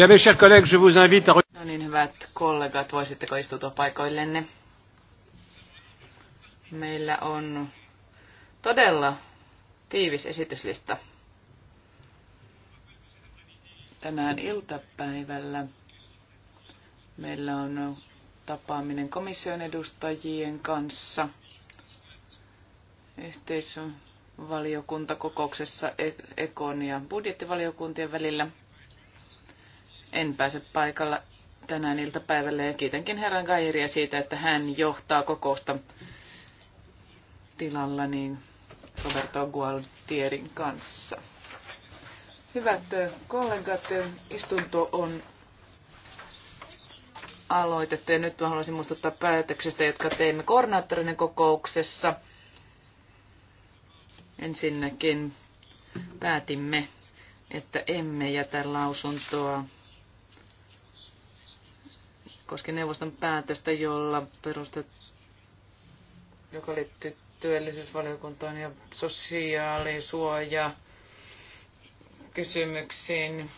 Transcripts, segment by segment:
Bien, mes chers collègues, je vous invite à... No niin, hyvät kollegat, voisitteko istutua paikoillenne? Meillä on todella tiivis esityslista tänään iltapäivällä. Meillä on tapaaminen komission edustajien kanssa Yhteisvaliokuntakokouksessa Ekon ja budjettivaliokuntien välillä. En pääse paikalla tänään iltapäivällä ja kiitänkin herran Gairia siitä, että hän johtaa kokousta tilalla niin Roberto Gualtierin kanssa. Hyvät kollegat, istunto on aloitettu ja nyt mä haluaisin muistuttaa päätöksestä, jotka teimme koordinaattorinen kokouksessa. Ensinnäkin päätimme, että emme jätä lausuntoa koski neuvoston päätöstä, jolla perustet, joka liittyy työllisyysvaliokuntaan ja sosiaalisuoja kysymyksiin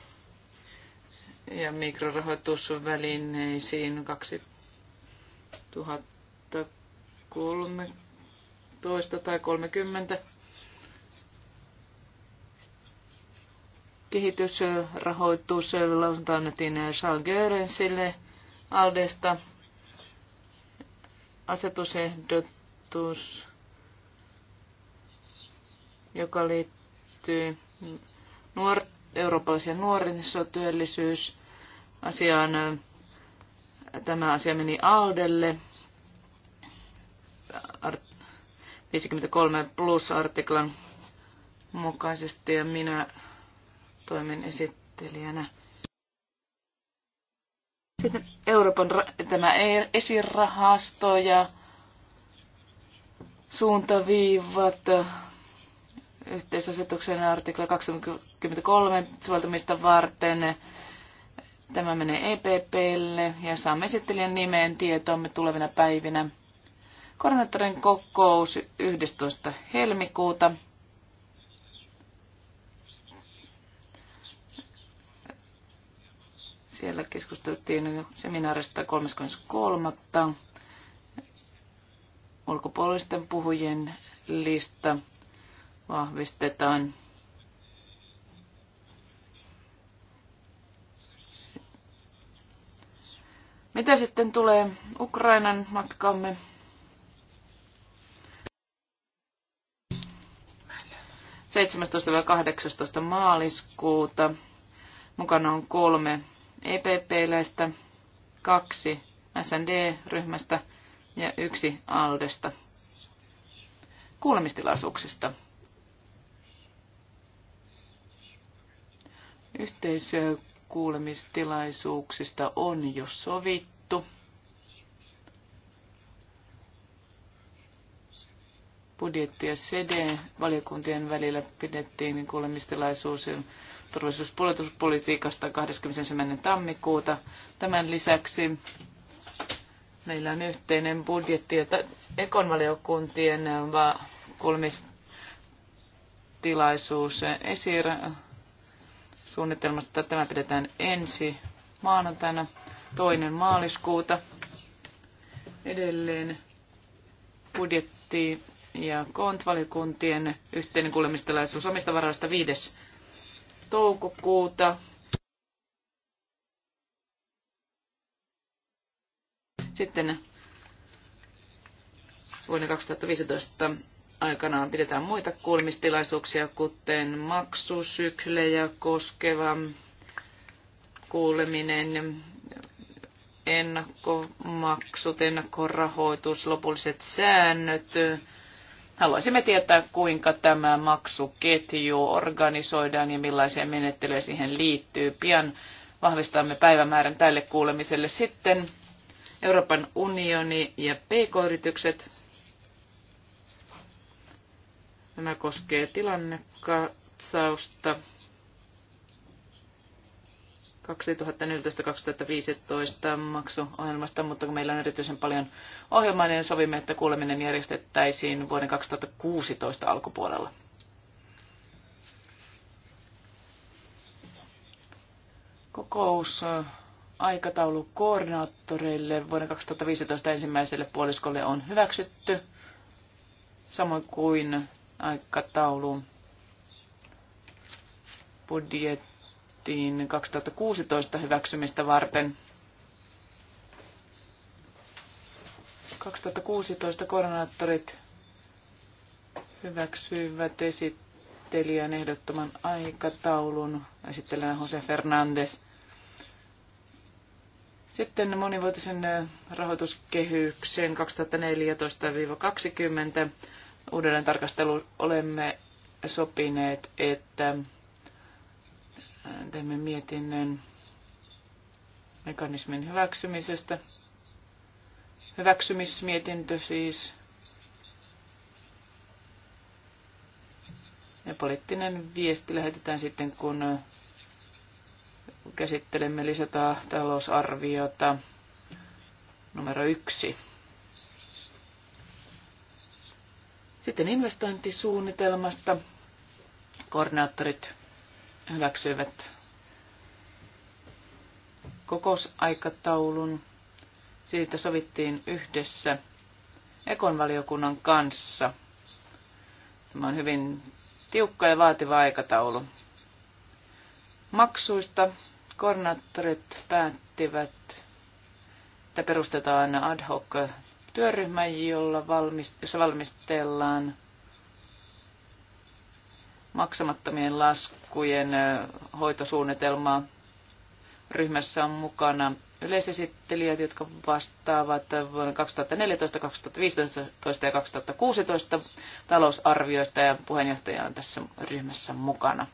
ja mikrorahoitusvälineisiin 2013 tai 30 kehitysrahoitus lausunto annettiin Charles Görensille – Aldesta asetusehdotus, joka liittyy nuor- eurooppalaisen nuorisotyöllisyysasiaan. Tämä asia meni Aldelle. 53 plus artiklan mukaisesti ja minä toimin esittelijänä. Sitten Euroopan tämä e- esirahasto ja suuntaviivat, yhteisasetuksen artikla 23 soveltamista varten. Tämä menee EPPlle ja saamme esittelijän nimeen tietoamme tulevina päivinä. Koordinaattorin kokous 11. helmikuuta. Siellä keskusteltiin seminaarista 33. Ulkopuolisten puhujien lista vahvistetaan. Mitä sitten tulee Ukrainan matkamme? seitsemästoista 18 maaliskuuta. Mukana on kolme EPP-läistä, kaksi SND-ryhmästä ja yksi Aldesta kuulemistilaisuuksista. Yhteisökuulemistilaisuuksista on jo sovittu. Budjetti- ja CD-valiokuntien välillä pidettiin kuulemistilaisuus turvallisuuspolitiikasta 21. tammikuuta. Tämän lisäksi meillä on yhteinen budjetti ja ekonvaliokuntien kuulemistilaisuus esir suunnitelmasta. Tämä pidetään ensi maanantaina toinen maaliskuuta. Edelleen budjetti ja kontvaliokuntien yhteinen kuulemistilaisuus omista varoista 5 toukokuuta. Sitten vuonna 2015 aikanaan pidetään muita kuulemistilaisuuksia, kuten maksusyklejä koskeva kuuleminen, ennakkomaksut, ennakkorahoitus, lopulliset säännöt, Haluaisimme tietää, kuinka tämä maksuketju organisoidaan ja millaisia menettelyjä siihen liittyy. Pian vahvistamme päivämäärän tälle kuulemiselle sitten. Euroopan unioni ja pk-yritykset. Tämä koskee tilannekatsausta 2014-2015 maksuohjelmasta, mutta kun meillä on erityisen paljon ohjelmaa, niin sovimme, että kuuleminen järjestettäisiin vuoden 2016 alkupuolella. Kokous aikataulu koordinaattoreille vuoden 2015 ensimmäiselle puoliskolle on hyväksytty, samoin kuin aikataulu budjetti ehdotettiin 2016 hyväksymistä varten. 2016 koordinaattorit hyväksyivät esittelijän ehdottoman aikataulun. Esittelijänä Jose Fernandes. Sitten monivuotisen rahoituskehyksen 2014-2020 uudelleen tarkastelu olemme sopineet, että teemme mietinnön mekanismin hyväksymisestä. Hyväksymismietintö siis. Ja poliittinen viesti lähetetään sitten, kun käsittelemme lisätä talousarviota numero yksi. Sitten investointisuunnitelmasta. Koordinaattorit hyväksyivät kokousaikataulun. Siitä sovittiin yhdessä ekonvaliokunnan kanssa. Tämä on hyvin tiukka ja vaativa aikataulu. Maksuista koordinaattorit päättivät, että perustetaan ad hoc työryhmä, jolla valmist- jossa valmistellaan maksamattomien laskujen hoitosuunnitelmaa ryhmässä on mukana yleisesittelijät, jotka vastaavat vuonna 2014, 2015 ja 2016 talousarvioista ja puheenjohtaja on tässä ryhmässä mukana.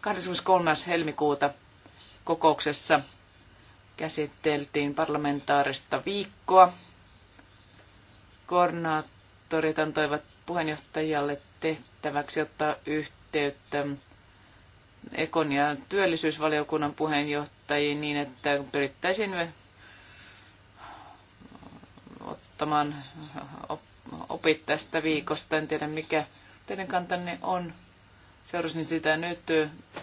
23. helmikuuta kokouksessa käsiteltiin parlamentaarista viikkoa. Koordinaattorit antoivat puheenjohtajalle tehtäväksi ottaa yhteyttä Ekon ja työllisyysvaliokunnan puheenjohtajiin niin, että pyrittäisiin ottamaan opit tästä viikosta. En tiedä, mikä teidän kantanne on. Seurasin sitä nyt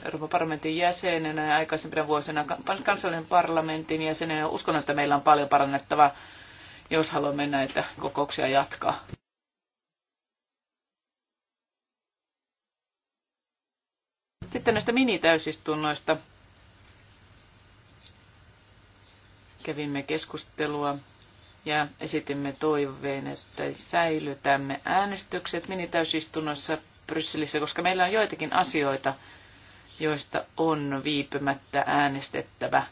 Euroopan parlamentin jäsenenä ja aikaisempina vuosina kansallisen parlamentin jäsenenä. Uskon, että meillä on paljon parannettavaa, jos haluamme näitä kokouksia jatkaa. Sitten näistä minitäysistunnoista kävimme keskustelua ja esitimme toiveen, että säilytämme äänestykset mini-täysistunnossa Brysselissä, koska meillä on joitakin asioita, joista on viipymättä äänestettävä,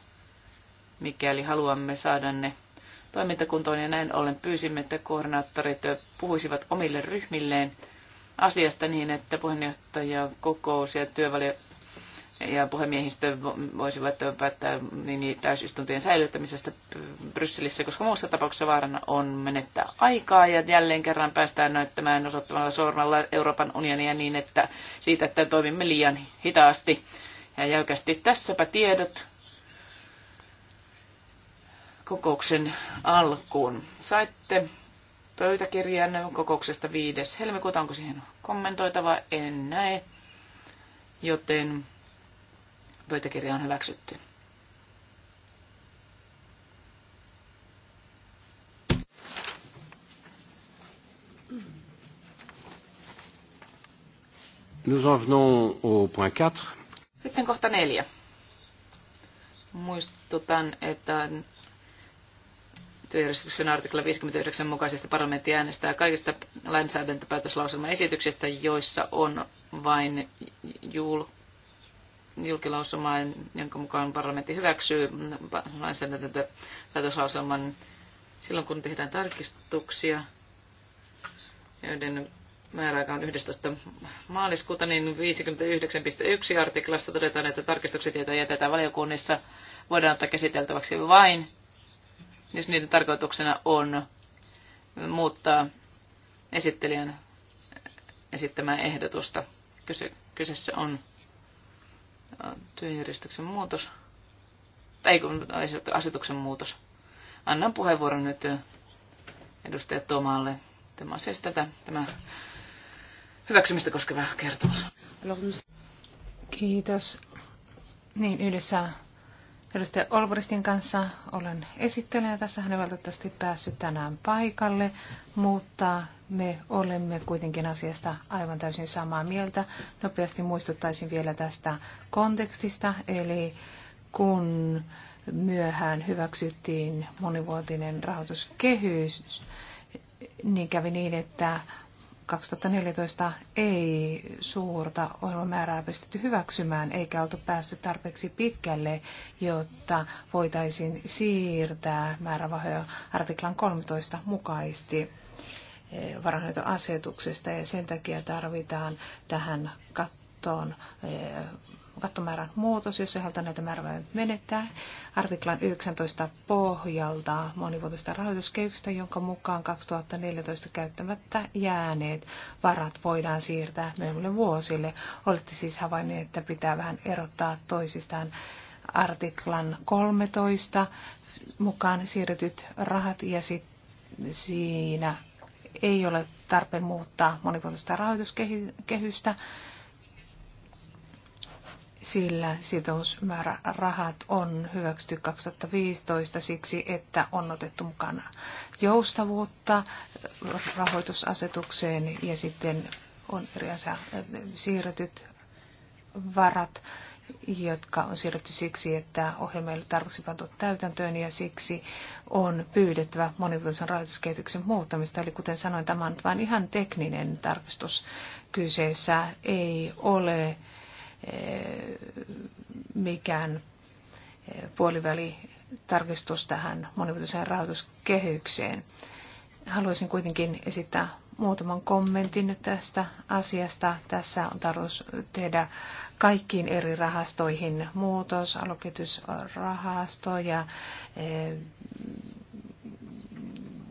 mikäli haluamme saada ne toimintakuntoon. Ja näin ollen pyysimme, että koordinaattorit puhuisivat omille ryhmilleen asiasta niin, että puheenjohtaja kokous ja työvali ja puhemiehistö voisivat päättää niin täysistuntojen säilyttämisestä Brysselissä, koska muussa tapauksessa vaarana on menettää aikaa ja jälleen kerran päästään näyttämään osoittamalla sormella Euroopan unionia niin, että siitä, että toimimme liian hitaasti ja jäykästi. Tässäpä tiedot kokouksen alkuun. Saitte pöytäkirjan kokouksesta 5. helmikuuta. Onko siihen kommentoitava? En näe. Joten pöytäkirja on hyväksytty. Nous en venons au point 4. Sitten kohta neljä. Muistutan, että työjärjestyksen artikla 59 mukaisesti parlamentti äänestää kaikista lainsäädäntöpäätöslauselmaesityksistä, joissa on vain jul, julkilausumaa, jonka mukaan parlamentti hyväksyy lainsäädäntöpäätöslauselman silloin, kun tehdään tarkistuksia, joiden määräaika on 11. maaliskuuta, niin 59.1 artiklassa todetaan, että tarkistukset, joita jätetään valiokunnissa, voidaan ottaa käsiteltäväksi vain jos niiden tarkoituksena on muuttaa esittelijän esittämää ehdotusta. Kyse, kyseessä on äh, työjärjestyksen muutos, tai kun asetuksen muutos. Annan puheenvuoron nyt äh, edustaja Tomalle. Tämä on siis tätä, tämä hyväksymistä koskeva kertomus. Kiitos. Niin, yhdessä Edustaja Olbrichtin kanssa olen esittelijä. Tässä hän ei valitettavasti päässyt tänään paikalle, mutta me olemme kuitenkin asiasta aivan täysin samaa mieltä. Nopeasti muistuttaisin vielä tästä kontekstista, eli kun myöhään hyväksyttiin monivuotinen rahoituskehys, niin kävi niin, että 2014 ei suurta ohjelmamäärää pystytty hyväksymään eikä oltu päästy tarpeeksi pitkälle, jotta voitaisiin siirtää määrävahoja artiklan 13 mukaisesti eh, varainhoitoasetuksesta ja sen takia tarvitaan tähän kattavaan kattoon, eh, kattomäärän muutos, jos sieltä näitä määrää menettää. Artiklan 19 pohjalta monivuotista rahoituskehyksestä, jonka mukaan 2014 käyttämättä jääneet varat voidaan siirtää myöhemmille vuosille. Olette siis havainneet, että pitää vähän erottaa toisistaan artiklan 13 mukaan siirretyt rahat ja sitten siinä ei ole tarpeen muuttaa monivuotista rahoituskehystä sillä sitousmäärärahat on hyväksytty 2015 siksi, että on otettu mukana joustavuutta rahoitusasetukseen ja sitten on eri asia, äh, siirretyt varat, jotka on siirretty siksi, että ohjelma ei tarvitse täytäntöön ja siksi on pyydettävä monivuotisen rahoituskehityksen muuttamista. Eli kuten sanoin, tämä on vain ihan tekninen tarkistus kyseessä. Ei ole Eh, mikään eh, puoliväli tarkistus tähän monivuotiseen rahoituskehykseen. Haluaisin kuitenkin esittää muutaman kommentin nyt tästä asiasta. Tässä on tarkoitus tehdä kaikkiin eri rahastoihin muutos, aloketysrahasto ja eh,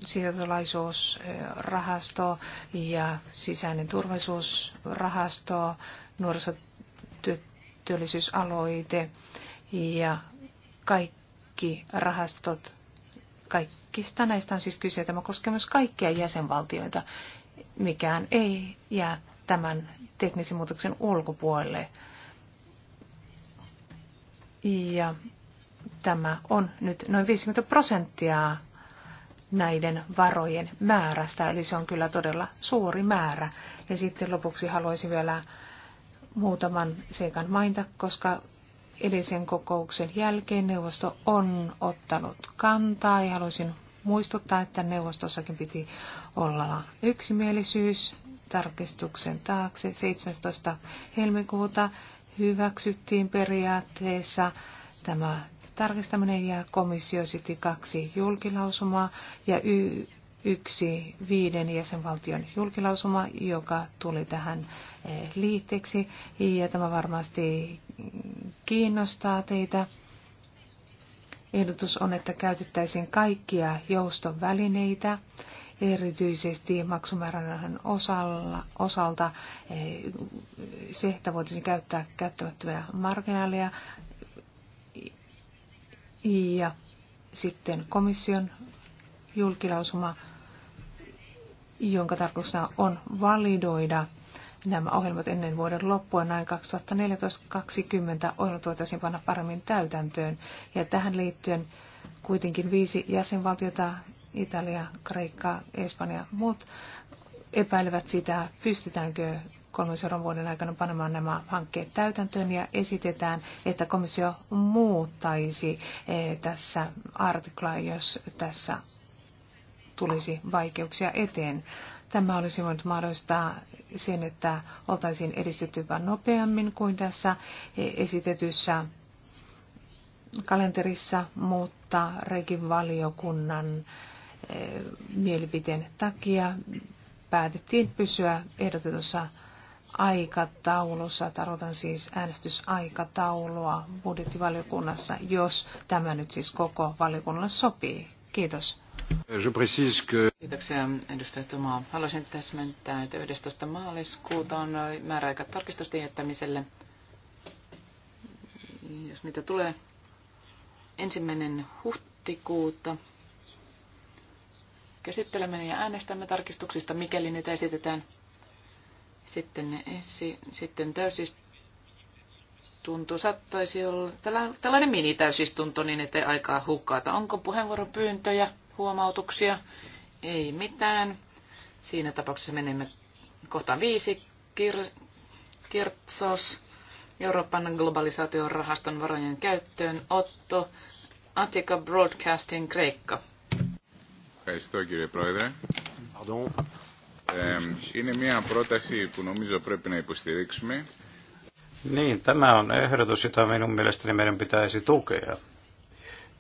siirtolaisuusrahasto ja sisäinen turvallisuusrahasto, nuorisot työllisyysaloite ja kaikki rahastot. Kaikista näistä on siis kyse. Tämä koskee myös kaikkia jäsenvaltioita. Mikään ei jää tämän teknisen muutoksen ulkopuolelle. Ja tämä on nyt noin 50 prosenttia näiden varojen määrästä, eli se on kyllä todella suuri määrä. Ja sitten lopuksi haluaisin vielä muutaman seikan mainita, koska edellisen kokouksen jälkeen neuvosto on ottanut kantaa ja haluaisin muistuttaa, että neuvostossakin piti olla yksimielisyys tarkistuksen taakse. 17. helmikuuta hyväksyttiin periaatteessa tämä tarkistaminen ja komissio esitti kaksi julkilausumaa ja y- yksi viiden jäsenvaltion julkilausuma, joka tuli tähän eh, liitteeksi. Ja tämä varmasti kiinnostaa teitä. Ehdotus on, että käytettäisiin kaikkia jouston välineitä, erityisesti maksumäärän osalla, osalta eh, se, että voitaisiin käyttää käyttämättömiä marginaaleja ja sitten komission julkilausuma, jonka tarkoituksena on validoida nämä ohjelmat ennen vuoden loppua. Näin 2014-2020 ohjelmat voitaisiin panna paremmin täytäntöön. Ja tähän liittyen kuitenkin viisi jäsenvaltiota, Italia, Kreikka, Espanja ja muut, epäilevät sitä, pystytäänkö kolmen seuraavan vuoden aikana panemaan nämä hankkeet täytäntöön ja esitetään, että komissio muuttaisi eh, tässä artiklaa, jos tässä tulisi vaikeuksia eteen. Tämä olisi voinut mahdollistaa sen, että oltaisiin edistytty vain nopeammin kuin tässä esitetyssä kalenterissa, mutta Rekin valiokunnan eh, mielipiteen takia päätettiin pysyä ehdotetussa aikataulussa. Tarkoitan siis äänestysaikataulua budjettivaliokunnassa, jos tämä nyt siis koko valiokunnalle sopii. Kiitos. Kiitoksia edustaja Tomaa. Haluaisin täsmentää, että 11. maaliskuuta on määräaika tarkistusten jättämiselle. Jos niitä tulee ensimmäinen huhtikuuta, käsittelemme ja äänestämme tarkistuksista, mikäli niitä esitetään. Sitten, esi, sitten täysistunto saattaisi olla tällainen mini-täysistunto, niin ettei aikaa hukata. Onko puheenvuoropyyntöjä? pyyntöjä? huomautuksia? Ei mitään. Siinä tapauksessa menemme kohtaan viisi. Kir- Kirtsos, Euroopan globalisaation rahaston varojen käyttöön, Otto, antika Broadcasting, Kreikka. Ευχαριστώ κύριε Πρόεδρε. Ε, είναι μια πρόταση που νομίζω πρέπει να υποστηρίξουμε. Niin, tämä on ehdotus, jota minun mielestäni meidän pitäisi tukea.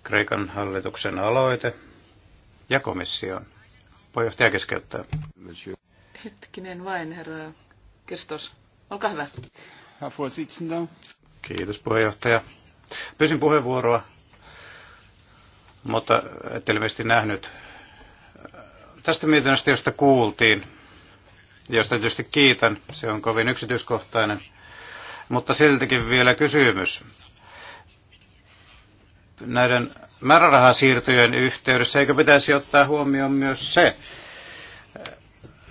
Kreikan hallituksen aloite ja komissioon. Puheenjohtaja keskeyttää. Hetkinen vain, herra Kristos. Olkaa hyvä. Kiitos puheenjohtaja. Pysin puheenvuoroa, mutta ette ilmeisesti nähnyt tästä mietinnöstä, josta kuultiin, josta tietysti kiitän, se on kovin yksityiskohtainen, mutta siltikin vielä kysymys näiden määrärahasiirtojen yhteydessä, eikö pitäisi ottaa huomioon myös se,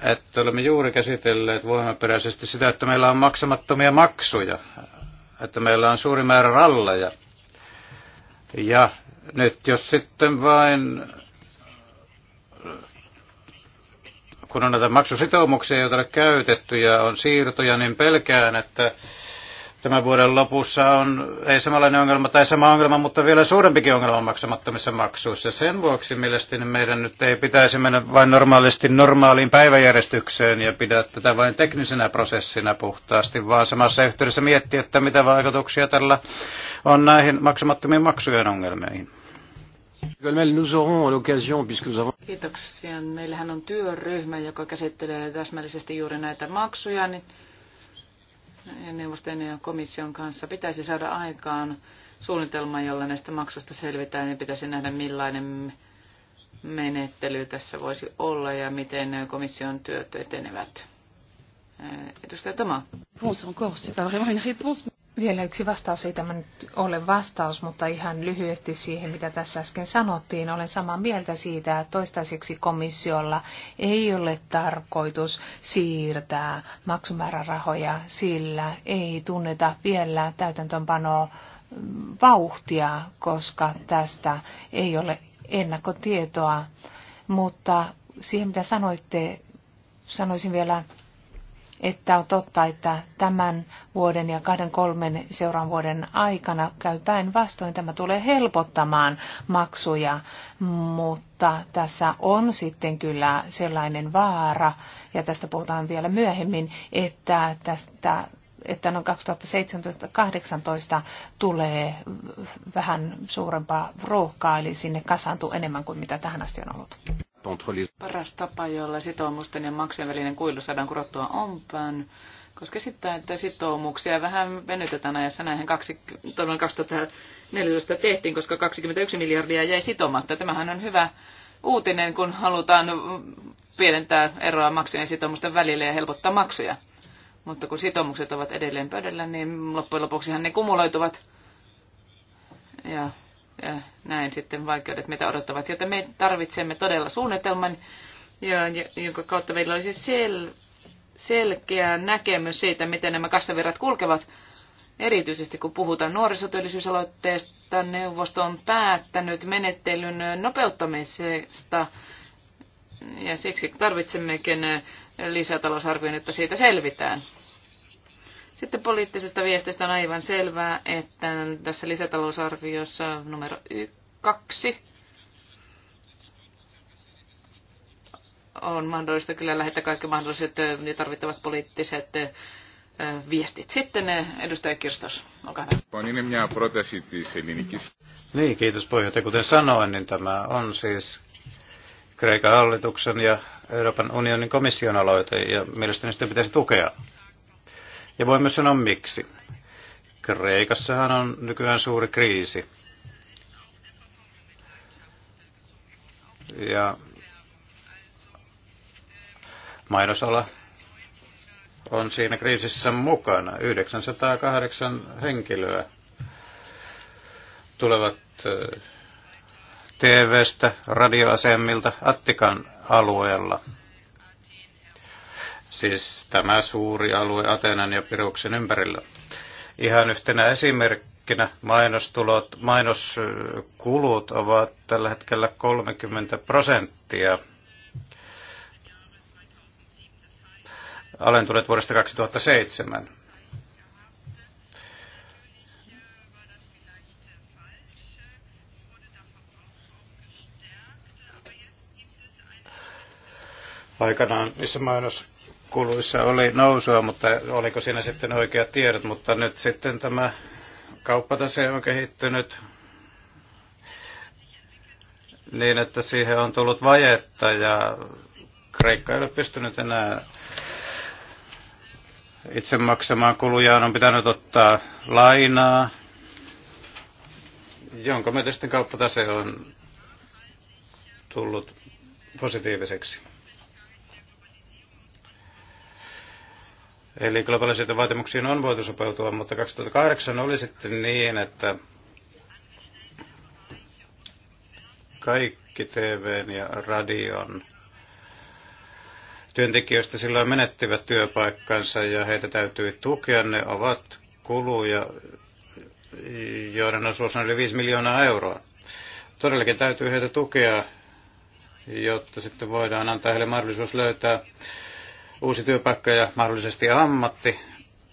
että olemme juuri käsitelleet voimaperäisesti sitä, että meillä on maksamattomia maksuja, että meillä on suuri määrä ralleja. Ja nyt jos sitten vain, kun on näitä maksusitoumuksia, joita on käytetty ja on siirtoja, niin pelkään, että tämän vuoden lopussa on ei samanlainen ongelma tai sama ongelma, mutta vielä suurempikin ongelma maksamattomissa maksuissa. Sen vuoksi mielestäni meidän nyt ei pitäisi mennä vain normaalisti normaaliin päiväjärjestykseen ja pidä tätä vain teknisenä prosessina puhtaasti, vaan samassa yhteydessä miettiä, että mitä vaikutuksia tällä on näihin maksamattomien maksujen ongelmiin. Kiitoksia. Meillähän on työryhmä, joka käsittelee täsmällisesti juuri näitä maksuja, niin neuvoston ja komission kanssa pitäisi saada aikaan suunnitelma, jolla näistä maksuista selvitään ja pitäisi nähdä millainen menettely tässä voisi olla ja miten komission työt etenevät. Edustaja Toma. encore, c'est pas vraiment une réponse. Vielä yksi vastaus, ei tämä nyt ole vastaus, mutta ihan lyhyesti siihen, mitä tässä äsken sanottiin. Olen samaa mieltä siitä, että toistaiseksi komissiolla ei ole tarkoitus siirtää maksumäärärahoja, sillä ei tunneta vielä täytäntöönpanoa mm, vauhtia, koska tästä ei ole ennakkotietoa. Mutta siihen, mitä sanoitte, sanoisin vielä että on totta, että tämän vuoden ja kahden kolmen seuraavan vuoden aikana käy päinvastoin. Tämä tulee helpottamaan maksuja, mutta tässä on sitten kyllä sellainen vaara, ja tästä puhutaan vielä myöhemmin, että tästä että noin 2017-2018 tulee vähän suurempaa ruuhkaa, eli sinne kasaantuu enemmän kuin mitä tähän asti on ollut. Paras tapa, jolla sitoumusten ja maksujen välinen kuilu saadaan kurottua ompaan, koska sitten että sitoumuksia vähän venytetään ajassa. näihin kaksi, 2014 tehtiin, koska 21 miljardia jäi sitomatta. Tämähän on hyvä uutinen, kun halutaan pienentää eroa maksujen ja sitoumusten välillä ja helpottaa maksuja. Mutta kun sitoumukset ovat edelleen pöydällä, niin loppujen lopuksihan ne kumuloituvat. Ja näin sitten vaikeudet meitä odottavat. Joten me tarvitsemme todella suunnitelman, jonka kautta meillä olisi sel- selkeä näkemys siitä, miten nämä kassavirrat kulkevat. Erityisesti kun puhutaan nuorisotyöllisyysaloitteesta, neuvosto on päättänyt menettelyn nopeuttamisesta ja siksi tarvitsemmekin lisätalousarvion, että siitä selvitään. Sitten poliittisesta viestistä on aivan selvää, että tässä lisätalousarviossa numero y- kaksi on mahdollista kyllä lähettää kaikki mahdolliset ja tarvittavat poliittiset viestit. Sitten edustaja Kirstos, olkaa hyvä. Niin, kiitos puheenjohtaja. Kuten sanoin, niin tämä on siis Kreikan hallituksen ja Euroopan unionin komission aloite, ja mielestäni sitä pitäisi tukea. Ja voimme sanoa miksi. Kreikassahan on nykyään suuri kriisi. Ja mainosala on siinä kriisissä mukana. 908 henkilöä tulevat TV-stä, radioasemilta Attikan alueella Siis tämä suuri alue Atenan ja Piruksen ympärillä. Ihan yhtenä esimerkkinä mainostulot, mainoskulut ovat tällä hetkellä 30 prosenttia alentuneet vuodesta 2007. aikanaan niissä mainos kuluissa oli nousua, mutta oliko siinä sitten oikeat tiedot, mutta nyt sitten tämä kauppatase on kehittynyt niin, että siihen on tullut vajetta ja Kreikka ei ole pystynyt enää itse maksamaan kulujaan, on pitänyt ottaa lainaa, jonka myötä sitten kauppatase on tullut positiiviseksi. Eli globalisaation vaatimuksiin on voitu sopeutua, mutta 2008 oli sitten niin, että kaikki TVn ja radion työntekijöistä silloin menettivät työpaikkansa ja heitä täytyy tukea. Ne ovat kuluja, joiden osuus on yli 5 miljoonaa euroa. Todellakin täytyy heitä tukea, jotta sitten voidaan antaa heille mahdollisuus löytää uusi työpaikka ja mahdollisesti ammatti.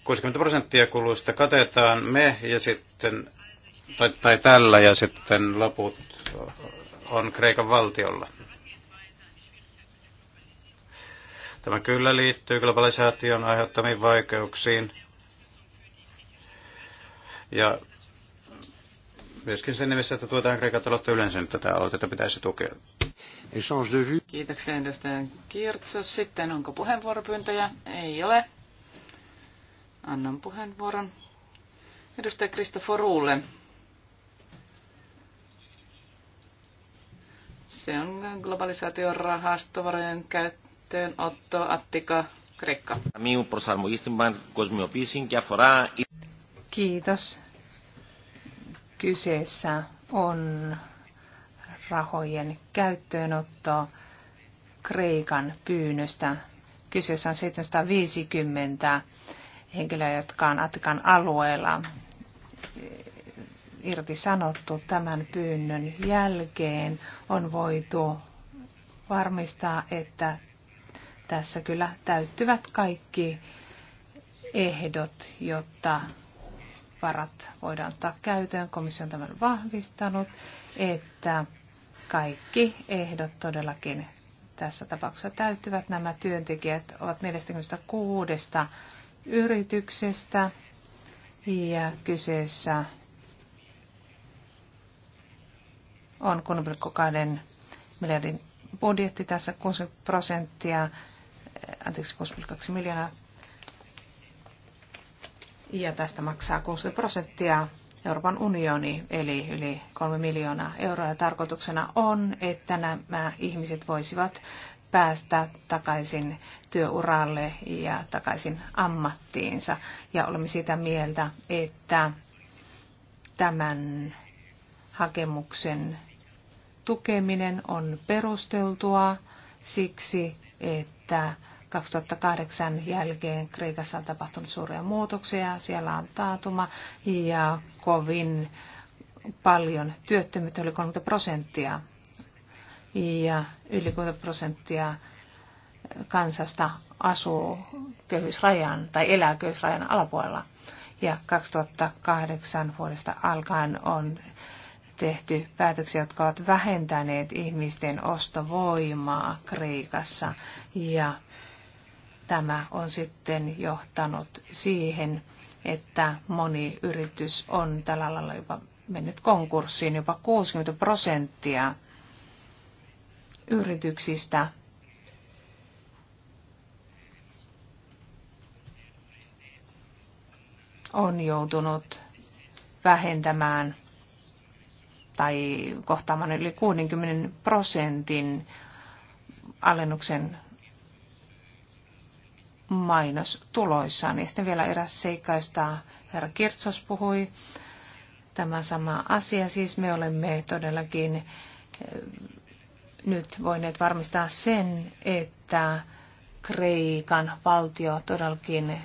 60 prosenttia kuluista katetaan me ja sitten, tai, tai tällä ja sitten loput on Kreikan valtiolla. Tämä kyllä liittyy globalisaation aiheuttamiin vaikeuksiin. Ja myöskin sen nimessä, että tuetaan Kreikan taloutta yleensä, nyt tätä aloitetta pitäisi tukea. Kiitoksia edustaja Kirtsos. Sitten onko puheenvuoropyyntöjä? Ei ole. Annan puheenvuoron edustaja Kristoforulle. Se on globalisaation rahastovarojen Otto Attika Kreikka. Kiitos. Kyseessä on rahojen käyttöönotto Kreikan pyynnöstä. Kyseessä on 750 henkilöä, jotka on Atikan alueella irtisanottu tämän pyynnön jälkeen. On voitu varmistaa, että tässä kyllä täyttyvät kaikki ehdot, jotta varat voidaan ottaa käyttöön. Komissio on tämän vahvistanut, että kaikki ehdot todellakin tässä tapauksessa täyttyvät. Nämä työntekijät ovat 46 yrityksestä ja kyseessä on 3,2 miljardin budjetti tässä 6 prosenttia, anteeksi 6,2 miljoonaa ja tästä maksaa 60 prosenttia Euroopan unioni, eli yli 3 miljoonaa euroa. Ja tarkoituksena on, että nämä ihmiset voisivat päästä takaisin työuralle ja takaisin ammattiinsa. Ja olemme sitä mieltä, että tämän hakemuksen tukeminen on perusteltua siksi, että 2008 jälkeen Kreikassa on tapahtunut suuria muutoksia, siellä on taantuma ja kovin paljon työttömyyttä, yli 30 prosenttia ja yli 30 prosenttia kansasta asuu köyhyysrajan tai elää köyhyysrajan alapuolella. Ja 2008 vuodesta alkaen on tehty päätöksiä, jotka ovat vähentäneet ihmisten ostovoimaa Kreikassa ja tämä on sitten johtanut siihen, että moni yritys on tällä lailla jopa mennyt konkurssiin. Jopa 60 prosenttia yrityksistä on joutunut vähentämään tai kohtaamaan yli 60 prosentin alennuksen mainostuloissaan. Ja sitten vielä eräs seikka, josta herra Kirtsos puhui. Tämä sama asia, siis me olemme todellakin eh, nyt voineet varmistaa sen, että Kreikan valtio todellakin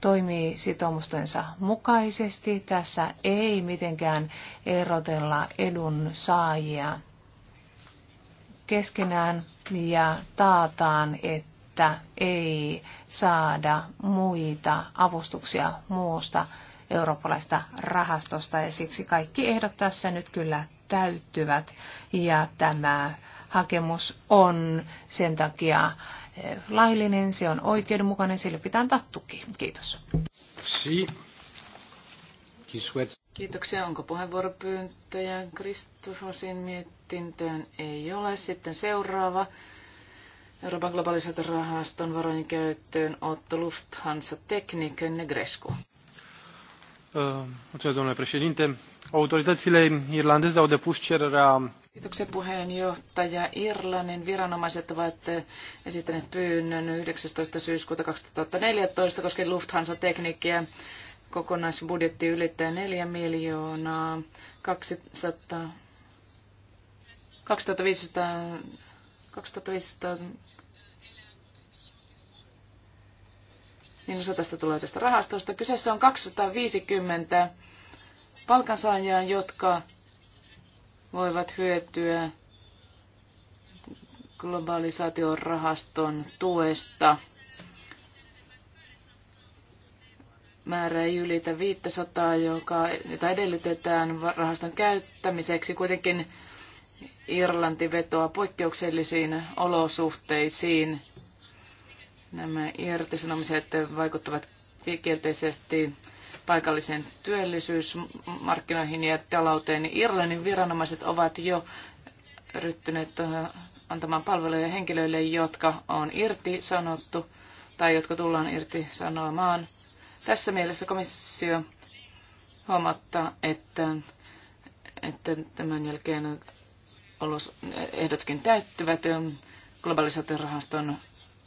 toimii sitoumustensa mukaisesti. Tässä ei mitenkään erotella edun saajia keskenään ja taataan, että että ei saada muita avustuksia muusta eurooppalaista rahastosta ja siksi kaikki ehdot tässä nyt kyllä täyttyvät ja tämä hakemus on sen takia eh, laillinen, se on oikeudenmukainen, sille pitää antaa tuki. Kiitos. Kiitoksia. Onko puheenvuoropyyntöjä? Kristofosin mietintöön ei ole. Sitten seuraava. Euroopan globalisaatiorahaston varojen käyttöön Otto Lufthansa Technic Negrescu. Uh, mulțumesc, domnule președinte. Autoritățile irlandeze au depus cererea... Kiitoksen puheenjohtaja. Irlannin viranomaiset ovat esittäneet pyynnön 19. syyskuuta 2014 koskien Lufthansa Technicia. Kokonaisbudjetti ylittää 4 miljoonaa 200 2500 2500 niin osa tästä tulee tästä rahastosta. Kyseessä on 250 palkansaajaa, jotka voivat hyötyä globalisaation rahaston tuesta. Määrä ei ylitä 500, joka, jota edellytetään rahaston käyttämiseksi. Kuitenkin Irlanti vetoaa poikkeuksellisiin olosuhteisiin. Nämä irtisanomiset vaikuttavat kielteisesti paikallisen työllisyysmarkkinoihin ja talouteen. Irlannin viranomaiset ovat jo ryhtyneet antamaan palveluja henkilöille, jotka on irti sanottu tai jotka tullaan irti sanomaan. Tässä mielessä komissio huomauttaa, että, että tämän jälkeen ehdotkin täyttyvät globalisaatiorahaston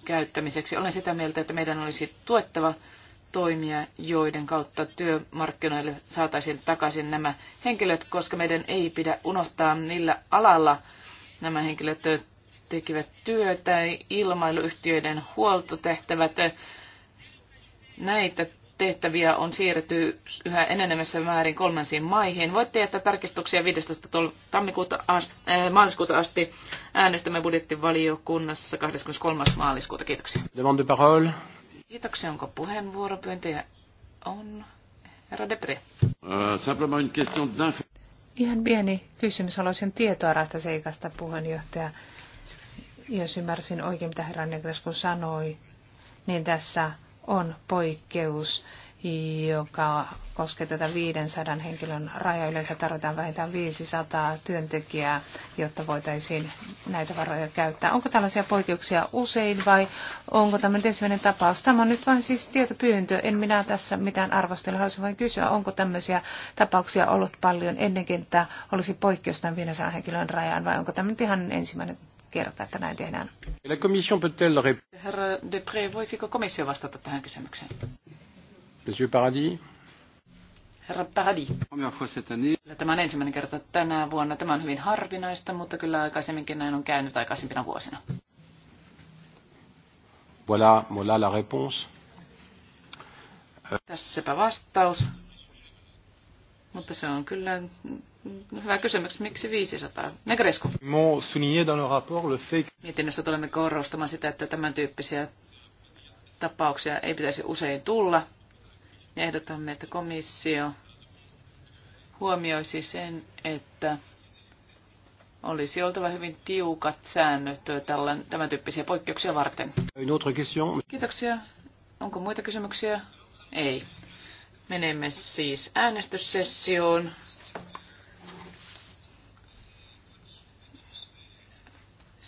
käyttämiseksi. Olen sitä mieltä, että meidän olisi tuettava toimia, joiden kautta työmarkkinoille saataisiin takaisin nämä henkilöt, koska meidän ei pidä unohtaa, millä alalla nämä henkilöt tekivät työtä, ilmailuyhtiöiden huoltotehtävät. Näitä tehtäviä on siirretty yhä enenevässä määrin kolmansiin maihin. Voitte jättää tarkistuksia 15. tammikuuta asti, äh, maaliskuuta asti. Äänestämme budjettivaliokunnassa 23. maaliskuuta. Kiitoksia. Demande parole. Kiitoksia. Onko puheenvuoropyyntöjä? On. Herra Depre. Uh, Ihan pieni kysymys. Haluaisin tietoa erästä seikasta, puheenjohtaja. Jos ymmärsin oikein, mitä herra Negrescu sanoi, niin tässä on poikkeus, joka koskee tätä 500 henkilön raja Yleensä tarvitaan vähintään 500 työntekijää, jotta voitaisiin näitä varoja käyttää. Onko tällaisia poikkeuksia usein vai onko tämä ensimmäinen tapaus? Tämä on nyt vain siis tietopyyntö. En minä tässä mitään arvostella. Haluaisin vain kysyä, onko tämmöisiä tapauksia ollut paljon ennenkin, että olisi poikkeus tämän 500 henkilön rajaan vai onko tämä nyt ihan ensimmäinen kertoa, että näin tehdään. Herra Depre, voisiko komissio vastata tähän kysymykseen? Monsieur Paradis. Herra Paradis. Tämä on ensimmäinen kerta tänä vuonna. Tämä on hyvin harvinaista, mutta kyllä aikaisemminkin näin on käynyt aikaisempina vuosina. Voilà, voilà la réponse. Tässäpä vastaus. Mutta se on kyllä hyvä kysymys. Miksi 500? Negresku. Mietinnössä tulemme korostamaan sitä, että tämän tyyppisiä tapauksia ei pitäisi usein tulla. Ja ehdotamme, että komissio huomioisi sen, että olisi oltava hyvin tiukat säännöt tällän, tämän tyyppisiä poikkeuksia varten. Kiitoksia. Onko muita kysymyksiä? Ei. Menemme siis äänestyssessioon.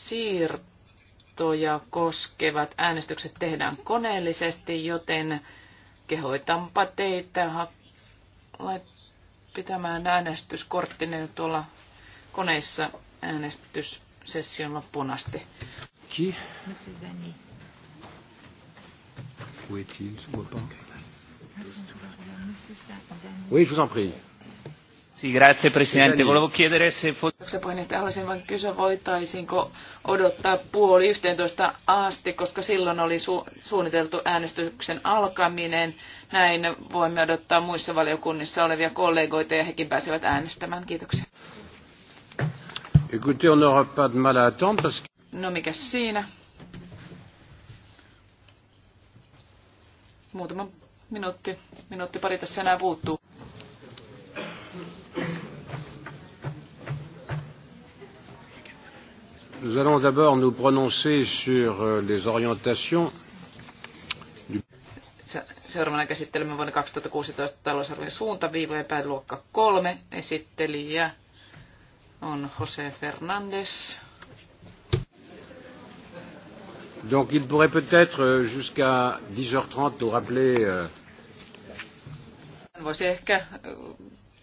siirtoja koskevat äänestykset tehdään koneellisesti, joten kehoitanpa teitä pitämään äänestyskorttine tuolla koneissa äänestyssession loppuun asti. Qui Monsieur Zani. Où est-il Je vois pas. Oui, je vous en prie. Sì, Presidente. Volevo chiedere se fosse... haluaisin vain kysyä, voitaisiinko odottaa puoli yhteentoista asti, koska silloin oli su- suunniteltu äänestyksen alkaminen. Näin voimme odottaa muissa valiokunnissa olevia kollegoita ja hekin pääsevät äänestämään. Kiitoksia. Écoutez, on pas de mal à attendre parce que... No mikä siinä? Muutama minuutti, minuutti pari tässä enää puuttuu. Nous allons d'abord nous prononcer sur euh, les orientations. Seuraavana käsittelemme vuonna 2016 talousarvion suuntaviivoja pääluokka 3. Esittelijä on Jose Fernandes. Donc il pourrait peut-être euh, jusqu'à 10h30 nous rappeler. euh... Voisi ehkä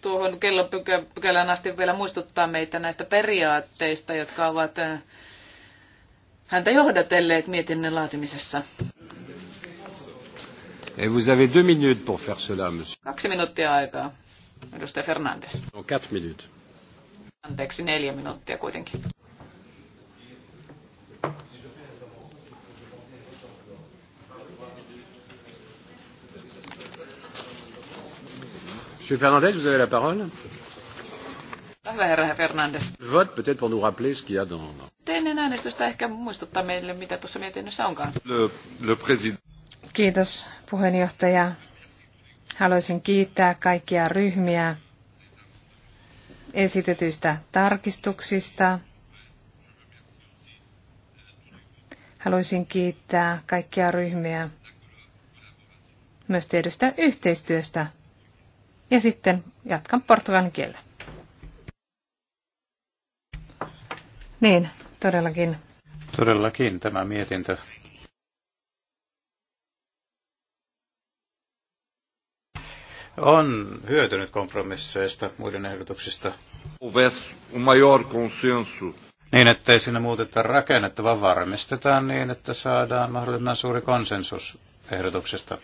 tuohon kellonpykälään asti vielä muistuttaa meitä näistä periaatteista, jotka ovat äh, häntä johdatelleet mietinnön laatimisessa. Et vous avez deux minutes pour faire cela, monsieur. Kaksi minuuttia aikaa, edustaja Fernandes. On quatre minutes. Anteeksi, neljä minuuttia kuitenkin. Monsieur Fernandez, vous avez la parole. Hyvä Vote peut-être pour nous rappeler ce qu'il y a dans... äänestystä ehkä muistuttaa meille, mitä tuossa mietinnössä onkaan. Le, le president. Kiitos puheenjohtaja. Haluaisin kiittää kaikkia ryhmiä esitetyistä tarkistuksista. Haluaisin kiittää kaikkia ryhmiä myös tiedystä yhteistyöstä ja sitten jatkan portugalin kielellä. Niin, todellakin. Todellakin tämä mietintö. On hyötynyt kompromisseista muiden ehdotuksista. Niin, ettei siinä muuteta rakennetta, vaan varmistetaan niin, että saadaan mahdollisimman suuri konsensus ehdotuksesta.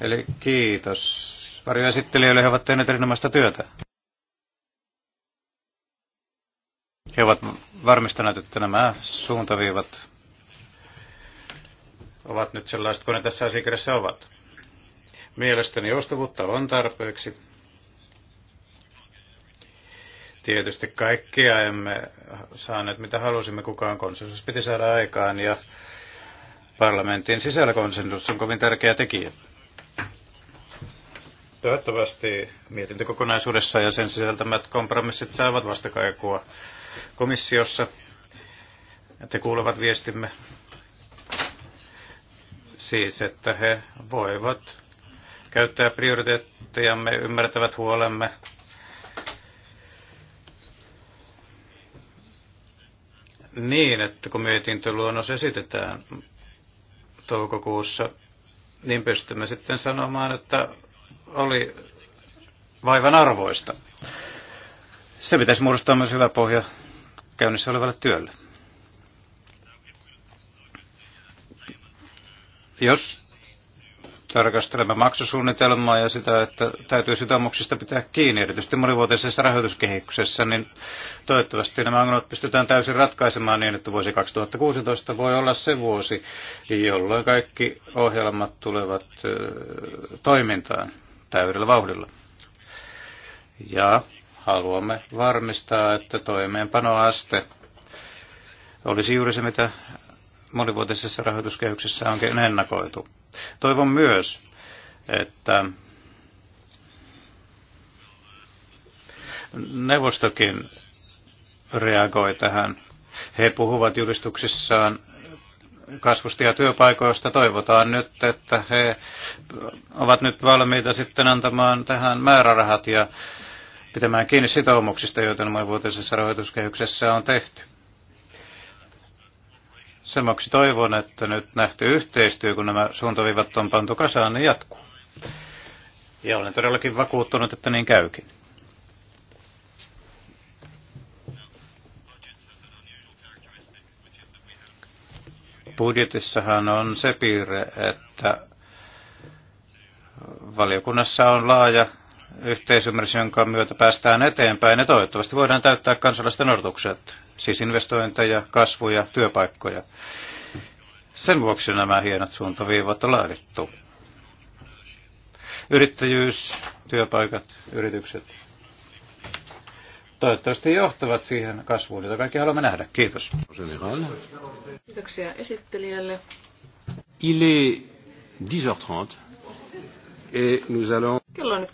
Eli kiitos. Varjoesittelijöille he ovat tehneet erinomaista työtä. He ovat varmistaneet, että nämä suuntaviivat ovat nyt sellaiset kuin ne tässä asiakirjassa ovat. Mielestäni joustavuutta on tarpeeksi. Tietysti kaikkia emme saaneet mitä halusimme, kukaan konsensus piti saada aikaan ja parlamentin sisällä konsensus on kovin tärkeä tekijä. Toivottavasti mietintökokonaisuudessa ja sen sisältämät kompromissit saavat vastakaikua komissiossa, että kuulevat viestimme. Siis, että he voivat käyttää prioriteettejamme, ymmärtävät huolemme, niin, että kun mietintöluonnos esitetään toukokuussa, niin pystymme sitten sanomaan, että oli vaivan arvoista. Se pitäisi muodostaa myös hyvä pohja käynnissä olevalle työlle. Jos tarkastelemme maksusuunnitelmaa ja sitä, että täytyy sitoumuksista pitää kiinni, erityisesti monivuotisessa rahoituskehityksessä, niin toivottavasti nämä ongelmat pystytään täysin ratkaisemaan niin, että vuosi 2016 voi olla se vuosi, jolloin kaikki ohjelmat tulevat toimintaan täydellä vauhdilla. Ja haluamme varmistaa, että toimeenpanoaste olisi juuri se, mitä monivuotisessa rahoituskehyksessä onkin ennakoitu. Toivon myös, että neuvostokin reagoi tähän. He puhuvat julistuksissaan kasvusta ja työpaikoista. Toivotaan nyt, että he ovat nyt valmiita sitten antamaan tähän määrärahat ja pitämään kiinni sitoumuksista, joita vuotisessa rahoituskehyksessä on tehty. Sen vuoksi toivon, että nyt nähty yhteistyö, kun nämä suuntaviivat on pantu kasaan, niin jatkuu. Ja olen todellakin vakuuttunut, että niin käykin. budjetissahan on se piirre, että valiokunnassa on laaja yhteisymmärrys, jonka myötä päästään eteenpäin ja toivottavasti voidaan täyttää kansalaisten odotukset, siis investointeja, kasvuja, työpaikkoja. Sen vuoksi nämä hienot suuntaviivat on laadittu. Yrittäjyys, työpaikat, yritykset toivottavasti johtavat siihen kasvuun, jota kaikki haluamme nähdä. Kiitos. Kiitoksia esittelijälle. Il est 10h30. Et nous allons... Kello on nyt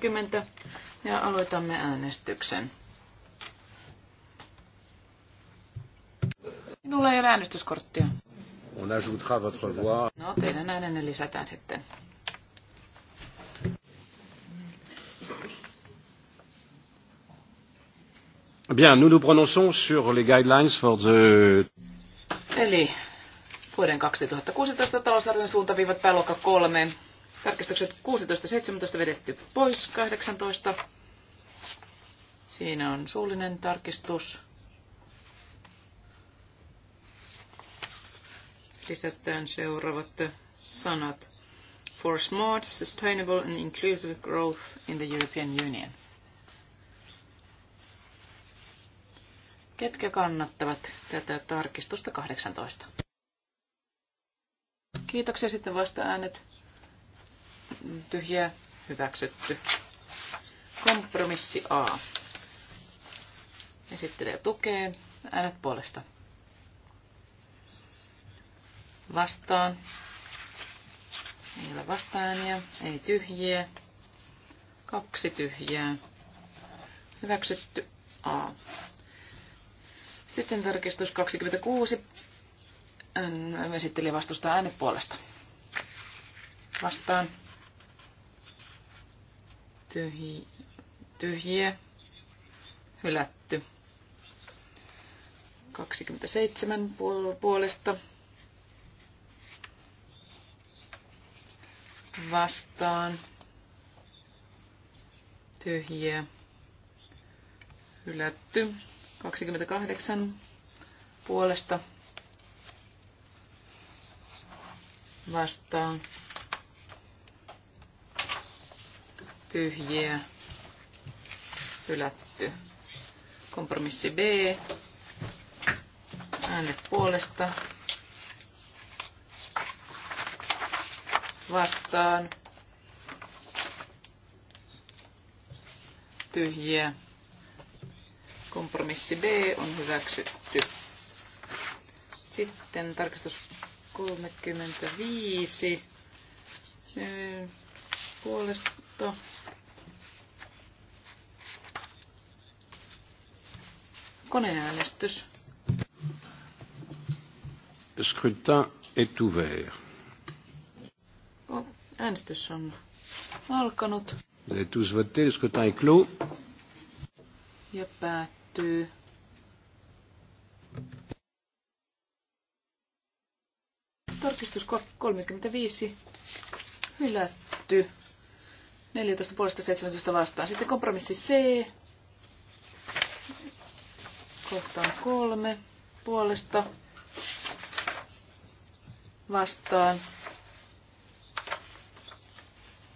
10.30 ja aloitamme äänestyksen. Minulla ei ole äänestyskorttia. On ajoutera votre voix. No, teidän äänenne lisätään sitten. Bien, nous nous prononçons sur les guidelines for the... Eli vuoden 2016 talousarvion suuntaviivat pääluokka 3 Tarkistukset 16-17 vedetty pois, 18. Siinä on suullinen tarkistus. Lisätään seuraavat sanat. For smart, sustainable and inclusive growth in the European Union. Ketkä kannattavat tätä tarkistusta 18? Kiitoksia sitten vasta äänet tyhjä, hyväksytty. Kompromissi A. Esittelee tukee. Äänet puolesta. Vastaan. Ei ole vastaääniä, ei tyhjiä. Kaksi tyhjää. Hyväksytty A. Sitten tarkistus 26. Esittelijä vastustaa äänet puolesta. Vastaan tyhji, tyhjiä, hylätty. 27 puolesta vastaan tyhjiä, hylätty. 28 puolesta vastaan tyhjiä, hylätty. Kompromissi B, äänet puolesta, vastaan, tyhjiä. Kompromissi B on hyväksytty. Sitten tarkastus 35 puolesta Koneäänestys. Scrutin est ouvert. Oh, äänestys on alkanut. Vous avez tous voté, le scrutin est clos. Ja päättyy. Tarkistus 35 hylätty. 14 puolesta 17 vastaan. Sitten kompromissi C kohtaan kolme puolesta vastaan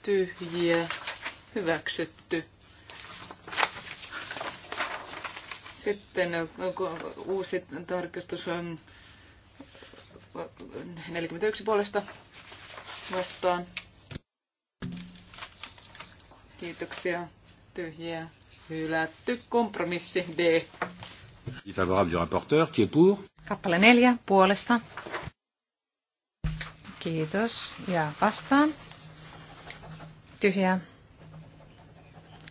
tyhjiä hyväksytty. Sitten äh, uusi tarkistus on ähm, 41 puolesta vastaan. Kiitoksia. Tyhjiä. Hylätty kompromissi D Kappale neljä puolesta. Kiitos. Ja vastaan. Tyhjä.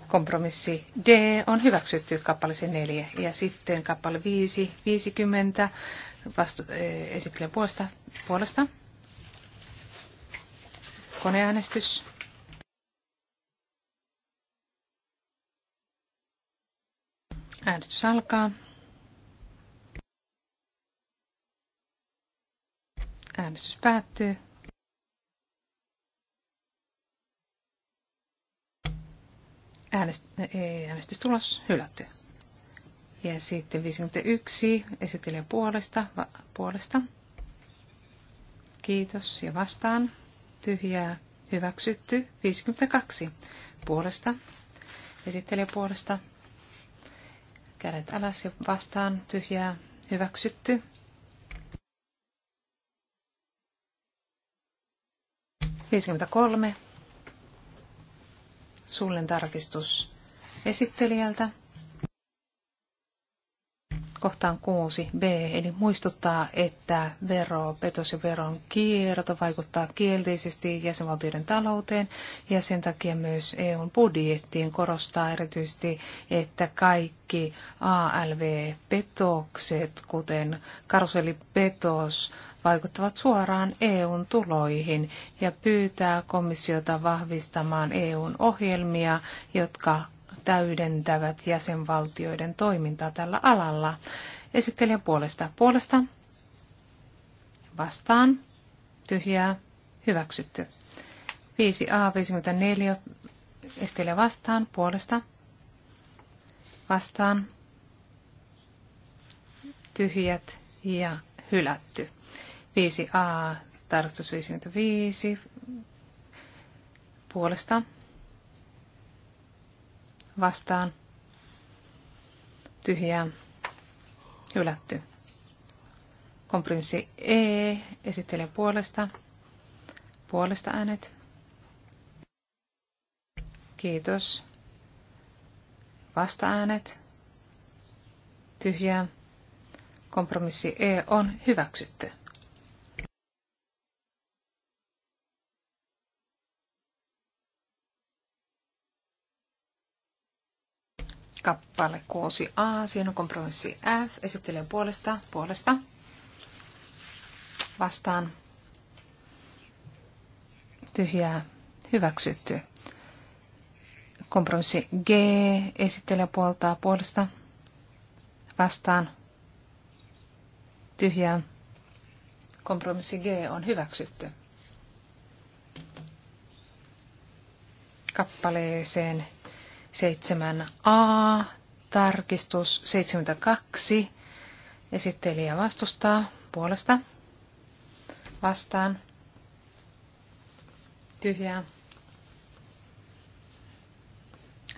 Kompromissi D on hyväksytty kappaleeseen neljä. Ja sitten kappale 5, 50 vastu, e, esittelen puolesta, puolesta. Koneäänestys. Äänestys alkaa. Äänestys päättyy. Äänest, äänestystulos hylätty. Ja sitten 51 esittelijä puolesta, puolesta. Kiitos ja vastaan. Tyhjää hyväksytty. 52 puolesta. Esittelijä puolesta. Kädet alas ja vastaan. Tyhjää hyväksytty. 53. Sullen tarkistus esittelijältä kohtaan 6b, eli muistuttaa, että petos ja veron kierto vaikuttaa kielteisesti jäsenvaltioiden talouteen ja sen takia myös EUn budjettiin korostaa erityisesti, että kaikki ALV-petokset, kuten karuselipetos, vaikuttavat suoraan EUn tuloihin ja pyytää komissiota vahvistamaan EUn ohjelmia, jotka täydentävät jäsenvaltioiden toimintaa tällä alalla. Esittelijän puolesta puolesta vastaan tyhjää hyväksytty. 5a54 esittelijä vastaan puolesta vastaan tyhjät ja hylätty. 5a tarkastus 55 puolesta vastaan tyhjää hylätty. Kompromissi E esittelee puolesta. Puolesta äänet. Kiitos. Vasta-äänet. Tyhjää. Kompromissi E on hyväksytty. kappale 6a, siinä on kompromissi F, esittelee puolesta, puolesta, vastaan, tyhjää, hyväksytty. Kompromissi G, esittelee puoltaa puolesta, vastaan, tyhjää, kompromissi G on hyväksytty. Kappaleeseen 7a, tarkistus 72, esittelijä vastustaa puolesta, vastaan, tyhjää,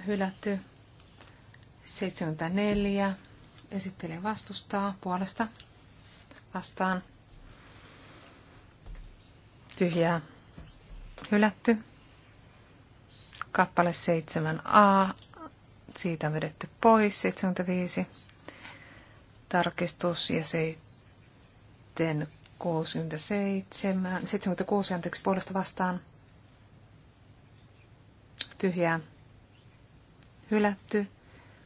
hylätty, 74, esittelijä vastustaa puolesta, vastaan, tyhjää, hylätty kappale 7a, siitä on vedetty pois 75 tarkistus ja sitten 67, 76 anteeksi puolesta vastaan tyhjää hylätty.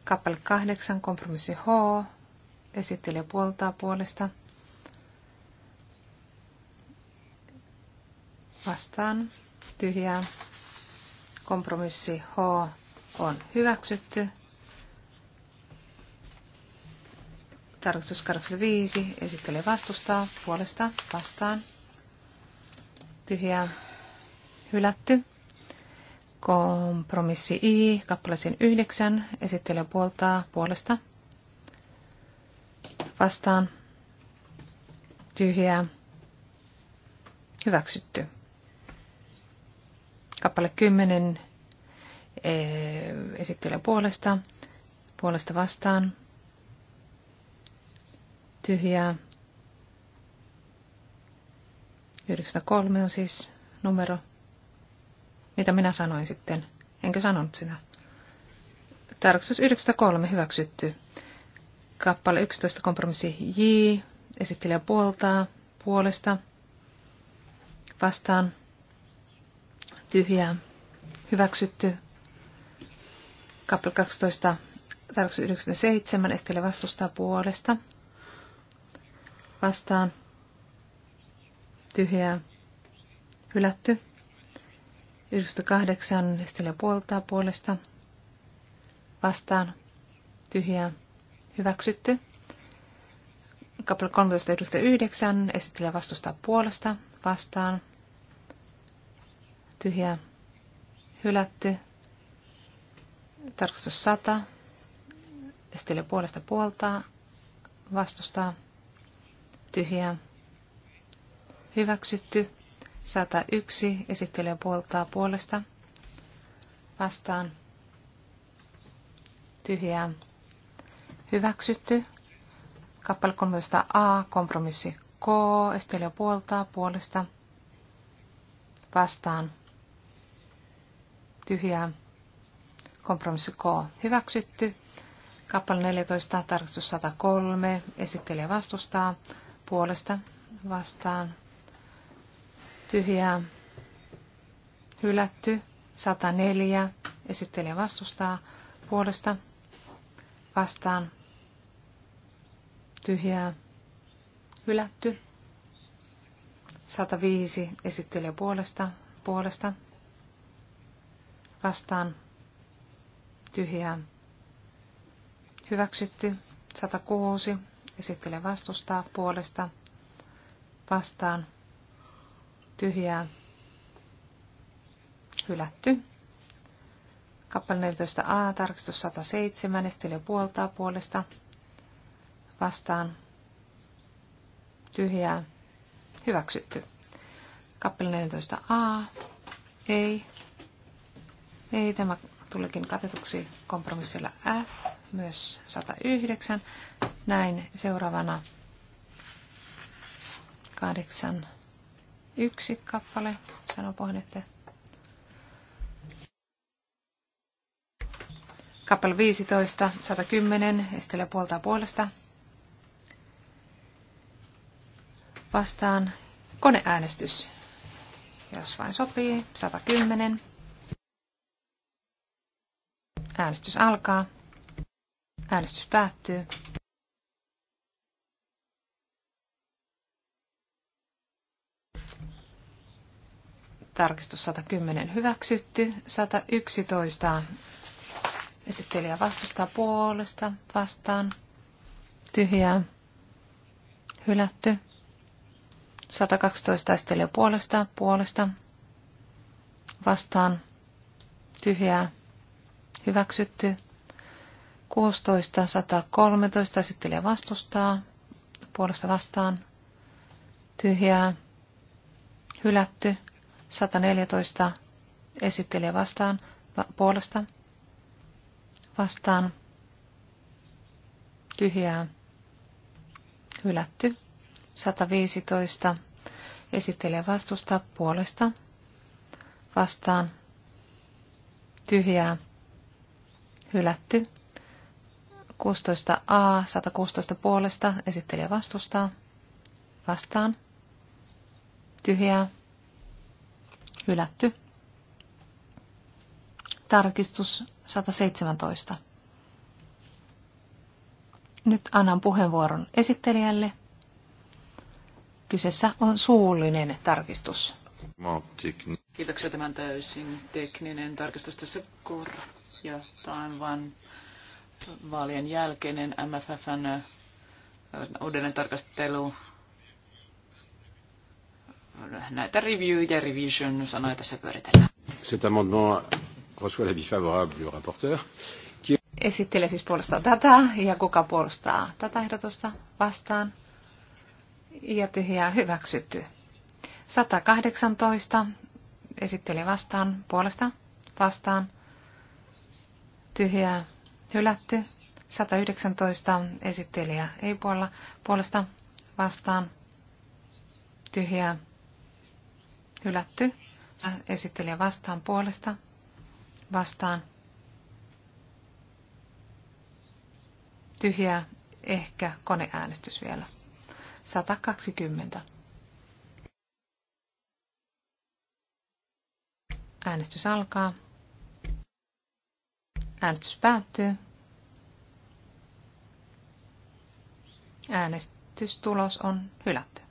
Kappale 8, kompromissi H, esittelijä puoltaa puolesta vastaan tyhjää Kompromissi H on hyväksytty. Tarkistus 5 esittelee vastustaa puolesta vastaan. Tyhjää hylätty. Kompromissi I kappaleeseen 9 esittelee puoltaa puolesta vastaan. Tyhjää hyväksytty. Kappale 10 eh, esittelen puolesta, puolesta vastaan, tyhjää. 903 on siis numero. Mitä minä sanoin sitten? Enkö sanonut sinä? Tarkastus 903 hyväksytty. Kappale 11 kompromissi J. Esittelijä puoltaa puolesta vastaan tyhjää hyväksytty. Kappale 12, tarkoitus 97, estele vastustaa puolesta. Vastaan tyhjää hylätty. 98, estele puoltaa puolesta. Vastaan tyhjää hyväksytty. Kappale 13, edustaja 9, esittelee vastustaa puolesta. Vastaan tyhjää hylätty. Tarkastus 100. Estille puolesta puoltaa. Vastustaa. Tyhjää. Hyväksytty. 101. Esittelijä puoltaa puolesta. Vastaan. Tyhjää. Hyväksytty. Kappale 13a. Kompromissi K. Estelijä puoltaa puolesta. Vastaan tyhjää. Kompromissi K hyväksytty. Kappale 14, tarkistus 103, esittelee vastustaa, puolesta vastaan, tyhjää, hylätty, 104, esittelee vastustaa, puolesta vastaan, tyhjää, hylätty, 105, esittelee puolesta, puolesta vastaan tyhjää hyväksytty 106 Esittele vastustaa puolesta vastaan tyhjää hylätty. Kappale 14a, tarkistus 107, esittelee puoltaa puolesta vastaan tyhjää hyväksytty. Kappale 14a, ei, ei, tämä tulikin katetuksi kompromissilla F, myös 109. Näin seuraavana 81 yksi kappale, sanoo pohditte. Kappale 15, 110, esitellä puolta puolesta. Vastaan koneäänestys, jos vain sopii, 110. Äänestys alkaa. Äänestys päättyy. Tarkistus 110 hyväksytty. 111 esittelijä vastustaa puolesta vastaan. Tyhjää. Hylätty. 112 esittelijä puolesta puolesta vastaan. Tyhjää hyväksytty. 16, 113, esittelijä vastustaa, puolesta vastaan, tyhjää, hylätty, 114, esittelijä vastaan, va- puolesta, vastaan, tyhjää, hylätty, 115, esittelijä vastustaa, puolesta, vastaan, tyhjää, hylätty. 16a, 116 puolesta, esittelijä vastustaa, vastaan, tyhjää, hylätty. Tarkistus 117. Nyt annan puheenvuoron esittelijälle. Kyseessä on suullinen tarkistus. Kiitoksia tämän täysin tekninen tarkistus tässä korjaa jotain, vaan vaalien jälkeinen MFFn uudelleen tarkastelu. Näitä review ja revision sanoja tässä pyöritellään. Cet amendement reçoit l'avis favorable du rapporteur. Esittele siis puolestaan tätä ja kuka puolustaa tätä ehdotusta vastaan. Ja tyhjää hyväksytty. 118 esitteli vastaan puolesta vastaan tyhjää hylätty. 119 esittelijä ei puolella puolesta vastaan tyhjää hylätty. Esittelijä vastaan puolesta vastaan tyhjää ehkä koneäänestys vielä. 120. Äänestys alkaa. Äänestys päättyy. Äänestystulos on hylätty.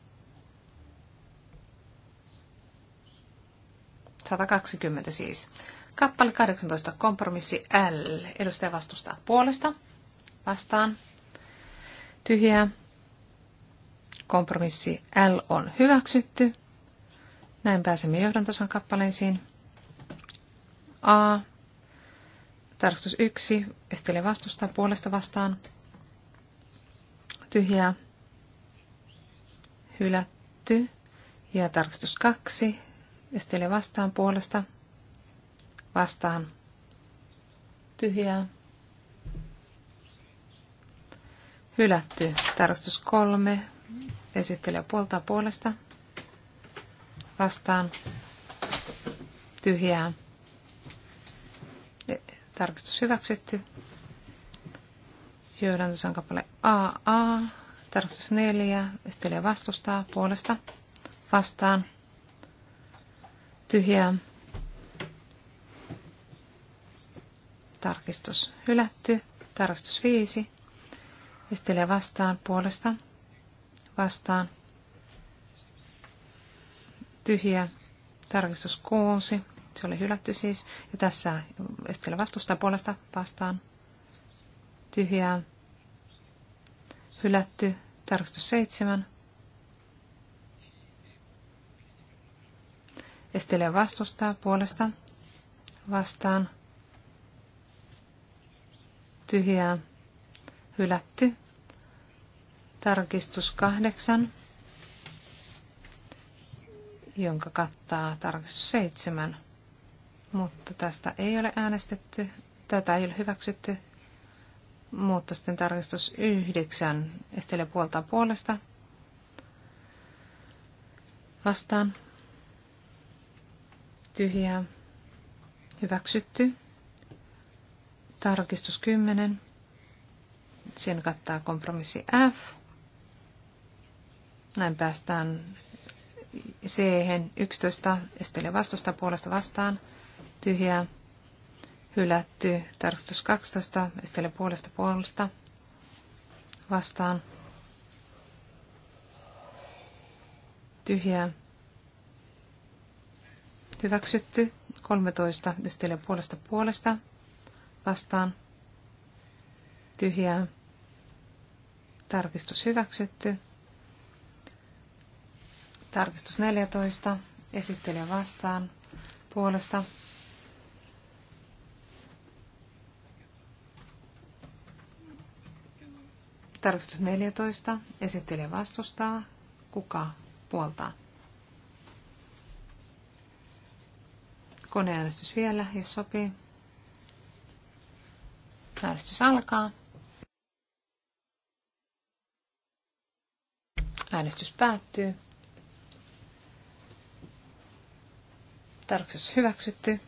120 siis. Kappale 18, kompromissi L. Edustaja vastustaa puolesta. Vastaan. Tyhjää. Kompromissi L on hyväksytty. Näin pääsemme johdantosan kappaleisiin. A Tarkastus yksi Estele vastustaa puolesta vastaan. Tyhjää. Hylätty. Ja tarkastus kaksi Estele vastaan puolesta. Vastaan. Tyhjää. Hylätty. Tarkastus kolme Esittelee puolta puolesta. Vastaan. Tyhjää Tarkistus hyväksytty. Johdantus on kappale AA. Tarkistus 4. Estelee vastustaa puolesta. Vastaan. Tyhjää. Tarkistus hylätty. Tarkistus 5. Estelee vastaan puolesta. Vastaan. Tyhjää. Tarkistus 6. Se oli hylätty siis. Ja tässä Estelle vastustaa puolesta vastaan. Tyhjää. Hylätty. Tarkastus seitsemän. Estelle vastustaa puolesta vastaan. Tyhjää. Hylätty. Tarkistus kahdeksan jonka kattaa tarkistus seitsemän mutta tästä ei ole äänestetty, tätä ei ole hyväksytty, mutta sitten tarkistus yhdeksän estelee puolta puolesta vastaan tyhjää hyväksytty. Tarkistus 10. Sen kattaa kompromissi F. Näin päästään C, 11, estelee vastusta puolesta vastaan, tyhjää, hylätty, tarkistus 12, esitellen puolesta puolesta, vastaan, tyhjää, hyväksytty, 13, esitellen puolesta puolesta, vastaan, tyhjää, tarkistus hyväksytty, tarkistus 14, esittelijä vastaan, puolesta, Tarkistus 14. Esittelijä vastustaa. Kuka puoltaa? Koneäänestys vielä, jos sopii. Äänestys alkaa. Äänestys päättyy. Tarkastus hyväksytty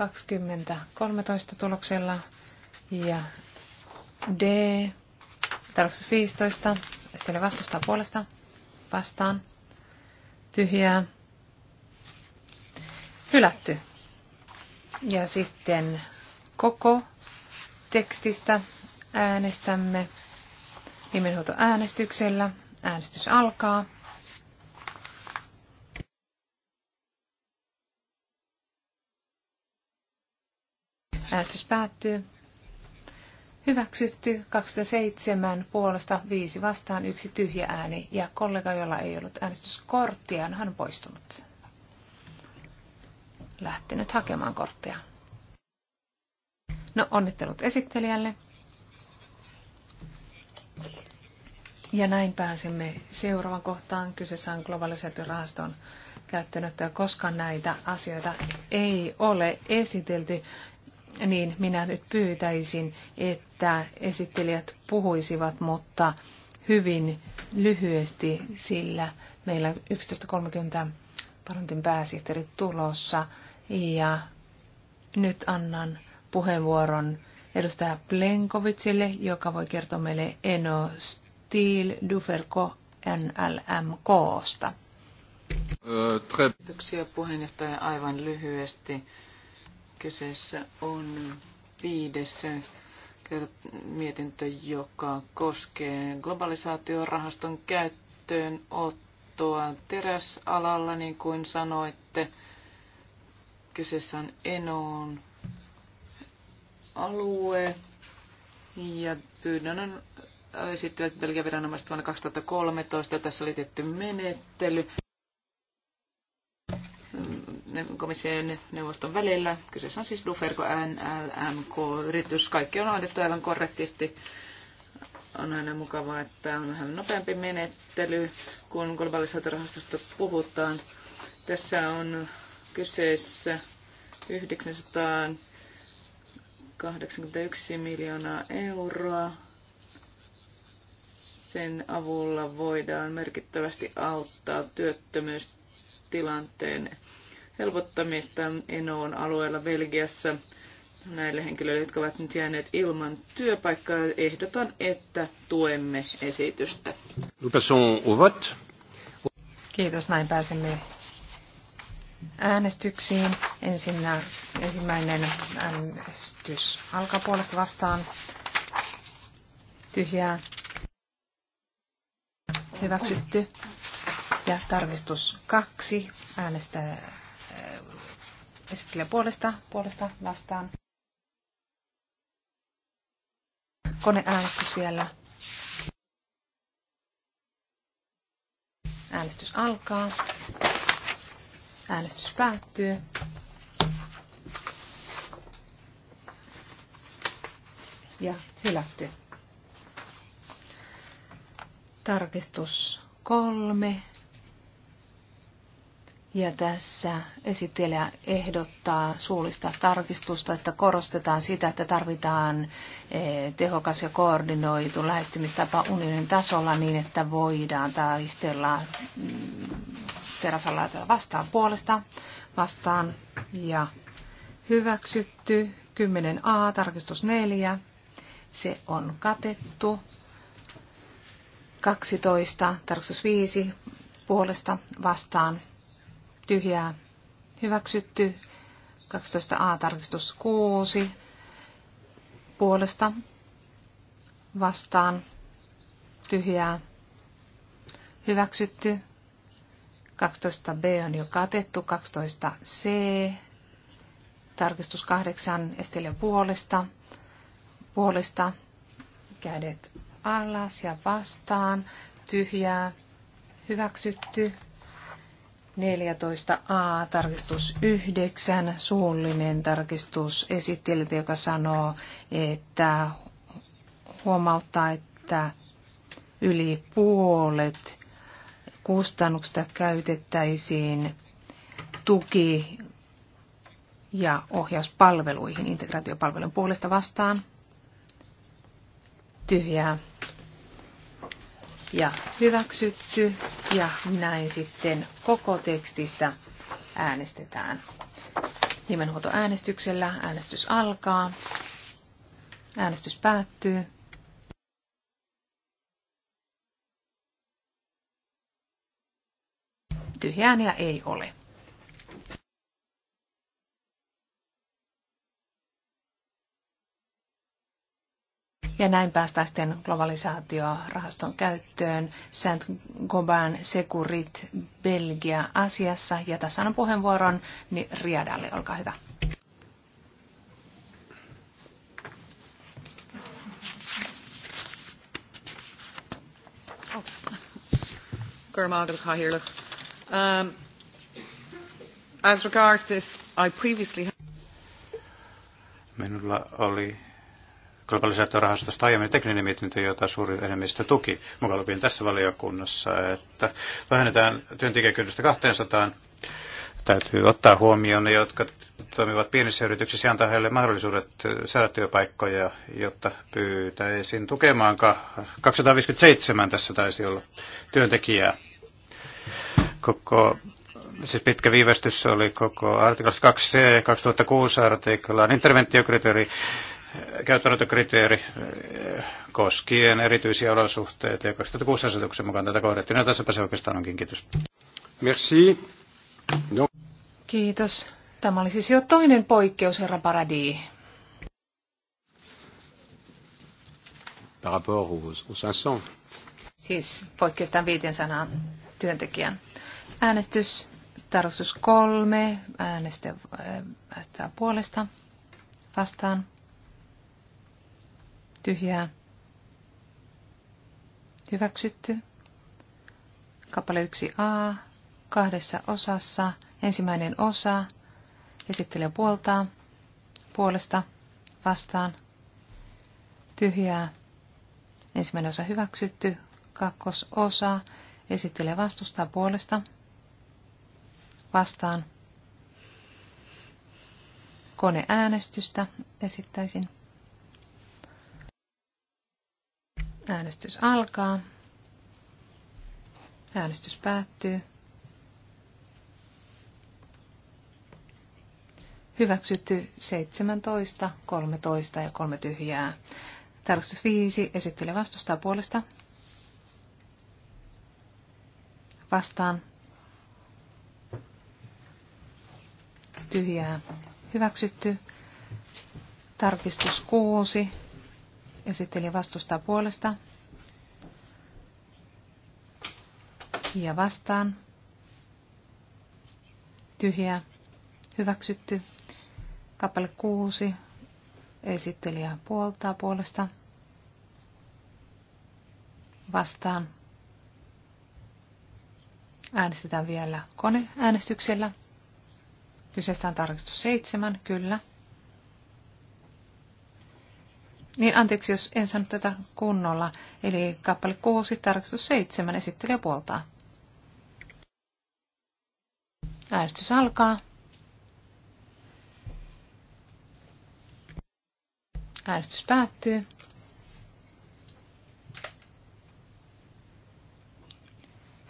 20.13 tuloksella ja D. Tarkastus 15. Sitten vastustaa puolesta. Vastaan. Tyhjää. Hylätty. Ja sitten koko tekstistä äänestämme äänestyksellä Äänestys alkaa. Äänestys päättyy. Hyväksytty 27 puolesta 5 vastaan yksi tyhjä ääni ja kollega, jolla ei ollut äänestyskorttia, hän poistunut. Lähtenyt hakemaan korttia. No onnittelut esittelijälle. Ja näin pääsemme seuraavan kohtaan. Kyseessä on globalisaatiorahaston käyttöönotto, koska näitä asioita ei ole esitelty niin minä nyt pyytäisin, että esittelijät puhuisivat, mutta hyvin lyhyesti, sillä meillä 11.30 parantin pääsihteeri tulossa ja nyt annan puheenvuoron edustaja Plenkovitsille, joka voi kertoa meille Eno Steel Duferko NLMKsta. Kiitoksia puheenjohtaja aivan lyhyesti. Kyseessä on viides mietintö, joka koskee globalisaatiorahaston käyttöön ottoa teräsalalla, niin kuin sanoitte. Kyseessä on Enoon alue ja pyynnön esittivät Belgian viranomaiset vuonna 2013. Tässä oli tietty menettely komission neuvoston välillä. Kyseessä on siis Duferko NLMK-yritys. Kaikki on hoidettu aivan korrektisti. On aina mukavaa, että on vähän nopeampi menettely, kun rahastosta puhutaan. Tässä on kyseessä 981 miljoonaa euroa. Sen avulla voidaan merkittävästi auttaa työttömyystilanteen helpottamista Enoon alueella Belgiassa näille henkilöille, jotka ovat nyt jääneet ilman työpaikkaa. Ehdotan, että tuemme esitystä. Kiitos, näin pääsemme äänestyksiin. Ensinnä, ensimmäinen äänestys alkapuolesta vastaan. Tyhjää. Hyväksytty. Ja tarkistus kaksi äänestää Esittelijä puolesta, puolesta vastaan. Koneäänestys vielä. Äänestys alkaa. Äänestys päättyy. Ja hylätty. Tarkistus kolme ja tässä esittelijä ehdottaa suullista tarkistusta, että korostetaan sitä, että tarvitaan eh, tehokas ja koordinoitu lähestymistapa unionin tasolla niin, että voidaan taistella mm, terasalaita vastaan puolesta vastaan ja hyväksytty 10a tarkistus 4. Se on katettu 12 tarkistus 5 puolesta vastaan tyhjää hyväksytty. 12a tarkistus 6 puolesta vastaan tyhjää hyväksytty. 12b on jo katettu, 12c, tarkistus 8 estelle puolesta, puolesta kädet alas ja vastaan, tyhjää, hyväksytty, 14a, tarkistus 9, suullinen tarkistus esittelijä, joka sanoo, että huomauttaa, että yli puolet kustannuksista käytettäisiin tuki- ja ohjauspalveluihin integraatiopalvelun puolesta vastaan. Tyhjää ja hyväksytty ja näin sitten koko tekstistä äänestetään. äänestyksellä äänestys alkaa. Äänestys päättyy. Tyhjääniä ei ole. Ja näin päästään sitten globalisaatiorahaston käyttöön Saint Gobain Securit Belgia asiassa. Ja tässä on puheenvuoron niin Riadalle, olkaa hyvä. as regards this, I previously Minulla oli globalisaatiorahastosta aiemmin tekninen mietintö, jota suuri enemmistö tuki mukaan lupien tässä valiokunnassa, että vähennetään työntekijäkyydestä 200 täytyy ottaa huomioon ne, jotka toimivat pienissä yrityksissä ja antaa heille mahdollisuudet saada työpaikkoja, jotta pyytäisin tukemaan 257 tässä taisi olla työntekijää. Koko, siis pitkä viivästys oli koko artiklasta 2c 2006 artiklaan interventiokriteeri käyttöönottokriteeri eh, koskien erityisiä olosuhteita ja 2006 asetuksen mukaan tätä kohdettiin. No, tässäpä se oikeastaan onkin. Kiitos. Merci. No. Kiitos. Tämä oli siis jo toinen poikkeus, herra Paradis. Par rapport aux, aux 500. Siis poikkeus tämän 500 työntekijän. Äänestys, tarkastus kolme, äänestä, äänestä puolesta, vastaan, tyhjää, hyväksytty. Kappale 1a, kahdessa osassa, ensimmäinen osa, esittelee puolta, puolesta, vastaan, tyhjää, ensimmäinen osa hyväksytty, kakkososa, esittelee vastustaa puolesta, vastaan, koneäänestystä esittäisin. Äänestys alkaa. Äänestys päättyy. Hyväksytty 17, 13 ja 3 tyhjää. Tarkastus 5. esittelee vastustaa puolesta. Vastaan. Tyhjää. Hyväksytty. Tarkistus 6. Esitteli vastustaa puolesta. Ja vastaan. Tyhjä. Hyväksytty. Kappale kuusi. Esittelijä puoltaa puolesta. Vastaan. Äänestetään vielä koneäänestyksellä. Kyseessä on tarkistus seitsemän. kyllä. Niin anteeksi, jos en sano tätä kunnolla. Eli kappale 6, tarkistus 7, esittelijä puoltaa. Äänestys alkaa. Äänestys päättyy.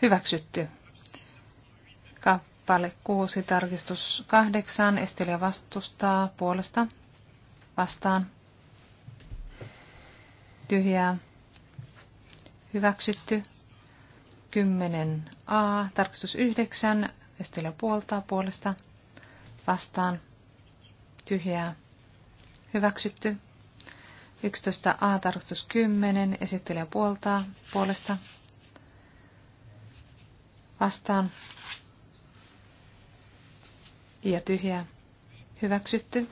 Hyväksytty. Kappale 6, tarkistus 8, esteliä vastustaa puolesta vastaan tyhjää, hyväksytty. 10a, tarkistus 9, Estilä puoltaa puolesta, vastaan, tyhjää, hyväksytty. 11a, tarkistus 10, esittelijä puoltaa puolesta, vastaan, ja tyhjää, hyväksytty.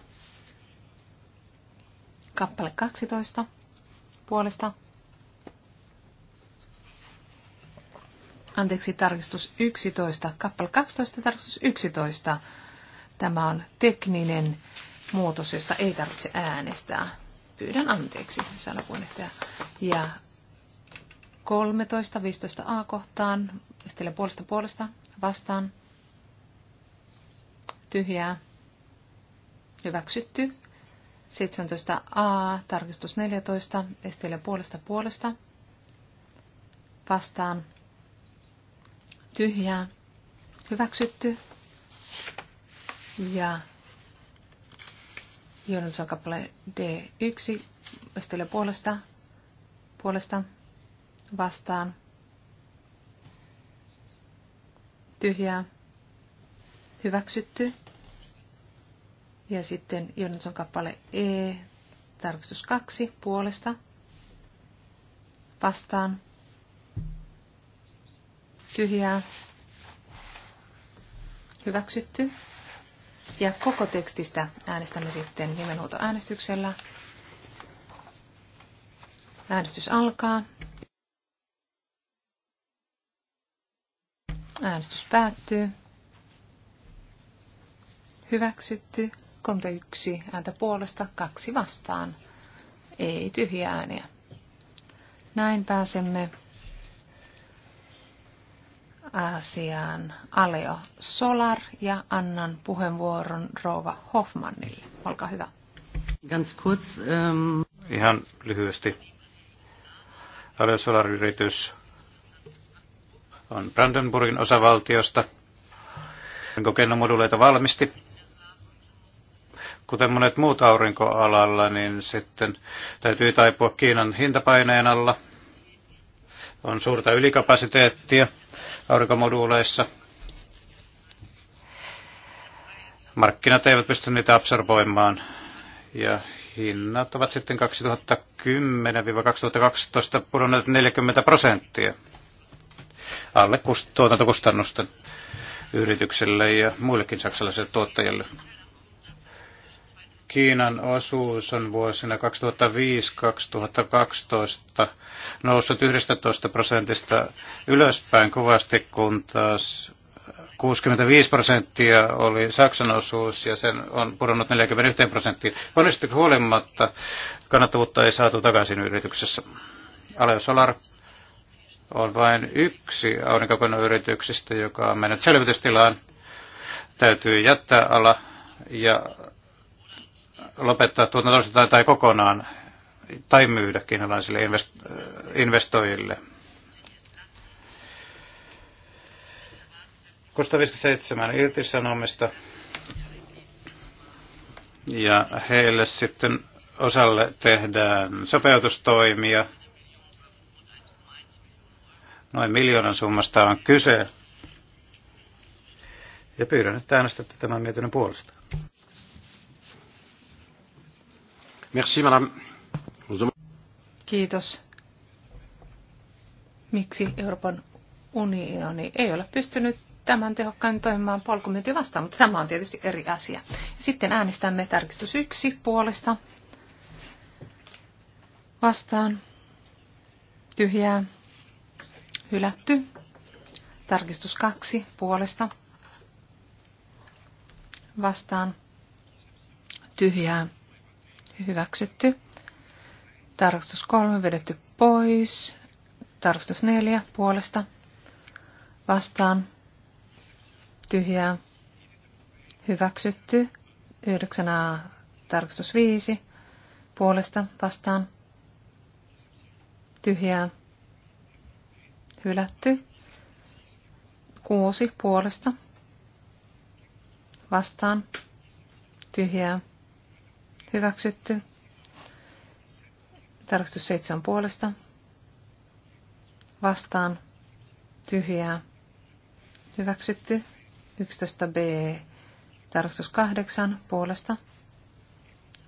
Kappale 12 puolesta. Anteeksi, tarkistus 11. Kappale 12, tarkistus 11. Tämä on tekninen muutos, josta ei tarvitse äänestää. Pyydän anteeksi, sanapuheenjohtaja. Ja 13, 15a kohtaan. Esittelen puolesta puolesta vastaan. Tyhjää. Hyväksytty. 17a, tarkistus 14, esteellä puolesta puolesta. Vastaan. Tyhjää. Hyväksytty. Ja johdonsokappale D1, esteellä puolesta puolesta. Vastaan. Tyhjää. Hyväksytty. Ja sitten Jonathan kappale E, tarkistus 2 puolesta vastaan. Tyhjää. Hyväksytty. Ja koko tekstistä äänestämme sitten nimenhuutoäänestyksellä. Äänestys alkaa. Äänestys päättyy. Hyväksytty. 31 ääntä puolesta, kaksi vastaan. Ei tyhjiä ääniä. Näin pääsemme asiaan Aleo Solar ja annan puheenvuoron Rova Hoffmannille. Olkaa hyvä. Ganz kurz, um... Ihan lyhyesti. Aleo Solar-yritys on Brandenburgin osavaltiosta. moduleita valmisti kuten monet muut aurinkoalalla, niin sitten täytyy taipua Kiinan hintapaineen alla. On suurta ylikapasiteettia aurinkomoduuleissa. Markkinat eivät pysty niitä absorboimaan ja hinnat ovat sitten 2010-2012 pudonneet 40 prosenttia alle tuotantokustannusten yrityksille ja muillekin saksalaisille tuottajille. Kiinan osuus on vuosina 2005-2012 noussut 11 prosentista ylöspäin kovasti, kun taas 65 prosenttia oli Saksan osuus ja sen on pudonnut 41 prosenttiin. Onnistuiko huolimatta kannattavuutta ei saatu takaisin yrityksessä. Aleo Solar on vain yksi aurinkokoneyrityksistä, joka on mennyt selvitystilaan. Täytyy jättää ala ja lopettaa tuotantonsa tai kokonaan tai myydä kiinalaisille investoijille. 657 irtisanomista ja heille sitten osalle tehdään sopeutustoimia. Noin miljoonan summasta on kyse. Ja pyydän, että äänestätte tämän mietinnön puolesta. Merci, madame. Kiitos. Miksi Euroopan unioni ei ole pystynyt tämän tehokkain toimimaan polkumyynti vastaan, mutta tämä on tietysti eri asia. Sitten äänestämme tarkistus yksi puolesta vastaan tyhjää hylätty. Tarkistus kaksi puolesta vastaan tyhjää hyväksytty. Tarkastus 3 vedetty pois. Tarkastus 4 puolesta vastaan tyhjää hyväksytty. 9a tarkastus 5 puolesta vastaan tyhjää hylätty. 6 puolesta vastaan tyhjää Hyväksytty. Tarkastus seitsemän puolesta. Vastaan. Tyhjää. Hyväksytty. 11b. Tarkastus kahdeksan puolesta.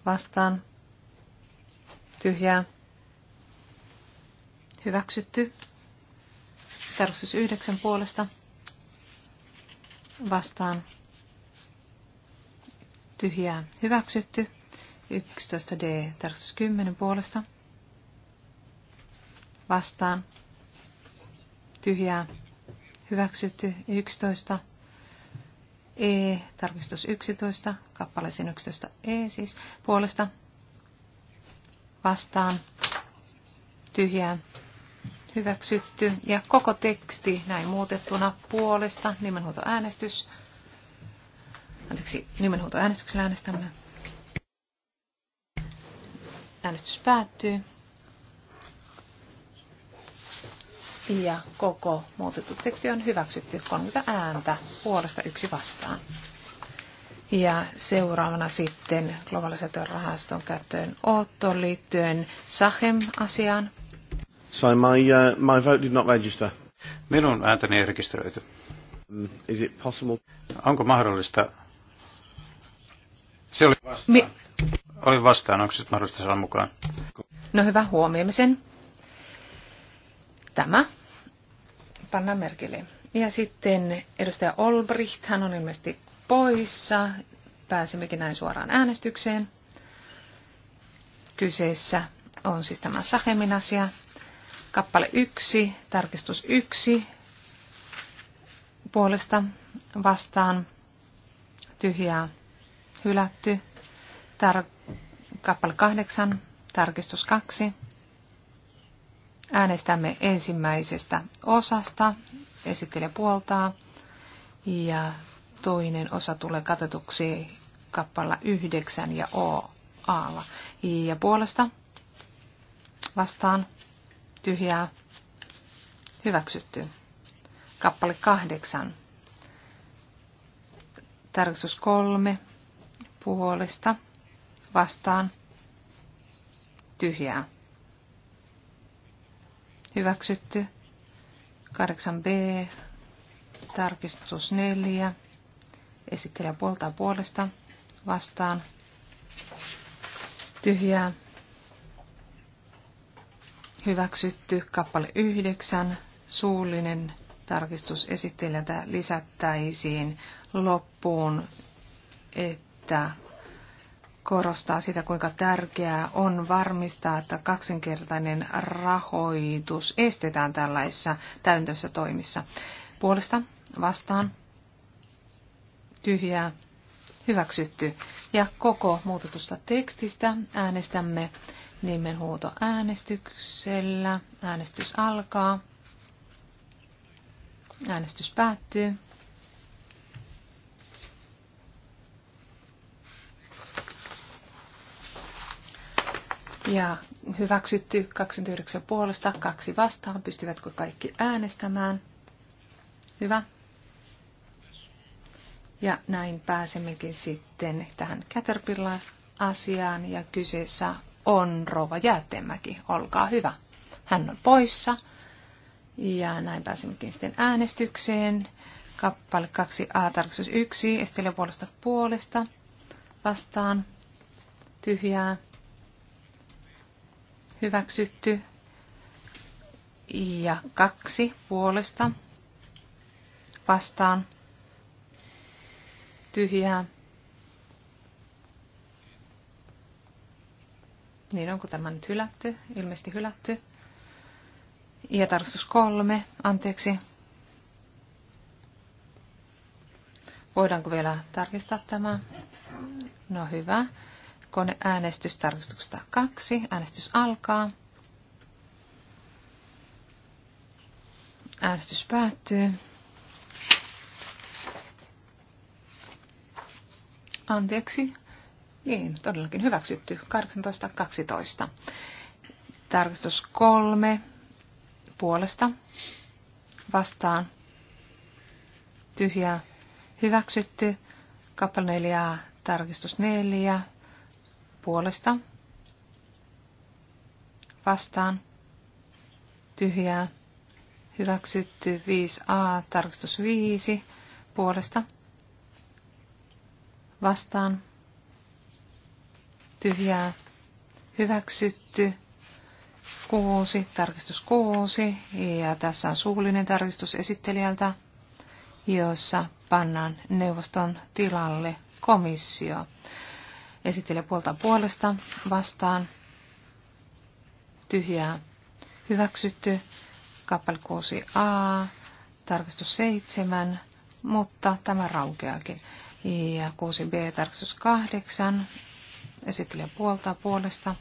Vastaan. Tyhjää. Hyväksytty. Tarkastus yhdeksän puolesta. Vastaan. Tyhjää. Hyväksytty. 11D tarkastus 10 puolesta. Vastaan. Tyhjää. Hyväksytty 11. E, tarkistus 11, Kappaleisen 11 E siis, puolesta, vastaan, tyhjää, hyväksytty. Ja koko teksti näin muutettuna puolesta, nimenhuutoäänestys, anteeksi, nimenhuutoäänestyksellä äänestäminen. Äänestys päättyy. Ja koko muutettu teksti on hyväksytty 30 ääntä puolesta yksi vastaan. Ja seuraavana sitten globalisaation rahaston käyttöön ottoon liittyen Sahem-asiaan. So my, uh, my vote did not register. Minun ääntäni ei rekisteröity. Um, is it possible? Onko mahdollista? Se oli vastaan. Mi- Olin vastaan, onko sitten mahdollista saada mukaan? No hyvä, huomioimme sen. Tämä Panna merkille. Ja sitten edustaja Olbricht, hän on ilmeisesti poissa. Pääsemmekin näin suoraan äänestykseen. Kyseessä on siis tämä Sahemin asia. Kappale 1, tarkistus 1 puolesta vastaan tyhjää hylätty. Tar- kappale kahdeksan, tarkistus kaksi. Äänestämme ensimmäisestä osasta, esittelijä puoltaa, ja toinen osa tulee katetuksi kappalla yhdeksän ja O aalla. Ja puolesta vastaan tyhjää hyväksytty. Kappale kahdeksan, Tarkistus kolme puolesta vastaan tyhjää. Hyväksytty. 8b, tarkistus 4, esittelijä puolta puolesta vastaan tyhjää. Hyväksytty kappale 9, suullinen tarkistus esittelijältä lisättäisiin loppuun, että korostaa sitä, kuinka tärkeää on varmistaa, että kaksinkertainen rahoitus estetään tällaisissa täyntöissä toimissa. Puolesta vastaan tyhjää hyväksytty. Ja koko muutetusta tekstistä äänestämme nimenhuuto äänestyksellä. Äänestys alkaa. Äänestys päättyy. ja hyväksytty 29 puolesta, kaksi vastaan. Pystyvätkö kaikki äänestämään? Hyvä. Ja näin pääsemmekin sitten tähän Caterpillar-asiaan ja kyseessä on Rova Jäätemäki. Olkaa hyvä. Hän on poissa. Ja näin pääsemmekin sitten äänestykseen. Kappale 2a, tarkistus 1, estelle puolesta puolesta vastaan. Tyhjää, hyväksytty ja kaksi puolesta vastaan tyhjää. Niin onko tämä nyt hylätty? Ilmeisesti hylätty. Ja tarkastus kolme, anteeksi. Voidaanko vielä tarkistaa tämä? No hyvä koneäänestys tarkistuksesta kaksi. Äänestys alkaa. Äänestys päättyy. Anteeksi. Niin, todellakin hyväksytty. 18.12. Tarkistus kolme puolesta vastaan tyhjää hyväksytty. Kappale 4, tarkistus 4 puolesta vastaan tyhjää hyväksytty 5a tarkistus 5 puolesta vastaan tyhjää hyväksytty 6 tarkistus 6 ja tässä on suullinen tarkistus esittelijältä jossa pannaan neuvoston tilalle komissio. Esittelijä puolta puolesta vastaan. Tyhjää. Hyväksytty. Kappale 6a. Tarkistus 7. Mutta tämä raukeakin. Ja 6b. Tarkistus 8. Esittelijä puolta puolesta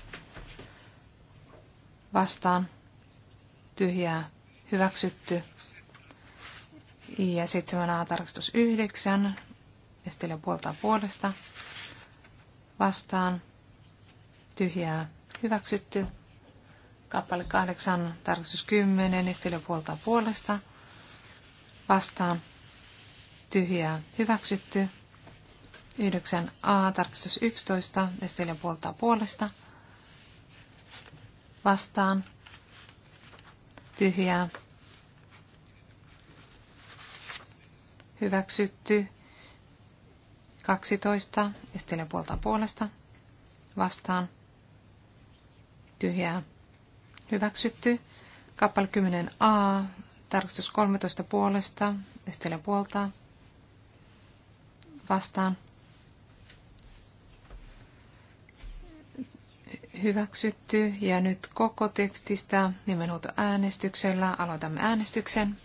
vastaan. Tyhjää. Hyväksytty. Ja 7a. Tarkistus 9. Esittelijä puolta puolesta vastaan tyhjää hyväksytty. Kappale 8, tarkistus 10, estilö puolta puolesta vastaan tyhjää hyväksytty. 9a, tarkistus 11, estilö puolta puolesta vastaan tyhjää hyväksytty. 12. Estelen puolta puolesta. Vastaan. Tyhjää. Hyväksytty. Kappale 10a. Tarkastus 13 puolesta. Estelen puolta. Vastaan. Hyväksytty. Ja nyt koko tekstistä nimenhuuto äänestyksellä. Aloitamme äänestyksen.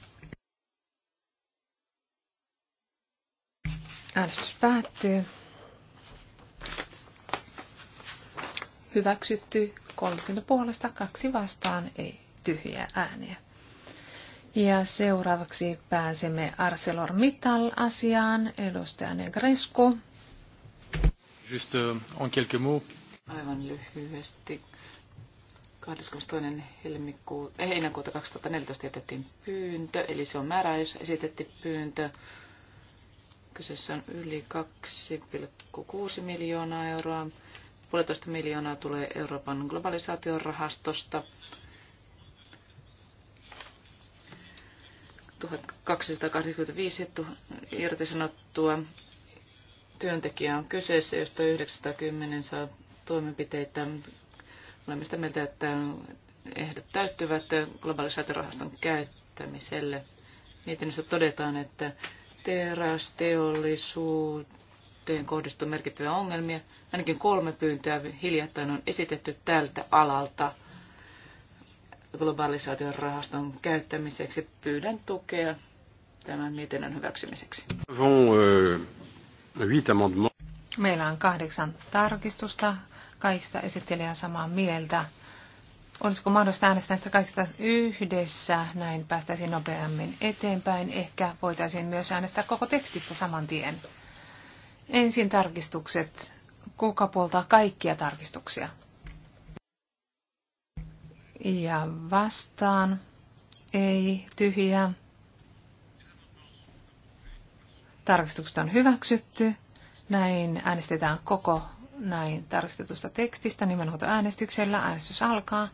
Äänestys päättyy. Hyväksytty 30 puolesta, kaksi vastaan, ei tyhjiä ääniä. Ja seuraavaksi pääsemme arcelormittal Mittal-asiaan, edustaja Negresku. Just äh, on quelques mots. Aivan lyhyesti. 22. helmikuuta, eh, heinäkuuta 2014 jätettiin pyyntö, eli se on määräys, esitettiin pyyntö Kyseessä on yli 2,6 miljoonaa euroa. Puolitoista miljoonaa tulee Euroopan globalisaation rahastosta. 1285 irtisanottua työntekijää on kyseessä, josta 910 saa toimenpiteitä. Olemme sitä mieltä, että ehdot täyttyvät globalisaatiorahaston käyttämiselle. Mietinnössä todetaan, että terästeollisuuteen kohdistuu merkittäviä ongelmia. Ainakin kolme pyyntöä hiljattain on esitetty tältä alalta globalisaation rahaston käyttämiseksi. Pyydän tukea tämän mietinnön hyväksymiseksi. Euh, Meillä on kahdeksan tarkistusta. Kaikista esittelijä samaa mieltä. Olisiko mahdollista äänestää sitä kaikista yhdessä, näin päästäisiin nopeammin eteenpäin. Ehkä voitaisiin myös äänestää koko tekstistä saman tien. Ensin tarkistukset. Kuka puoltaa kaikkia tarkistuksia? Ja vastaan. Ei, tyhjä. Tarkistukset on hyväksytty. Näin äänestetään koko näin tarkistetusta tekstistä äänestyksellä. Äänestys alkaa.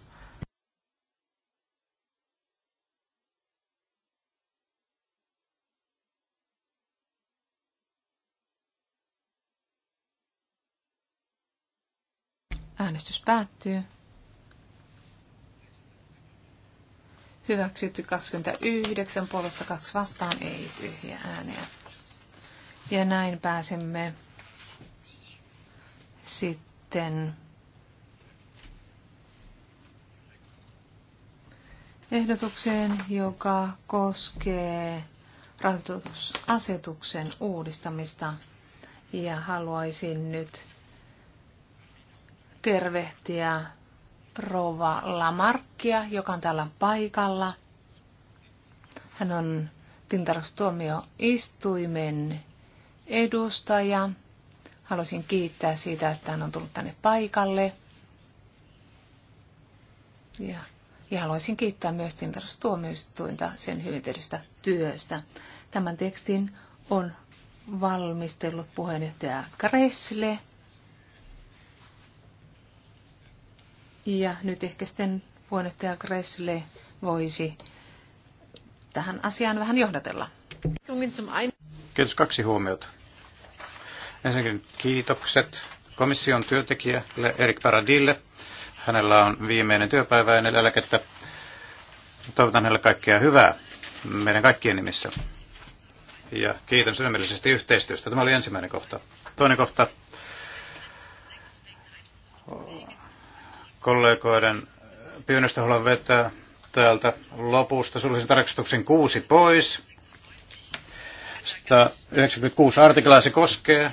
Äänestys päättyy. Hyväksytty 29, puolesta 2 vastaan, ei tyhjiä ääniä. Ja näin pääsemme sitten ehdotukseen, joka koskee rahoitusasetuksen uudistamista. Ja haluaisin nyt tervehtiä Rova Lamarkkia, joka on täällä paikalla. Hän on tilintarkastustuomioistuimen edustaja. Haluaisin kiittää siitä, että hän on tullut tänne paikalle. Ja, ja haluaisin kiittää myös tilintarkastustuomioistuinta sen hyvin tehdystä työstä. Tämän tekstin on valmistellut puheenjohtaja Kresle – Ja nyt ehkä sitten puheenjohtaja Gressle voisi tähän asiaan vähän johdatella. Kiitos. Kaksi huomiota. Ensinnäkin kiitokset komission työntekijälle Erik Paradille. Hänellä on viimeinen työpäivä ennen eläkettä. Toivotan hänelle kaikkea hyvää meidän kaikkien nimissä. Ja kiitän sydämellisesti yhteistyöstä. Tämä oli ensimmäinen kohta. Toinen kohta kollegoiden pyynnöstä haluan vetää täältä lopusta sulkisen tarkastuksen kuusi pois. 196 artiklaa se koskee.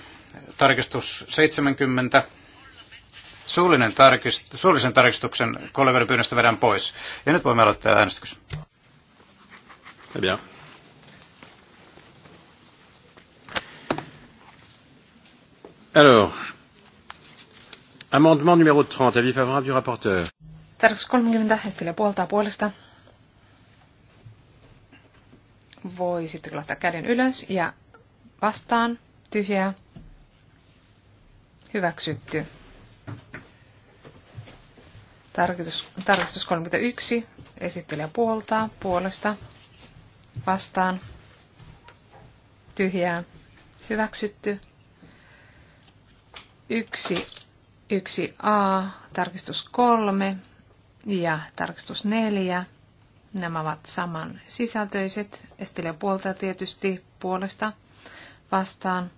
Tarkistus 70. Suullinen tarkist, suullisen tarkistuksen kollegoiden pyynnöstä vedän pois. Ja nyt voimme aloittaa äänestyksen. Alors, Amendement numéro 30, avis favorable du rapporteur. 30, puoltaa puolesta. Voi sitten laittaa käden ylös ja vastaan, tyhjää, hyväksytty. Tarkistus, tarkistus 31, esittelijä puoltaa, puolesta, vastaan, tyhjää, hyväksytty. Yksi 1a, tarkistus 3 ja tarkistus 4. Nämä ovat saman sisältöiset. Estilä puolta tietysti puolesta vastaan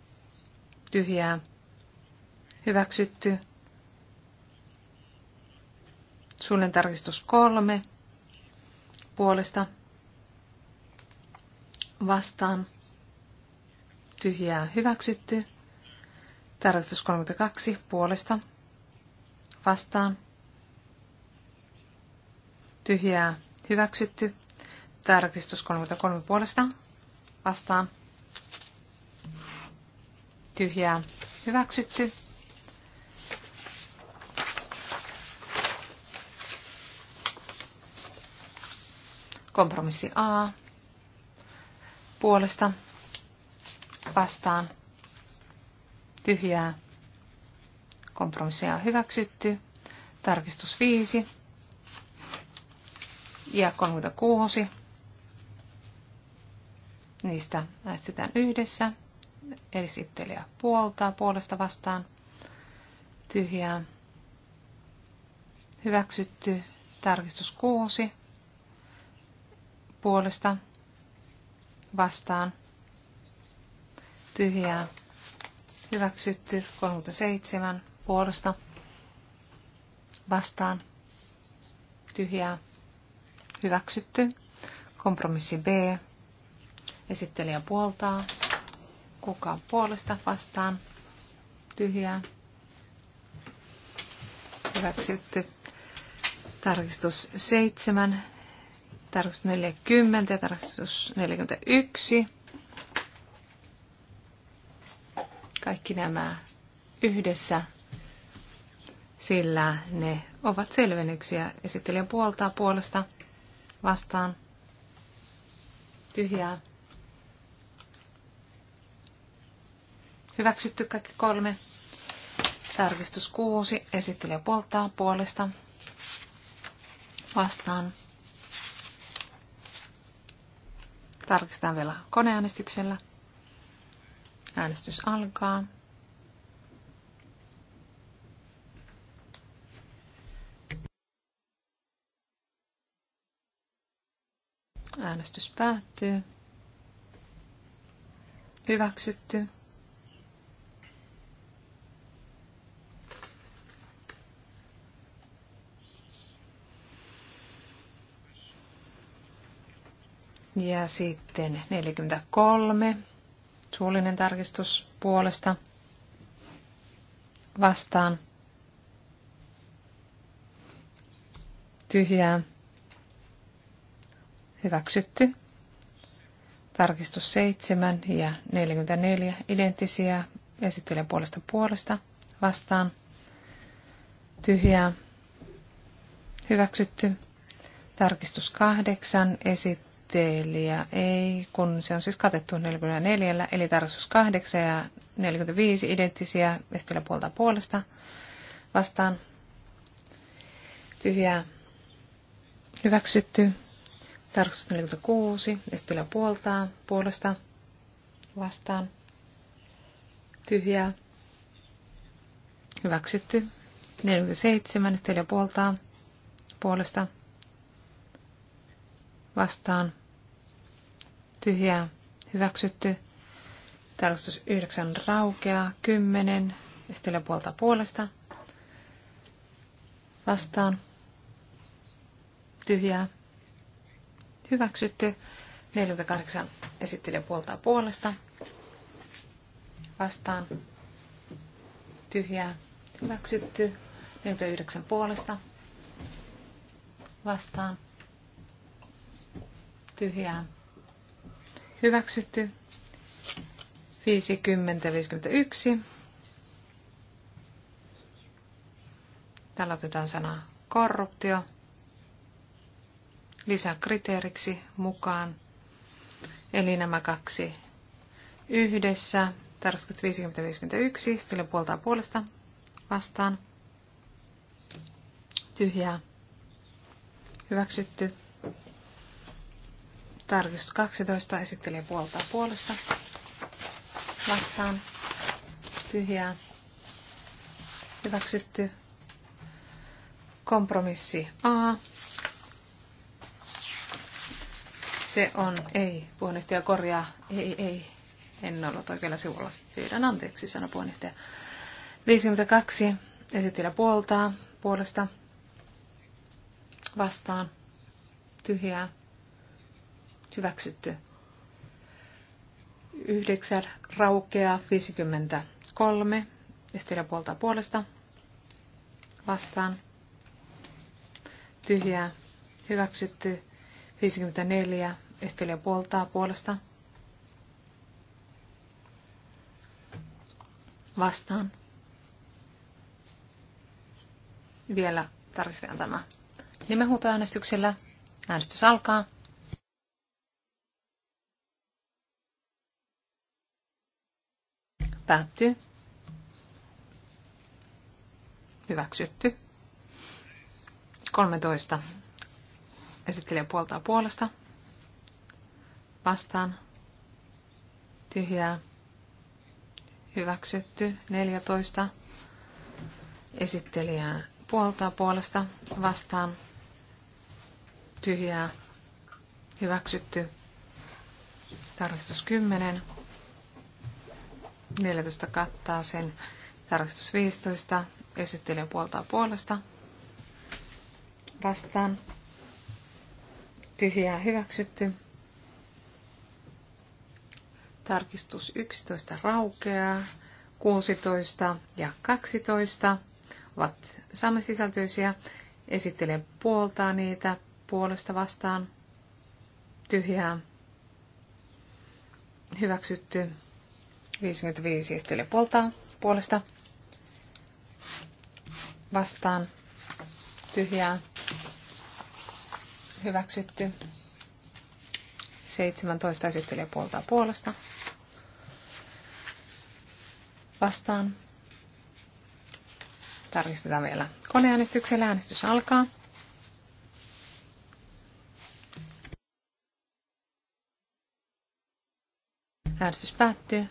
tyhjää hyväksytty. Suullinen tarkistus 3 puolesta vastaan tyhjää hyväksytty. Tarkistus 32 puolesta vastaan. Tyhjää hyväksytty. Tarkistus 33 puolesta vastaan. Tyhjää hyväksytty. Kompromissi A puolesta vastaan tyhjää Kompromisseja on hyväksytty. Tarkistus 5 ja 36. Niistä äänestetään yhdessä. Esittelijä puoltaa puolesta vastaan. Tyhjää. Hyväksytty. Tarkistus 6. Puolesta vastaan. Tyhjää. Hyväksytty. 37 puolesta vastaan tyhjää hyväksytty. Kompromissi B. Esittelijä puoltaa. Kuka puolesta vastaan tyhjää hyväksytty. Tarkistus 7, tarkistus 40 ja tarkistus 41. Kaikki nämä yhdessä sillä ne ovat selvennyksiä. esittelijän puoltaa puolesta vastaan tyhjää. Hyväksytty kaikki kolme. Tarkistus kuusi. Esittelijä puoltaa puolesta vastaan. Tarkistetaan vielä koneäänestyksellä. Äänestys alkaa. Äänestys päättyy. Hyväksytty. Ja sitten 43. Suullinen tarkistus puolesta vastaan. Tyhjää Hyväksytty. Tarkistus 7 ja 44 identtisiä. Esittelen puolesta puolesta vastaan. Tyhjää. Hyväksytty. Tarkistus 8. Esittelijä ei, kun se on siis katettu 44, eli tarkistus 8 ja 45 identtisiä. Esittelijä puolta puolesta vastaan. Tyhjää. Hyväksytty. Tarkastus 46. estillä puoltaa puolesta vastaan. Tyhjää. Hyväksytty. 47. estillä puoltaa puolesta vastaan. Tyhjää. Hyväksytty. Tarkastus 9 raukeaa. 10. estillä puolta puolesta vastaan. Tyhjää hyväksytty. 48 esittelijä puoltaa puolesta. Vastaan. Tyhjää. Hyväksytty. 49 puolesta. Vastaan. Tyhjää. Hyväksytty. 50-51. Täällä otetaan sana korruptio lisäkriteeriksi mukaan. Eli nämä kaksi yhdessä. Tarkoitus 50-51, stille puoltaa puolesta vastaan. Tyhjää. Hyväksytty. Tarkistus 12 esittelee puoltaa puolesta. Vastaan. Tyhjää. Hyväksytty. Kompromissi A Se on ei. Puheenjohtaja korjaa. Ei, ei. En ollut oikealla sivulla. Pyydän anteeksi, sanoi puheenjohtaja. 52. Esitillä puoltaa. Puolesta. Vastaan. Tyhjää. Hyväksytty. 9. Raukea 53. Esitillä puoltaa puolesta. Vastaan. Tyhjää. Hyväksytty. 54 Estelia puoltaa puolesta. Vastaan. Vielä tarkistetaan tämä. Nimenhuutoäänestyksellä äänestys alkaa. Päättyy. Hyväksytty. 13. Esittelijä puoltaa puolesta vastaan tyhjää hyväksytty 14 esittelijään puoltaa puolesta vastaan tyhjää hyväksytty tarkistus 10 14 kattaa sen tarkistus 15 esittelijän puoltaa puolesta vastaan tyhjää hyväksytty Tarkistus 11 raukeaa. 16 ja 12 ovat samansisältöisiä. Esittelen puoltaa niitä puolesta vastaan. Tyhjää. Hyväksytty. 55 esittelen puoltaa puolesta vastaan. Tyhjää. Hyväksytty. 17 esittelee puolta puolesta vastaan. Tarkistetaan vielä koneäänestyksellä. Äänestys alkaa. Äänestys päättyy.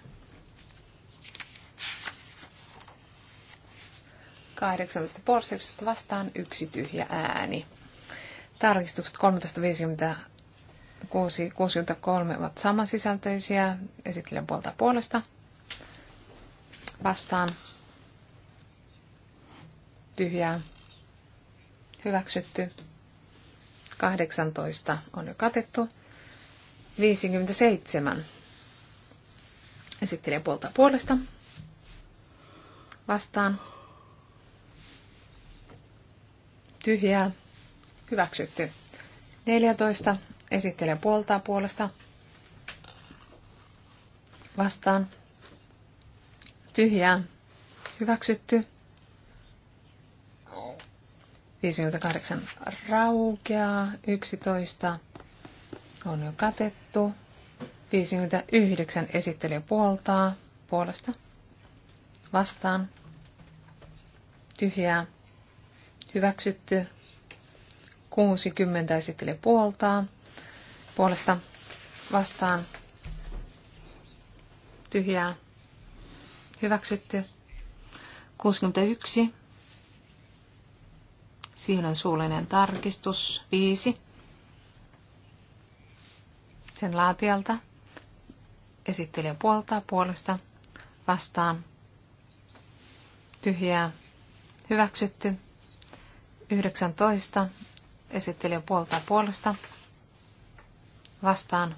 18 porsiuksesta vastaan yksi tyhjä ääni. Tarkistukset 1356 63 ovat samansisältöisiä. Esittelen puolta puolesta vastaan tyhjää hyväksytty. 18 on jo katettu. 57 esittelee puolta puolesta vastaan tyhjää hyväksytty. 14 esittelee puolta puolesta vastaan tyhjää, hyväksytty. 58 raukeaa, 11 on jo katettu. 59 esittelijä puoltaa, puolesta, vastaan, tyhjää, hyväksytty. 60 esittelijä puoltaa, puolesta, vastaan, tyhjää, Hyväksytty. 61. Siihen on suullinen tarkistus. 5. Sen laatialta. Esittelijä puoltaa puolesta. Vastaan. Tyhjää. Hyväksytty. 19. Esittelijä puoltaa puolesta. Vastaan.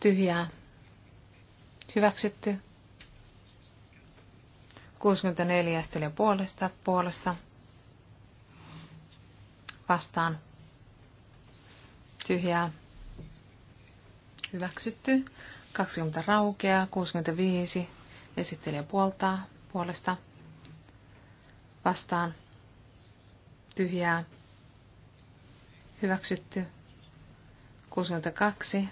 Tyhjää. Hyväksytty. 64 estelijän puolesta, puolesta vastaan tyhjää hyväksytty. 20 raukeaa, 65 esittelijä puoltaa puolesta vastaan tyhjää hyväksytty. 62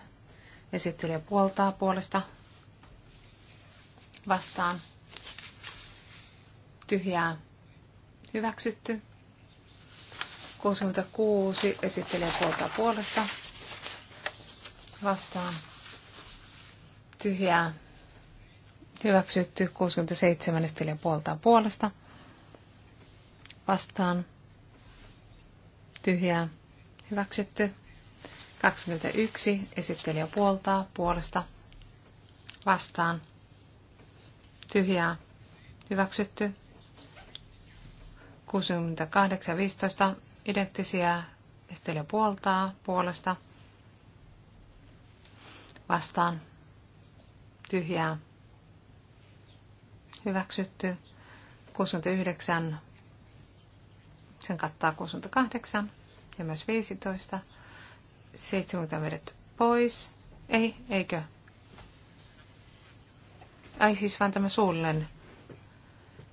esittelijä puoltaa puolesta vastaan tyhjää hyväksytty. 66 esittelee puolta puolesta vastaan tyhjää hyväksytty. 67 esittelee puolta puolesta vastaan tyhjää hyväksytty. 21 esittelee puoltaa puolesta vastaan tyhjää hyväksytty. 68 15 identtisiä estelijä puoltaa puolesta vastaan tyhjää hyväksytty 69 sen kattaa 68 ja myös 15 70 on vedetty pois ei eikö ai siis vaan tämä suullinen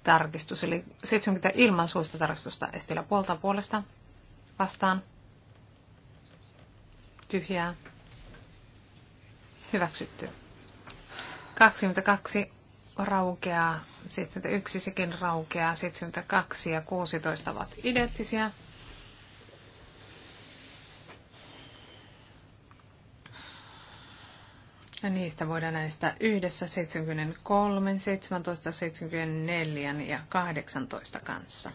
tarkistus, eli 70 ilman suosta tarkistusta estillä puolta puolesta vastaan. Tyhjää. Hyväksytty. 22 raukeaa, 71 sekin raukeaa, 72 ja 16 ovat identtisiä. Ja niistä voidaan näistä yhdessä 73, 17, 74 ja 18 kanssa.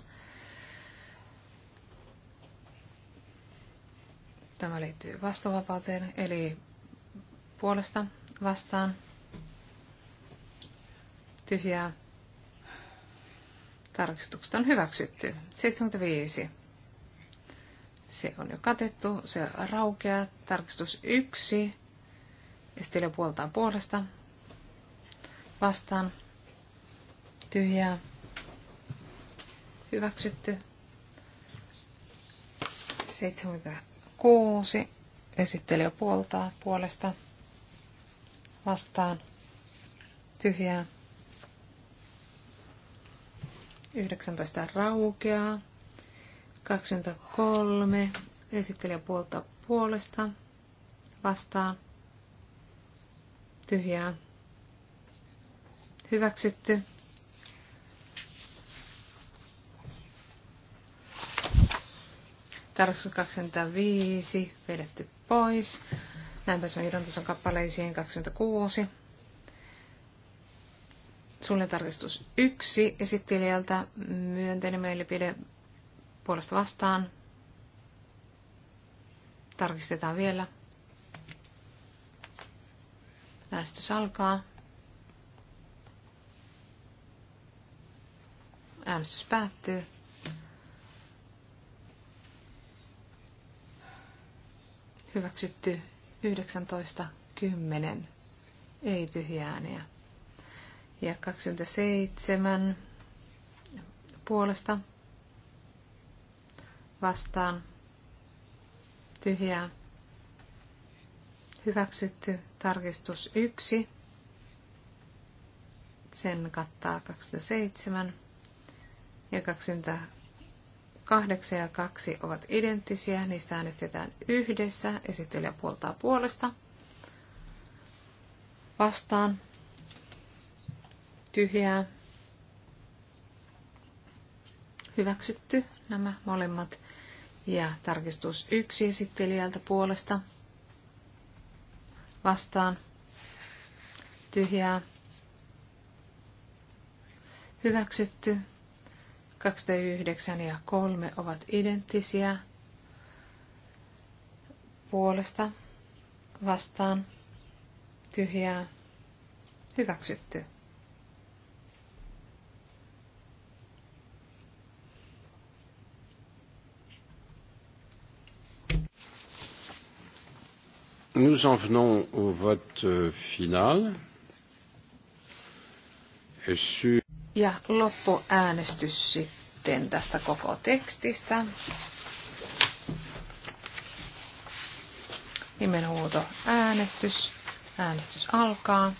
Tämä liittyy vastuuvapauteen, eli puolesta vastaan tyhjää. Tarkistukset on hyväksytty. 75. Se on jo katettu. Se raukeaa. Tarkistus 1 Esittelijä puoltaan puolesta. Vastaan. Tyhjää. Hyväksytty. 76. Esittelijä puoltaa puolesta. Vastaan. Tyhjää. 19 raukeaa. 23. Esittelijä puolta puolesta. Vastaan tyhjää hyväksytty. Tarkoitus 25 vedetty pois. Näin pääsemme johdantason kappaleisiin 26. Suullinen tarkistus 1 esittelijältä myönteinen mielipide puolesta vastaan. Tarkistetaan vielä. Äänestys alkaa. Äänestys päättyy. Hyväksytty 19.10. Ei ääniä. Ja 27 puolesta vastaan tyhjää Hyväksytty tarkistus 1. Sen kattaa 27 ja 28 ja 2 ovat identtisiä. Niistä äänestetään yhdessä. Esittelijä puoltaa puolesta. Vastaan. Tyhjää. Hyväksytty nämä molemmat. Ja tarkistus 1 esittelijältä puolesta vastaan tyhjää hyväksytty. 29 ja 3 ovat identtisiä puolesta vastaan tyhjää hyväksytty. nous en venons au vote euh, final. Ja loppuäänestys sitten tästä koko tekstistä. Nimenhuuto äänestys. Äänestys alkaa.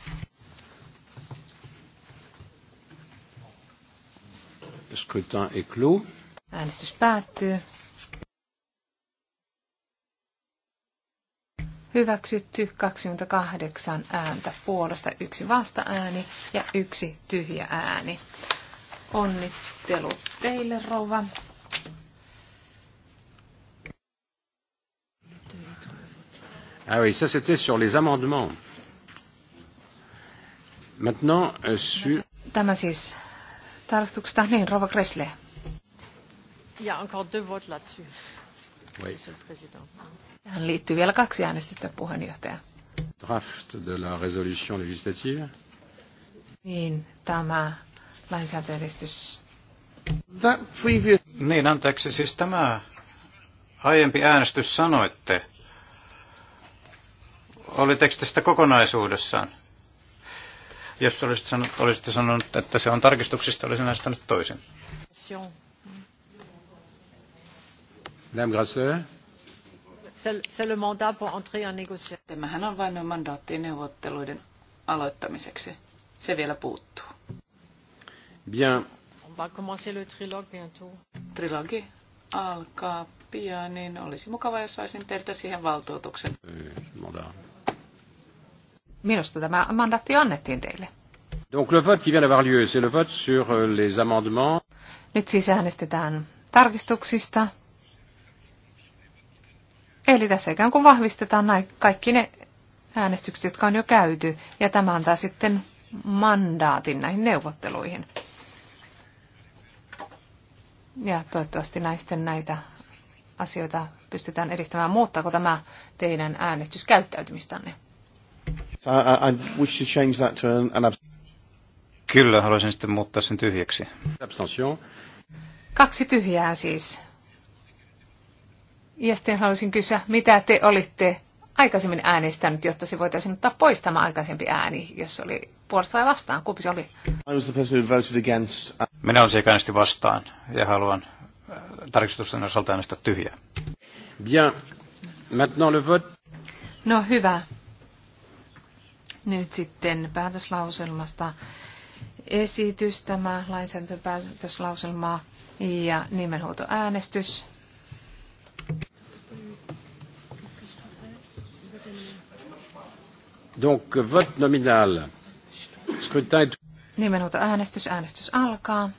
Scrutin est clos. Äänestys päättyy. Hyväksytty 28 ääntä puolesta, yksi vasta-ääni ja yksi tyhjä ääni. Onnittelut teille, rouva. Ah oui, ça c'était sur les amendements. Maintenant, euh, sur... Tämä siis tarkastuksesta, niin, rouva Kresle. Ja encore deux votes là-dessus. Tähän liittyy vielä kaksi äänestystä, puheenjohtaja. Draft de la résolution législative. Niin, tämä lainsäädäntöesitys. Previous... Niin, anteeksi, siis tämä aiempi äänestys sanoitte, oli tekstistä kokonaisuudessaan. Jos olisitte sanonut, olisitte sanonut, että se on tarkistuksista, olisin äänestänyt toisen. Madame Grasseur. Tämähän on vain mandaatti neuvotteluiden aloittamiseksi. Se vielä puuttuu. Bien. On va commencer le trilogue bientôt. Trilogi alkaa pian, niin olisi mukava, jos saisin teiltä siihen valtuutuksen. Eh, Minusta tämä mandaatti annettiin teille. Donc le vote qui vient d'avoir lieu, c'est le vote sur euh, les amendements. Nyt siis äänestetään tarkistuksista. Eli tässä ikään kuin vahvistetaan näin kaikki ne äänestykset, jotka on jo käyty, ja tämä antaa sitten mandaatin näihin neuvotteluihin. Ja toivottavasti näisten näitä asioita pystytään edistämään. Muuttaako tämä teidän äänestyskäyttäytymistänne? Kyllä, haluaisin sitten muuttaa sen tyhjäksi. Kaksi tyhjää siis. Ja sitten haluaisin kysyä, mitä te olitte aikaisemmin äänestänyt, jotta se voitaisiin ottaa pois tämä aikaisempi ääni, jos oli puolesta vai vastaan? Kumpi se oli? Uh, Minä olen sekä äänestin vastaan ja haluan äh, tarkistusten osalta äänestää tyhjää. Bien. Maintenant le vote. No hyvä. Nyt sitten päätöslauselmasta esitys, tämä lainsäädäntöpäätöslauselma ja nimenhuoltoäänestys. Donc, vote nominal. Scrutin. äänestys. Äänestys alkaa.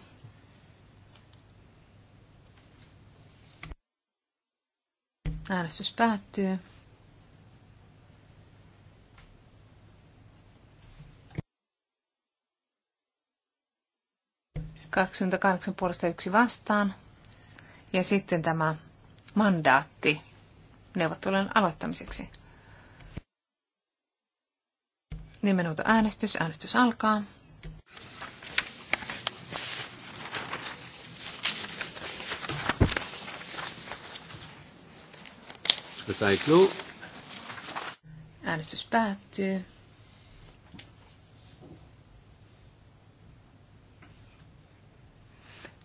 Äänestys päättyy. Kaksikymmentäkahdeksan puolesta yksi vastaan. Ja sitten tämä mandaatti neuvottelujen aloittamiseksi. Nimenhuuto äänestys. Äänestys alkaa. Äänestys päättyy.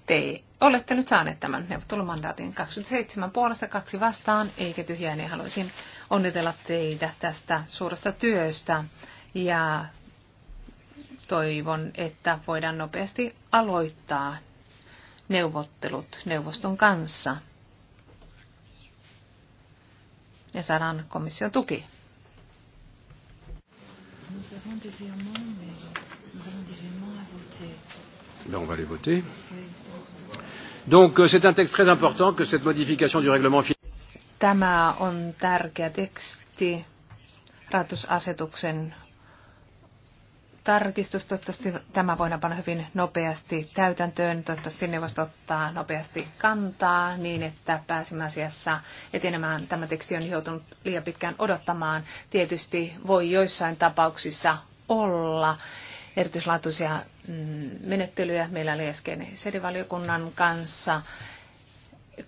Te olette nyt saaneet tämän neuvottelumandaatin 27 puolesta kaksi vastaan, eikä tyhjää, niin haluaisin onnitella teitä tästä suuresta työstä ja toivon, että voidaan nopeasti aloittaa neuvottelut neuvoston kanssa ja saadaan komission tuki. Ben, on va les voter. Donc euh, c'est un texte très important que cette modification du règlement Tämä on tärkeä teksti ratusasetuksen tarkistus. Toivottavasti tämä voidaan panna hyvin nopeasti täytäntöön. Toivottavasti neuvosto ottaa nopeasti kantaa niin, että pääsemme asiassa etenemään. Tämä teksti on joutunut liian pitkään odottamaan. Tietysti voi joissain tapauksissa olla erityislaatuisia mm, menettelyjä. Meillä oli äsken sedivaliokunnan kanssa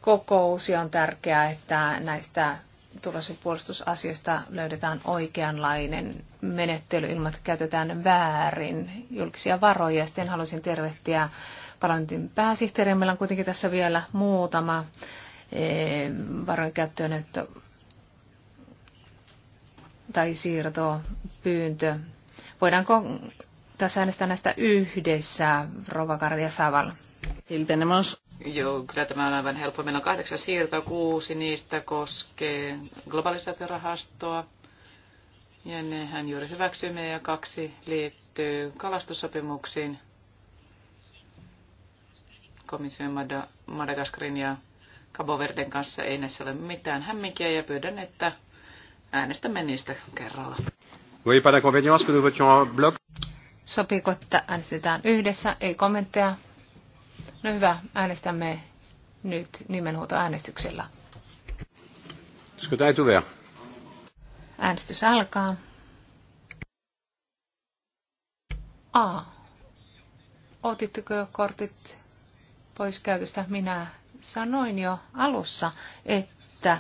kokous ja on tärkeää, että näistä turvallisuuspuolustusasioista löydetään oikeanlainen menettely ilman, että käytetään väärin julkisia varoja. Sitten haluaisin tervehtiä parlamentin pääsihteeriä. Meillä on kuitenkin tässä vielä muutama eh, varojen käyttöön, että tai siirto, pyyntö. Voidaanko tässä äänestää näistä yhdessä, Rova Kardia Saval? Joo, kyllä tämä on aivan helppo. Meillä on kahdeksan siirtoa, kuusi niistä koskee globalisaatiorahastoa. Ja nehän juuri hyväksymme ja kaksi liittyy kalastussopimuksiin komission Mad- Madagaskarin ja Cabo Verden kanssa ei näissä ole mitään hämminkiä ja pyydän, että äänestämme niistä kerralla. Oui, pas que nous votions bloc. Sopiiko, että äänestetään yhdessä? Ei kommentteja. No hyvä, äänestämme nyt nimenhuutoäänestyksellä. Äänestys alkaa. A. Otitteko kortit pois käytöstä? Minä sanoin jo alussa, että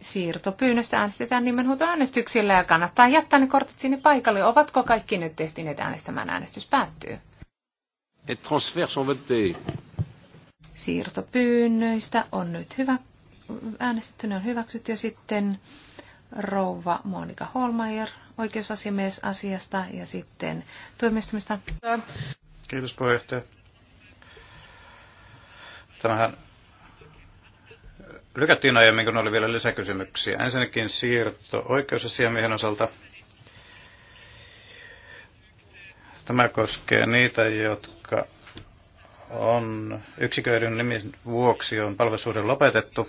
siirtopyynnöstä äänestetään nimenhuutoäänestyksillä ja kannattaa jättää ne kortit sinne paikalle. Ovatko kaikki nyt tehtineet äänestämään? Äänestys päättyy. Et transfer sont votés. Siirtopyynnöistä on nyt hyvä, äänestetty, ne on hyväksytty ja sitten rouva Monika Holmeier oikeusasiamies asiasta ja sitten tuomioistumista. Kiitos puheenjohtaja. Tämähän lykättiin aiemmin, kun oli vielä lisäkysymyksiä. Ensinnäkin siirto oikeusasiamiehen osalta Tämä koskee niitä, jotka on yksiköiden nimen vuoksi on palvelussuhde lopetettu.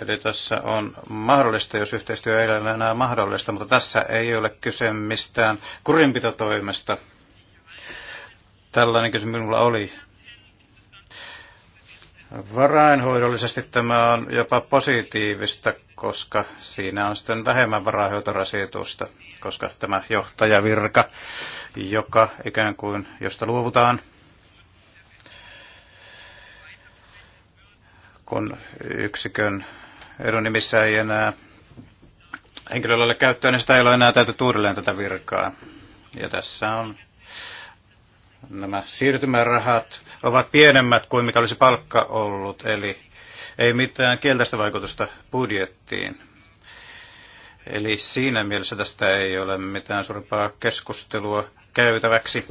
Eli tässä on mahdollista, jos yhteistyö ei ole enää mahdollista, mutta tässä ei ole kyse mistään kurinpitotoimesta. Tällainen kysymys minulla oli Varainhoidollisesti tämä on jopa positiivista, koska siinä on sitten vähemmän varainhoitorasitusta, koska tämä johtajavirka, joka ikään kuin, josta luovutaan, kun yksikön edun nimissä ei enää henkilöllä ole käyttöön, niin sitä ei ole enää täytetty uudelleen tätä virkaa. Ja tässä on nämä siirtymärahat ovat pienemmät kuin mikä olisi palkka ollut, eli ei mitään kielteistä vaikutusta budjettiin. Eli siinä mielessä tästä ei ole mitään suurempaa keskustelua käytäväksi.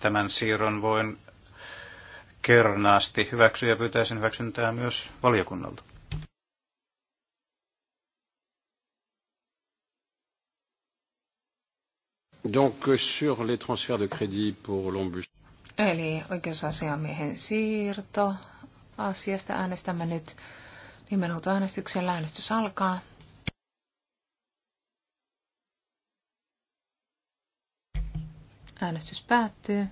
Tämän siirron voin kernaasti hyväksyä ja pyytäisin hyväksyntää myös valiokunnalta. Donc, sur les transferts de crédit pour l'ombus. Eli oikeusasiamiehen siirto. Asiasta äänestämme nyt nimenhuutoäänestyksellä. Äänestys alkaa. Äänestys päättyy.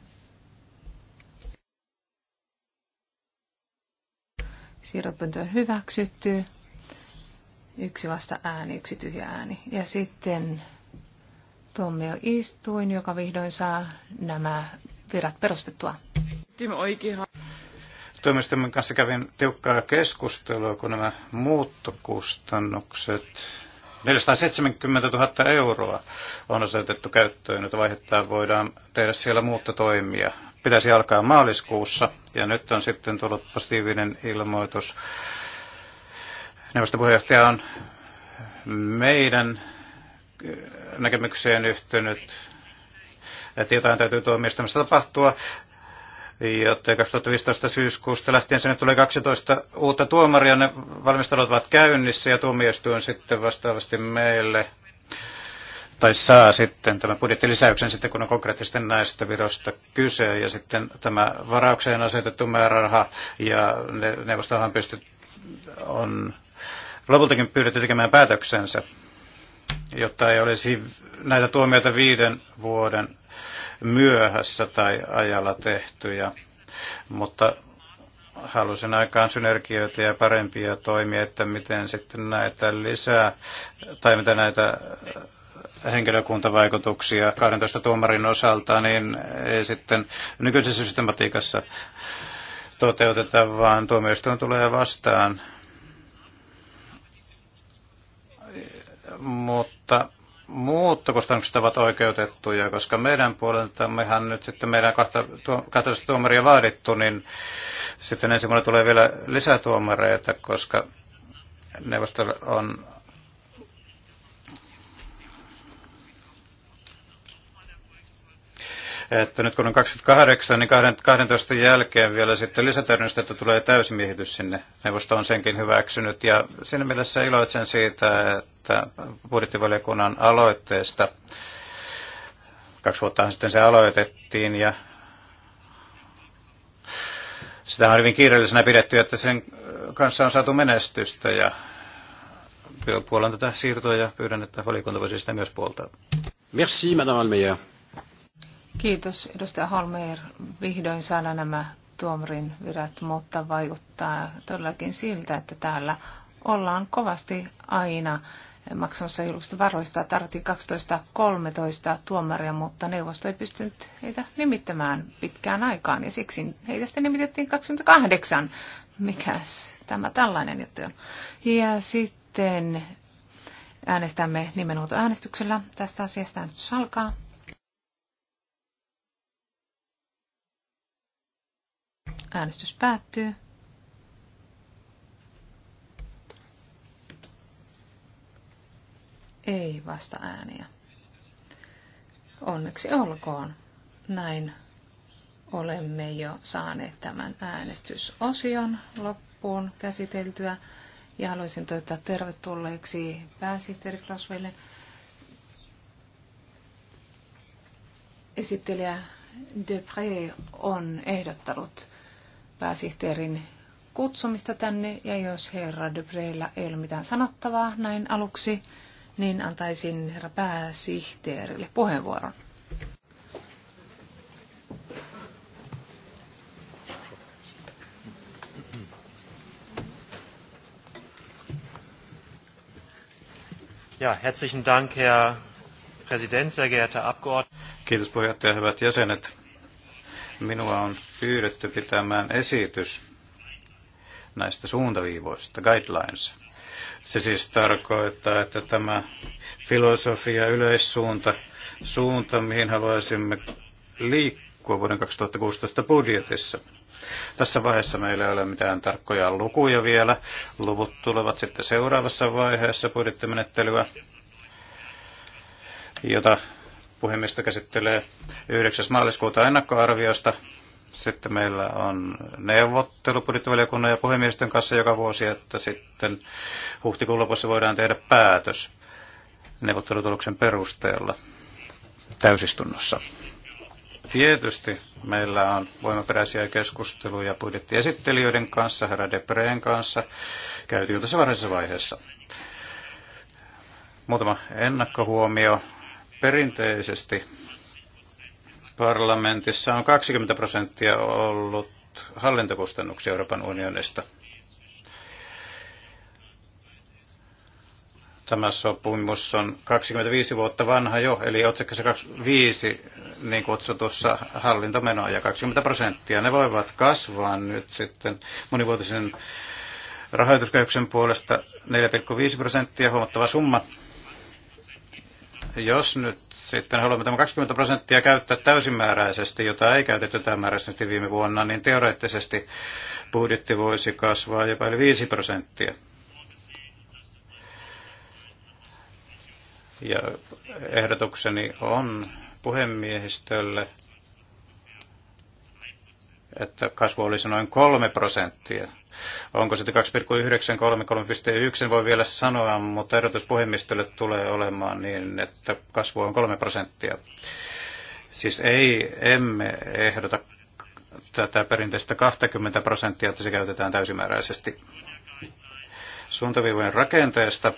Siirropyyntö on hyväksytty. Yksi vasta ääni, yksi tyhjä ääni. Ja sitten tuomioistuin, joka vihdoin saa nämä virat perustettua. Tuomioistuimen kanssa kävin tiukkaa keskustelua, kun nämä muuttokustannukset 470 000 euroa on osoitettu käyttöön, että vaihettaan voidaan tehdä siellä muuttotoimia. Pitäisi alkaa maaliskuussa ja nyt on sitten tullut positiivinen ilmoitus. Neuvostopuheenjohtaja on meidän näkemykseen yhtynyt, että jotain täytyy tuomioistuimessa tapahtua. Ja 2015 syyskuusta lähtien sinne tulee 12 uutta tuomaria, ne valmistelut ovat käynnissä ja tuomioistuin sitten vastaavasti meille tai saa sitten tämän budjettilisäyksen sitten, kun on konkreettisesti näistä virosta kyse, ja sitten tämä varaukseen asetettu määräraha, ja neuvostohan pystyt, on lopultakin pyydetty tekemään päätöksensä jotta ei olisi näitä tuomioita viiden vuoden myöhässä tai ajalla tehtyjä. Mutta halusin aikaan synergioita ja parempia toimia, että miten sitten näitä lisää, tai mitä näitä henkilökuntavaikutuksia 12 tuomarin osalta, niin ei sitten nykyisessä systematiikassa toteuteta, vaan tuomioistuin tulee vastaan mutta muuttokustannukset ovat oikeutettuja, koska meidän puoleltammehan nyt sitten meidän katsotaan tuomaria vaadittu, niin sitten ensi vuonna tulee vielä lisätuomareita, koska neuvosto on että nyt kun on 28, niin 12 jälkeen vielä sitten lisätäydennystä, että tulee täysimiehitys sinne. Neuvosto on senkin hyväksynyt ja siinä mielessä iloitsen siitä, että budjettivaliokunnan aloitteesta, kaksi vuotta sitten se aloitettiin ja sitä on hyvin kiireellisenä pidetty, että sen kanssa on saatu menestystä ja puolan tätä siirtoa ja pyydän, että valiokunta voisi sitä myös puoltaa. Merci, Madame Almeyer. Kiitos, edustaja halmeer Vihdoin saada nämä tuomarin virat, mutta vaikuttaa todellakin siltä, että täällä ollaan kovasti aina maksamassa julkisista varoista. Tarvittiin 12-13 tuomaria, mutta neuvosto ei pystynyt heitä nimittämään pitkään aikaan, ja siksi heitä sitten nimitettiin 28. Mikäs tämä tällainen juttu on? Ja sitten äänestämme nimenhuutoäänestyksellä. Tästä asiasta Nyt alkaa. Äänestys päättyy. Ei vasta ääniä. Onneksi olkoon. Näin olemme jo saaneet tämän äänestysosion loppuun käsiteltyä. Ja haluaisin toivottaa tervetulleeksi pääsihteeri Klasvelle esittelijä Depre on ehdottanut pääsihteerin kutsumista tänne, ja jos herra Debreillä ei ole mitään sanottavaa näin aluksi, niin antaisin herra pääsihteerille puheenvuoron. Ja, herzlichen Dank, Herr Präsident, sehr geehrte Abgeordnete. Kiitos puheenjohtaja, hyvät jäsenet. Minua on pyydetty pitämään esitys näistä suuntaviivoista, guidelines. Se siis tarkoittaa, että tämä filosofia, yleissuunta, suunta, mihin haluaisimme liikkua vuoden 2016 budjetissa. Tässä vaiheessa meillä ei ole mitään tarkkoja lukuja vielä. Luvut tulevat sitten seuraavassa vaiheessa budjettimenettelyä, jota Puhemiestä käsittelee 9. maaliskuuta ennakkoarviosta. Sitten meillä on neuvottelu budjettivaliokunnan ja puhemiesten kanssa joka vuosi, että sitten huhtikuun lopussa voidaan tehdä päätös neuvottelutuloksen perusteella täysistunnossa. Tietysti meillä on voimaperäisiä keskusteluja budjettiesittelijöiden kanssa, herra Depreen kanssa, käyty jo tässä varhaisessa vaiheessa. Muutama ennakkohuomio Perinteisesti parlamentissa on 20 prosenttia ollut hallintokustannuksia Euroopan unionista. Tämä sopimus on 25 vuotta vanha jo, eli otsakkeessa 25 niin kutsutussa hallintomenoa ja 20 prosenttia. Ne voivat kasvaa nyt sitten monivuotisen rahoituskehyksen puolesta 4,5 prosenttia, huomattava summa. Jos nyt sitten haluamme tämä 20 prosenttia käyttää täysimääräisesti, jota ei käytetty täysimääräisesti viime vuonna, niin teoreettisesti budjetti voisi kasvaa jopa yli 5 prosenttia. Ja ehdotukseni on puhemiehistölle, että kasvu olisi noin 3 prosenttia Onko se 2,9, 3,1, voi vielä sanoa, mutta erotus puhemistolle tulee olemaan niin, että kasvu on 3 prosenttia. Siis ei, emme ehdota tätä perinteistä 20 prosenttia, että se käytetään täysimääräisesti. Suuntaviivojen rakenteesta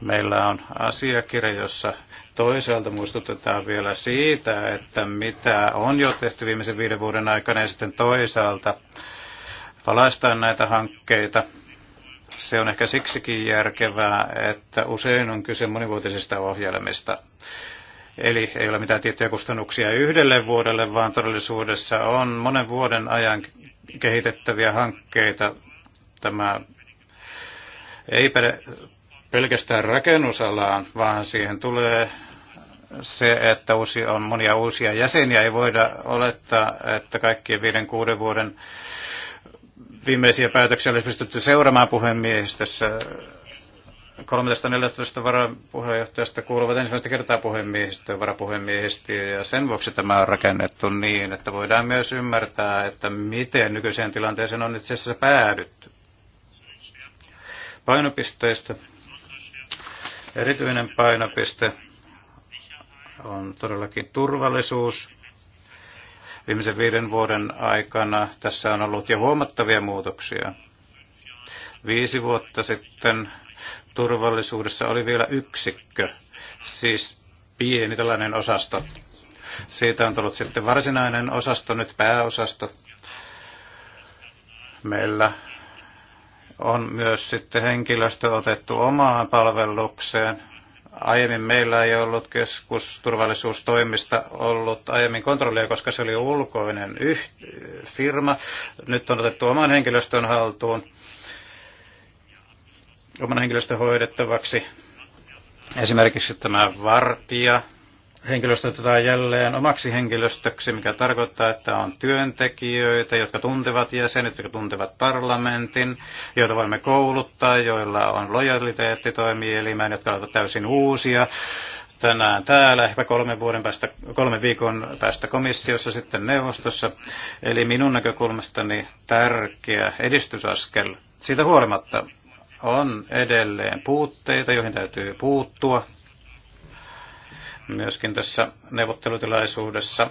meillä on asiakirja, jossa toisaalta muistutetaan vielä siitä, että mitä on jo tehty viimeisen viiden vuoden aikana ja sitten toisaalta valaistaa näitä hankkeita. Se on ehkä siksikin järkevää, että usein on kyse monivuotisista ohjelmista. Eli ei ole mitään tiettyjä kustannuksia yhdelle vuodelle, vaan todellisuudessa on monen vuoden ajan kehitettäviä hankkeita. Tämä ei pelkästään rakennusalaan, vaan siihen tulee se, että on monia uusia jäseniä. Ei voida olettaa, että kaikkien viiden, kuuden vuoden viimeisiä päätöksiä olisi pystytty seuraamaan puhemiehistössä. 13.14. varapuheenjohtajasta kuuluvat ensimmäistä kertaa puhemiehistö, varapuhemiehistö, ja sen vuoksi tämä on rakennettu niin, että voidaan myös ymmärtää, että miten nykyiseen tilanteeseen on itse asiassa päädytty. Painopisteistä. Erityinen painopiste on todellakin turvallisuus, Viimeisen viiden vuoden aikana tässä on ollut jo huomattavia muutoksia. Viisi vuotta sitten turvallisuudessa oli vielä yksikkö, siis pieni tällainen osasto. Siitä on tullut sitten varsinainen osasto, nyt pääosasto. Meillä on myös sitten henkilöstö otettu omaan palvelukseen. Aiemmin meillä ei ollut keskusturvallisuustoimista ollut aiemmin kontrollia, koska se oli ulkoinen yht- firma. Nyt on otettu oman henkilöstön haltuun, oman henkilöstön hoidettavaksi. Esimerkiksi tämä vartija, henkilöstötetään jälleen omaksi henkilöstöksi, mikä tarkoittaa, että on työntekijöitä, jotka tuntevat jäsenet, jotka tuntevat parlamentin, joita voimme kouluttaa, joilla on lojaliteetti jotka ovat täysin uusia. Tänään täällä, ehkä kolme, vuoden päästä, kolme viikon päästä komissiossa, sitten neuvostossa. Eli minun näkökulmastani tärkeä edistysaskel. Siitä huolimatta on edelleen puutteita, joihin täytyy puuttua myöskin tässä neuvottelutilaisuudessa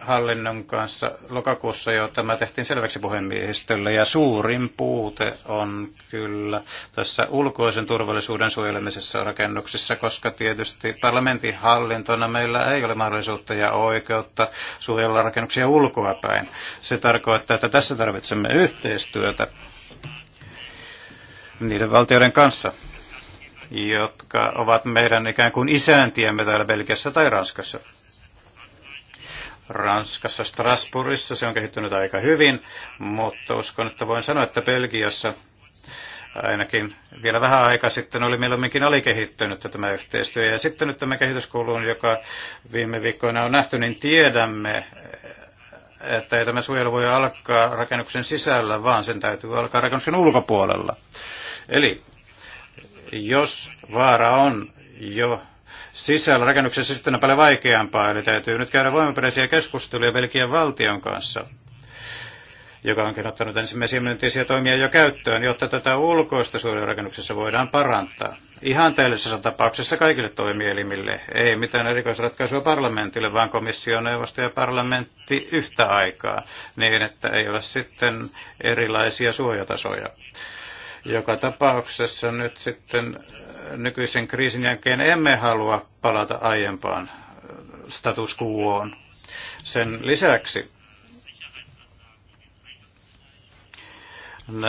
hallinnon kanssa lokakuussa jo tämä tehtiin selväksi puhemiehistölle ja suurin puute on kyllä tässä ulkoisen turvallisuuden suojelemisessa rakennuksissa, koska tietysti parlamentin hallintona meillä ei ole mahdollisuutta ja oikeutta suojella rakennuksia ulkoa päin. Se tarkoittaa, että tässä tarvitsemme yhteistyötä niiden valtioiden kanssa, jotka ovat meidän ikään kuin isäntiemme täällä Belgiassa tai Ranskassa. Ranskassa Strasbourgissa se on kehittynyt aika hyvin, mutta uskon, että voin sanoa, että Belgiassa ainakin vielä vähän aikaa sitten oli mieluumminkin alikehittynyt tämä yhteistyö. Ja sitten nyt tämä kehityskuluun, joka viime viikkoina on nähty, niin tiedämme, että ei tämä suojelu voi alkaa rakennuksen sisällä, vaan sen täytyy alkaa rakennuksen ulkopuolella. Eli jos vaara on jo sisällä rakennuksessa sitten on paljon vaikeampaa, eli täytyy nyt käydä voimaperäisiä keskusteluja Belgian valtion kanssa, joka onkin ottanut ensimmäisiä myyntisiä toimia jo käyttöön, jotta tätä ulkoista suojelurakennuksessa voidaan parantaa. Ihan täydellisessä tapauksessa kaikille toimielimille, ei mitään erikoisratkaisua parlamentille, vaan komissioneuvosto ja parlamentti yhtä aikaa, niin että ei ole sitten erilaisia suojatasoja. Joka tapauksessa nyt sitten äh, nykyisen kriisin jälkeen emme halua palata aiempaan äh, status quoon. Sen lisäksi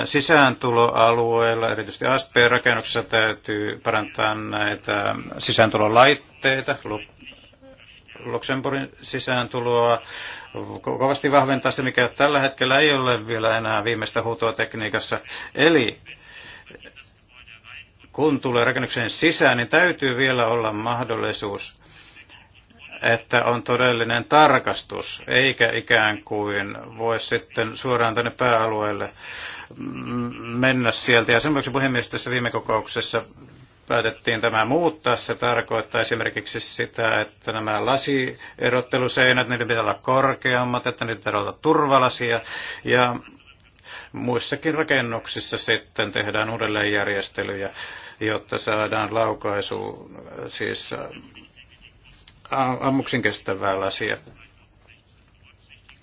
sisääntuloalueilla, erityisesti ASP-rakennuksessa täytyy parantaa näitä sisääntulolaitteita, Luxemburgin sisääntuloa, kovasti vahventaa se, mikä tällä hetkellä ei ole vielä enää viimeistä huutoa tekniikassa. Eli kun tulee rakennuksen sisään, niin täytyy vielä olla mahdollisuus, että on todellinen tarkastus, eikä ikään kuin voi sitten suoraan tänne pääalueelle mennä sieltä. Ja sen vuoksi puhemies tässä viime kokouksessa päätettiin tämä muuttaa. Se tarkoittaa esimerkiksi sitä, että nämä lasierotteluseinät, niiden pitää olla korkeammat, että niitä pitää olla turvalasia. Ja muissakin rakennuksissa sitten tehdään uudelleenjärjestelyjä jotta saadaan laukaisu, siis äh, ammuksin kestävää lasia.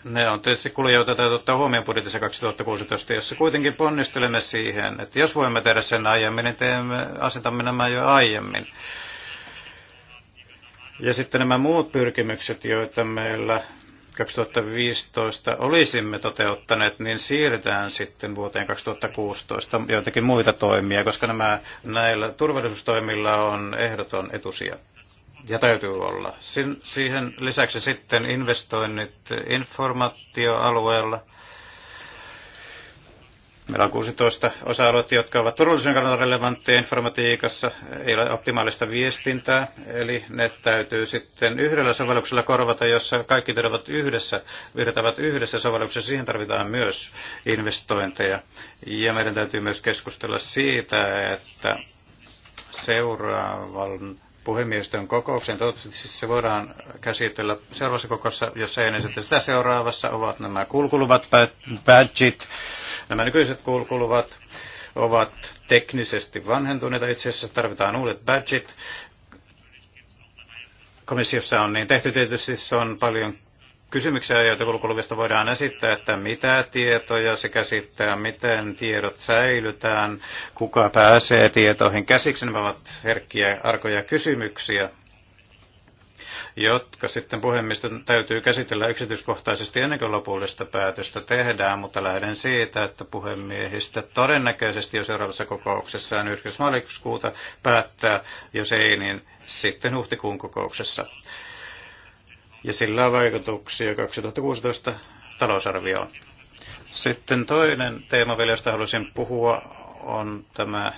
Ne on tietysti kuljaa, joita täytyy ottaa huomioon budjetissa 2016, jossa kuitenkin ponnistelemme siihen, että jos voimme tehdä sen aiemmin, niin teemme, asetamme nämä jo aiemmin. Ja sitten nämä muut pyrkimykset, joita meillä 2015 olisimme toteuttaneet, niin siirretään sitten vuoteen 2016 joitakin muita toimia, koska nämä näillä turvallisuustoimilla on ehdoton etusija. Ja täytyy olla. siihen lisäksi sitten investoinnit informaatioalueella – Meillä on 16 osa-aluetta, jotka ovat turvallisuuden kannalta relevantteja informatiikassa. Ei ole optimaalista viestintää, eli ne täytyy sitten yhdellä sovelluksella korvata, jossa kaikki tiedot yhdessä, virtaavat yhdessä sovelluksessa. Siihen tarvitaan myös investointeja. Ja meidän täytyy myös keskustella siitä, että seuraavan puhemiestön kokoukseen. Toivottavasti siis se voidaan käsitellä seuraavassa kokouksessa, jos ei niin sitten sitä seuraavassa ovat nämä kulkuluvat, badgit, Nämä nykyiset kulkuluvat ovat teknisesti vanhentuneita. Itse asiassa tarvitaan uudet budget. Komissiossa on niin tehty tietysti, se on paljon kysymyksiä, joita kulkuluvista voidaan esittää, että mitä tietoja se käsittää, miten tiedot säilytään, kuka pääsee tietoihin käsiksi. Nämä ovat herkkiä arkoja kysymyksiä jotka sitten puhemiesten täytyy käsitellä yksityiskohtaisesti ennen kuin lopullista päätöstä tehdään, mutta lähden siitä, että puhemiehistä todennäköisesti jo seuraavassa kokouksessaan 9. maaliskuuta päättää, jos ei, niin sitten huhtikuun kokouksessa. Ja sillä on vaikutuksia 2016 talousarvioon. Sitten toinen teema vielä, josta haluaisin puhua, on tämä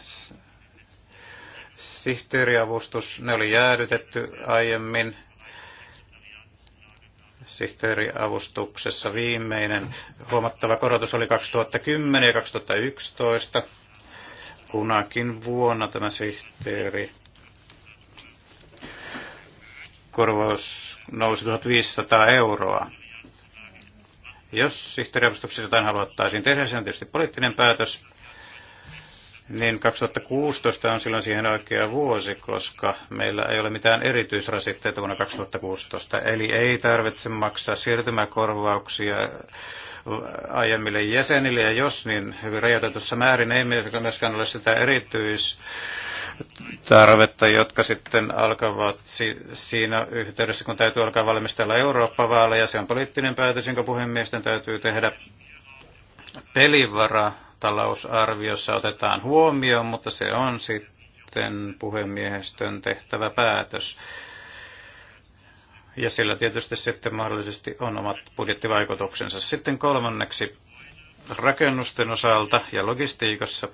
sihteeriavustus. Ne oli jäädytetty aiemmin sihteeriavustuksessa viimeinen huomattava korotus oli 2010 ja 2011. Kunakin vuonna tämä sihteeri korvaus nousi 1500 euroa. Jos sihteeriavustuksessa jotain haluttaisiin tehdä, se on tietysti poliittinen päätös niin 2016 on silloin siihen oikea vuosi, koska meillä ei ole mitään erityisrasitteita vuonna 2016. Eli ei tarvitse maksaa siirtymäkorvauksia aiemmille jäsenille, ja jos niin hyvin rajoitetussa määrin ei myöskään ole sitä erityis tarvetta, jotka sitten alkavat siinä yhteydessä, kun täytyy alkaa valmistella Eurooppa-vaaleja. Se on poliittinen päätös, jonka puhemiesten täytyy tehdä pelivara talousarviossa otetaan huomioon, mutta se on sitten puhemiehestön tehtävä päätös. Ja sillä tietysti sitten mahdollisesti on omat budjettivaikutuksensa. Sitten kolmanneksi rakennusten osalta ja logistiikassa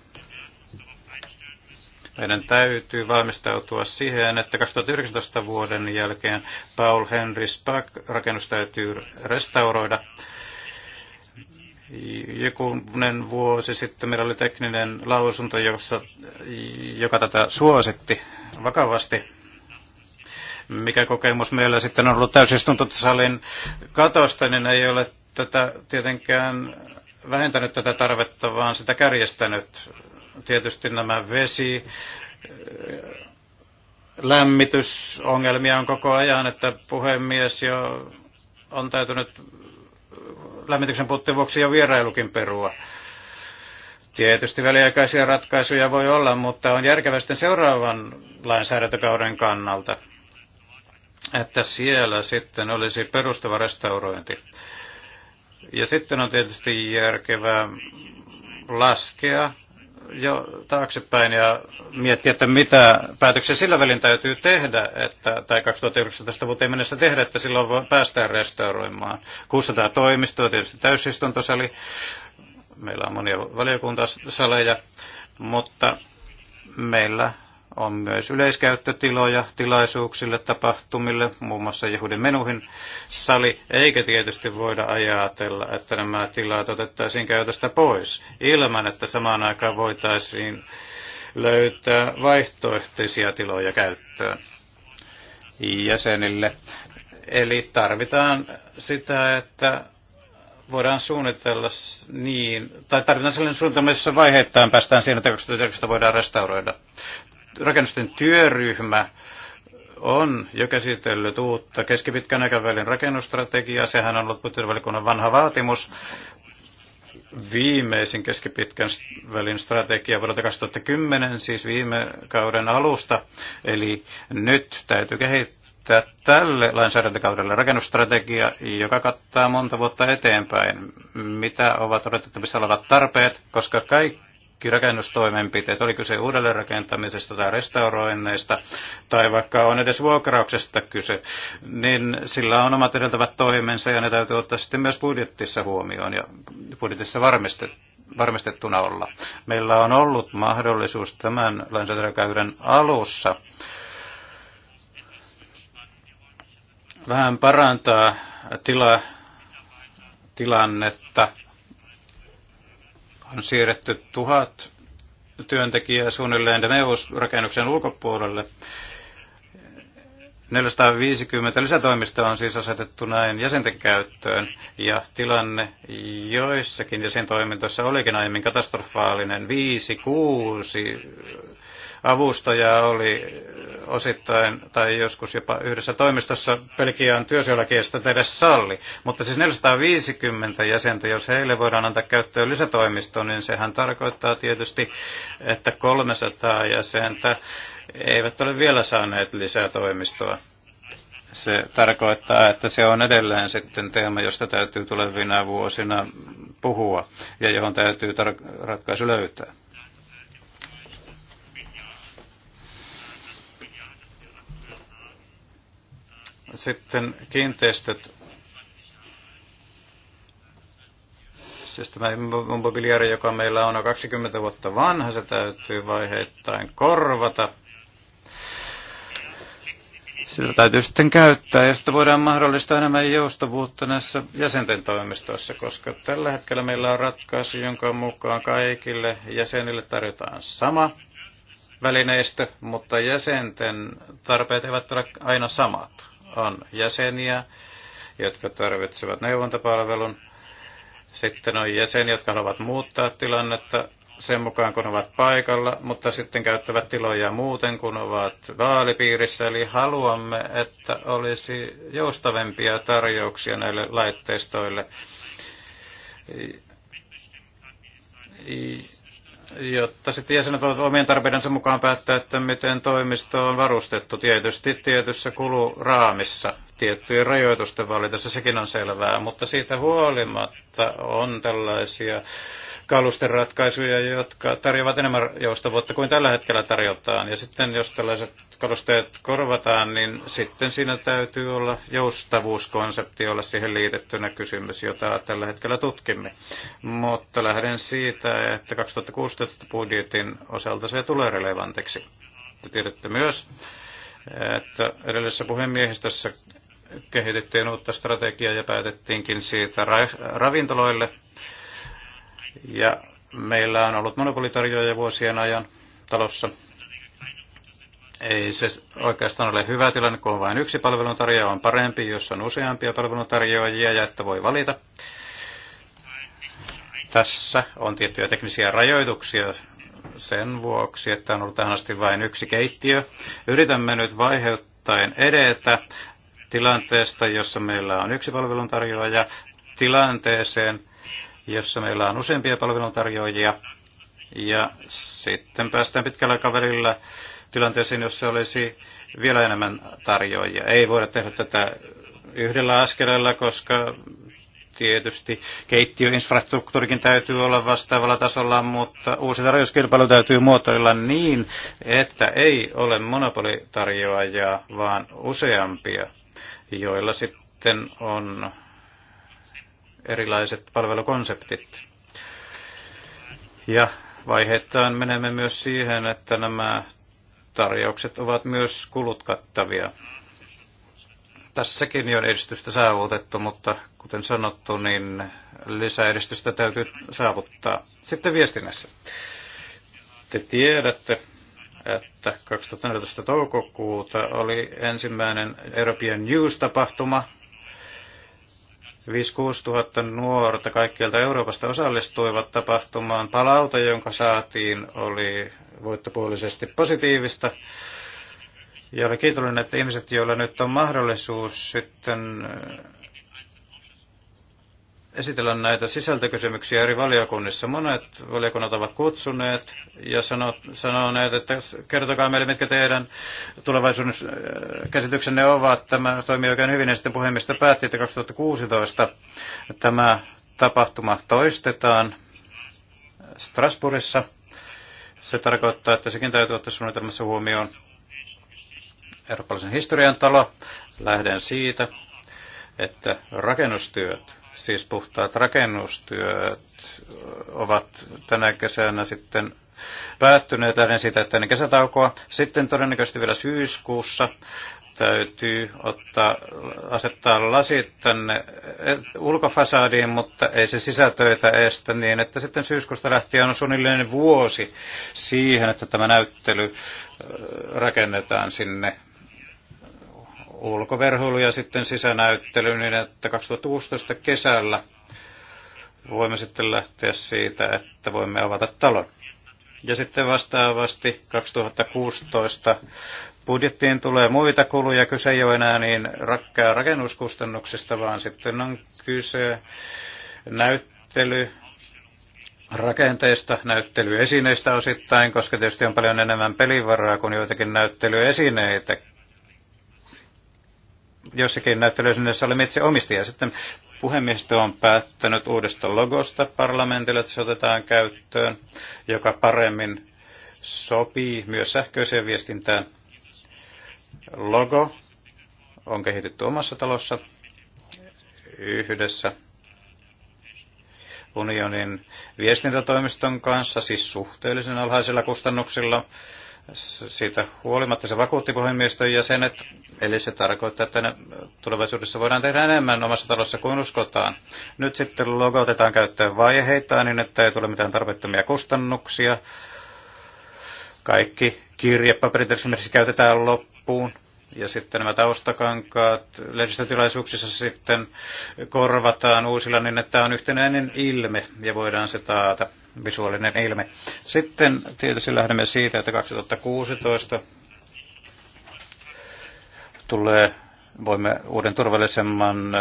meidän täytyy valmistautua siihen, että 2019 vuoden jälkeen Paul Henry Spack rakennus täytyy restauroida Jokunen vuosi sitten meillä oli tekninen lausunto, jossa, joka tätä suositti vakavasti. Mikä kokemus meillä sitten on ollut täysistuntosalin katosta, niin ei ole tätä tietenkään vähentänyt tätä tarvetta, vaan sitä kärjestänyt. Tietysti nämä vesi, lämmitysongelmia on koko ajan, että puhemies jo on täytynyt lämmityksen puutteen vuoksi jo vierailukin perua. Tietysti väliaikaisia ratkaisuja voi olla, mutta on sitten seuraavan lainsäädäntökauden kannalta, että siellä sitten olisi perustava restaurointi. Ja sitten on tietysti järkevää laskea jo taaksepäin ja miettiä, että mitä päätöksiä sillä välin täytyy tehdä, että, tai 2019 vuoteen mennessä tehdä, että silloin voi päästään restauroimaan. 600 toimistoa, tietysti täysistuntosali, meillä on monia valiokuntasaleja, mutta meillä on myös yleiskäyttötiloja tilaisuuksille, tapahtumille, muun muassa Jehudin menuhin sali, eikä tietysti voida ajatella, että nämä tilat otettaisiin käytöstä pois, ilman että samaan aikaan voitaisiin löytää vaihtoehtoisia tiloja käyttöön jäsenille. Eli tarvitaan sitä, että voidaan suunnitella niin, tai tarvitaan sellainen suunnitelma, jossa vaiheittain päästään siihen, että 2019 voidaan restauroida rakennusten työryhmä on jo käsitellyt uutta keskipitkän aikavälin rakennustrategiaa. Sehän on ollut budjettivaliokunnan vanha vaatimus. Viimeisin keskipitkän välin strategia vuodelta 2010, siis viime kauden alusta. Eli nyt täytyy kehittää tälle lainsäädäntökaudelle rakennustrategia, joka kattaa monta vuotta eteenpäin, mitä ovat odotettavissa olevat tarpeet, koska kaikki kaikki rakennustoimenpiteet, oli kyse uudelleenrakentamisesta tai restauroinneista tai vaikka on edes vuokrauksesta kyse, niin sillä on omat edeltävät toimensa ja ne täytyy ottaa sitten myös budjettissa huomioon ja budjetissa varmistettua varmistettuna olla. Meillä on ollut mahdollisuus tämän lainsäädäntökäyden alussa vähän parantaa tila, tilannetta on siirretty tuhat työntekijää suunnilleen Demeus-rakennuksen ulkopuolelle. 450 lisätoimista on siis asetettu näin jäsenten käyttöön, ja tilanne joissakin jäsentoimintoissa olikin aiemmin katastrofaalinen. Viisi, kuusi avustajaa oli osittain tai joskus jopa yhdessä toimistossa Pelkiaan työsuojelakiestä tehdä salli. Mutta siis 450 jäsentä, jos heille voidaan antaa käyttöön lisätoimisto, niin sehän tarkoittaa tietysti, että 300 jäsentä eivät ole vielä saaneet lisätoimistoa. Se tarkoittaa, että se on edelleen sitten teema, josta täytyy tulevina vuosina puhua ja johon täytyy ratkaisu löytää. Sitten kiinteistöt. Siis tämä mobiliaari, joka meillä on, on 20 vuotta vanha, se täytyy vaiheittain korvata. Sitä täytyy sitten käyttää, josta voidaan mahdollistaa enemmän joustavuutta näissä jäsenten toimistoissa, koska tällä hetkellä meillä on ratkaisu, jonka mukaan kaikille jäsenille tarjotaan sama välineistö, mutta jäsenten tarpeet eivät ole aina samat on jäseniä, jotka tarvitsevat neuvontapalvelun. Sitten on jäseniä, jotka haluavat muuttaa tilannetta sen mukaan, kun ovat paikalla, mutta sitten käyttävät tiloja muuten, kun ovat vaalipiirissä. Eli haluamme, että olisi joustavempia tarjouksia näille laitteistoille jotta sitten jäsenet voivat omien tarpeidensa mukaan päättää, että miten toimisto on varustettu tietysti tietyssä kuluraamissa tiettyjen rajoitusten valitessa sekin on selvää, mutta siitä huolimatta on tällaisia kalusten ratkaisuja, jotka tarjoavat enemmän joustavuutta kuin tällä hetkellä tarjotaan. Ja sitten jos tällaiset kalusteet korvataan, niin sitten siinä täytyy olla joustavuuskonsepti, olla siihen liitettynä kysymys, jota tällä hetkellä tutkimme. Mutta lähden siitä, että 2016 budjetin osalta se tulee relevantiksi. Te tiedätte myös, että edellisessä puhemiehistössä kehitettiin uutta strategiaa ja päätettiinkin siitä ra- ravintoloille – ja meillä on ollut monopolitarjoajia vuosien ajan talossa. Ei se oikeastaan ole hyvä tilanne, kun on vain yksi palveluntarjoaja, on parempi, jos on useampia palveluntarjoajia ja että voi valita. Tässä on tiettyjä teknisiä rajoituksia sen vuoksi, että on ollut tähän asti vain yksi keittiö. Yritämme nyt vaiheuttaen edetä tilanteesta, jossa meillä on yksi palveluntarjoaja, tilanteeseen, jossa meillä on useampia palveluntarjoajia. Ja sitten päästään pitkällä kaverilla tilanteeseen, jossa olisi vielä enemmän tarjoajia. Ei voida tehdä tätä yhdellä askeleella, koska tietysti keittiöinfrastruktuurikin täytyy olla vastaavalla tasolla, mutta uusi tarjouskilpailu täytyy muotoilla niin, että ei ole monopolitarjoajaa, vaan useampia, joilla sitten on erilaiset palvelukonseptit. Ja vaiheittain menemme myös siihen, että nämä tarjoukset ovat myös kulut kattavia. Tässäkin on edistystä saavutettu, mutta kuten sanottu, niin lisäedistystä täytyy saavuttaa. Sitten viestinnässä. Te tiedätte, että 2014 toukokuuta oli ensimmäinen European News-tapahtuma, 5-6 tuhatta nuorta kaikkialta Euroopasta osallistuivat tapahtumaan. Palaute, jonka saatiin, oli voittopuolisesti positiivista. Ja olen kiitollinen, että ihmiset, joilla nyt on mahdollisuus sitten esitellä näitä sisältökysymyksiä eri valiokunnissa. Monet valiokunnat ovat kutsuneet ja sanoneet, että kertokaa meille, mitkä teidän tulevaisuuden äh, käsityksenne ovat. Tämä toimii oikein hyvin ja sitten puhemista päätti, että 2016 tämä tapahtuma toistetaan Strasbourgissa. Se tarkoittaa, että sekin täytyy ottaa suunnitelmassa huomioon. Eurooppalaisen historian talo. Lähden siitä, että rakennustyöt siis puhtaat rakennustyöt ovat tänä kesänä sitten päättyneet ennen sitä että ennen kesätaukoa. Sitten todennäköisesti vielä syyskuussa täytyy ottaa, asettaa lasit tänne eh, ulkofasadiin, mutta ei se sisätöitä estä niin, että sitten syyskuusta lähtien on suunnilleen vuosi siihen, että tämä näyttely eh, rakennetaan sinne ulkoverhoilu ja sitten sisänäyttely, niin että 2016 kesällä voimme sitten lähteä siitä, että voimme avata talon. Ja sitten vastaavasti 2016 budjettiin tulee muita kuluja. Kyse ei ole enää niin rakkaa rakennuskustannuksista, vaan sitten on kyse näyttely, rakenteista, näyttelyesineistä osittain, koska tietysti on paljon enemmän pelivaraa kuin joitakin näyttelyesineitä joissakin näyttelyisyynneissä olemme itse omistajia. Sitten puhemiesto on päättänyt uudesta logosta parlamentille, että se otetaan käyttöön, joka paremmin sopii myös sähköiseen viestintään. Logo on kehitetty omassa talossa yhdessä unionin viestintätoimiston kanssa, siis suhteellisen alhaisilla kustannuksilla. Siitä huolimatta se vakuutti puhemiestön jäsenet, eli se tarkoittaa, että tulevaisuudessa voidaan tehdä enemmän omassa talossa kuin uskotaan. Nyt sitten logotetaan käyttöön vaiheita niin, että ei tule mitään tarpeettomia kustannuksia. Kaikki kirjepaperit esimerkiksi käytetään loppuun ja sitten nämä taustakankaat lehdistötilaisuuksissa sitten korvataan uusilla niin, että tämä on yhtenäinen ilme ja voidaan se taata visuaalinen ilme. Sitten tietysti lähdemme siitä, että 2016 tulee voimme uuden turvallisemman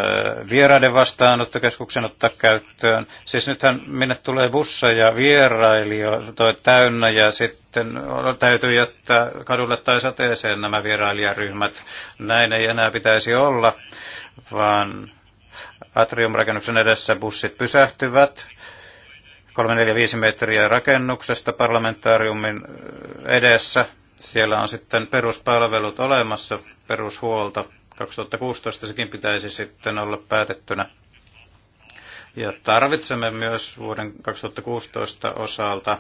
vieraiden vastaanottokeskuksen ottaa käyttöön. Siis nythän minne tulee busseja, vierailijoita täynnä ja sitten täytyy jättää kadulle tai sateeseen nämä vierailijaryhmät. Näin ei enää pitäisi olla, vaan atriumrakennuksen edessä bussit pysähtyvät 345 metriä rakennuksesta parlamentaariumin edessä. Siellä on sitten peruspalvelut olemassa, perushuolto. 2016 sekin pitäisi sitten olla päätettynä. Ja tarvitsemme myös vuoden 2016 osalta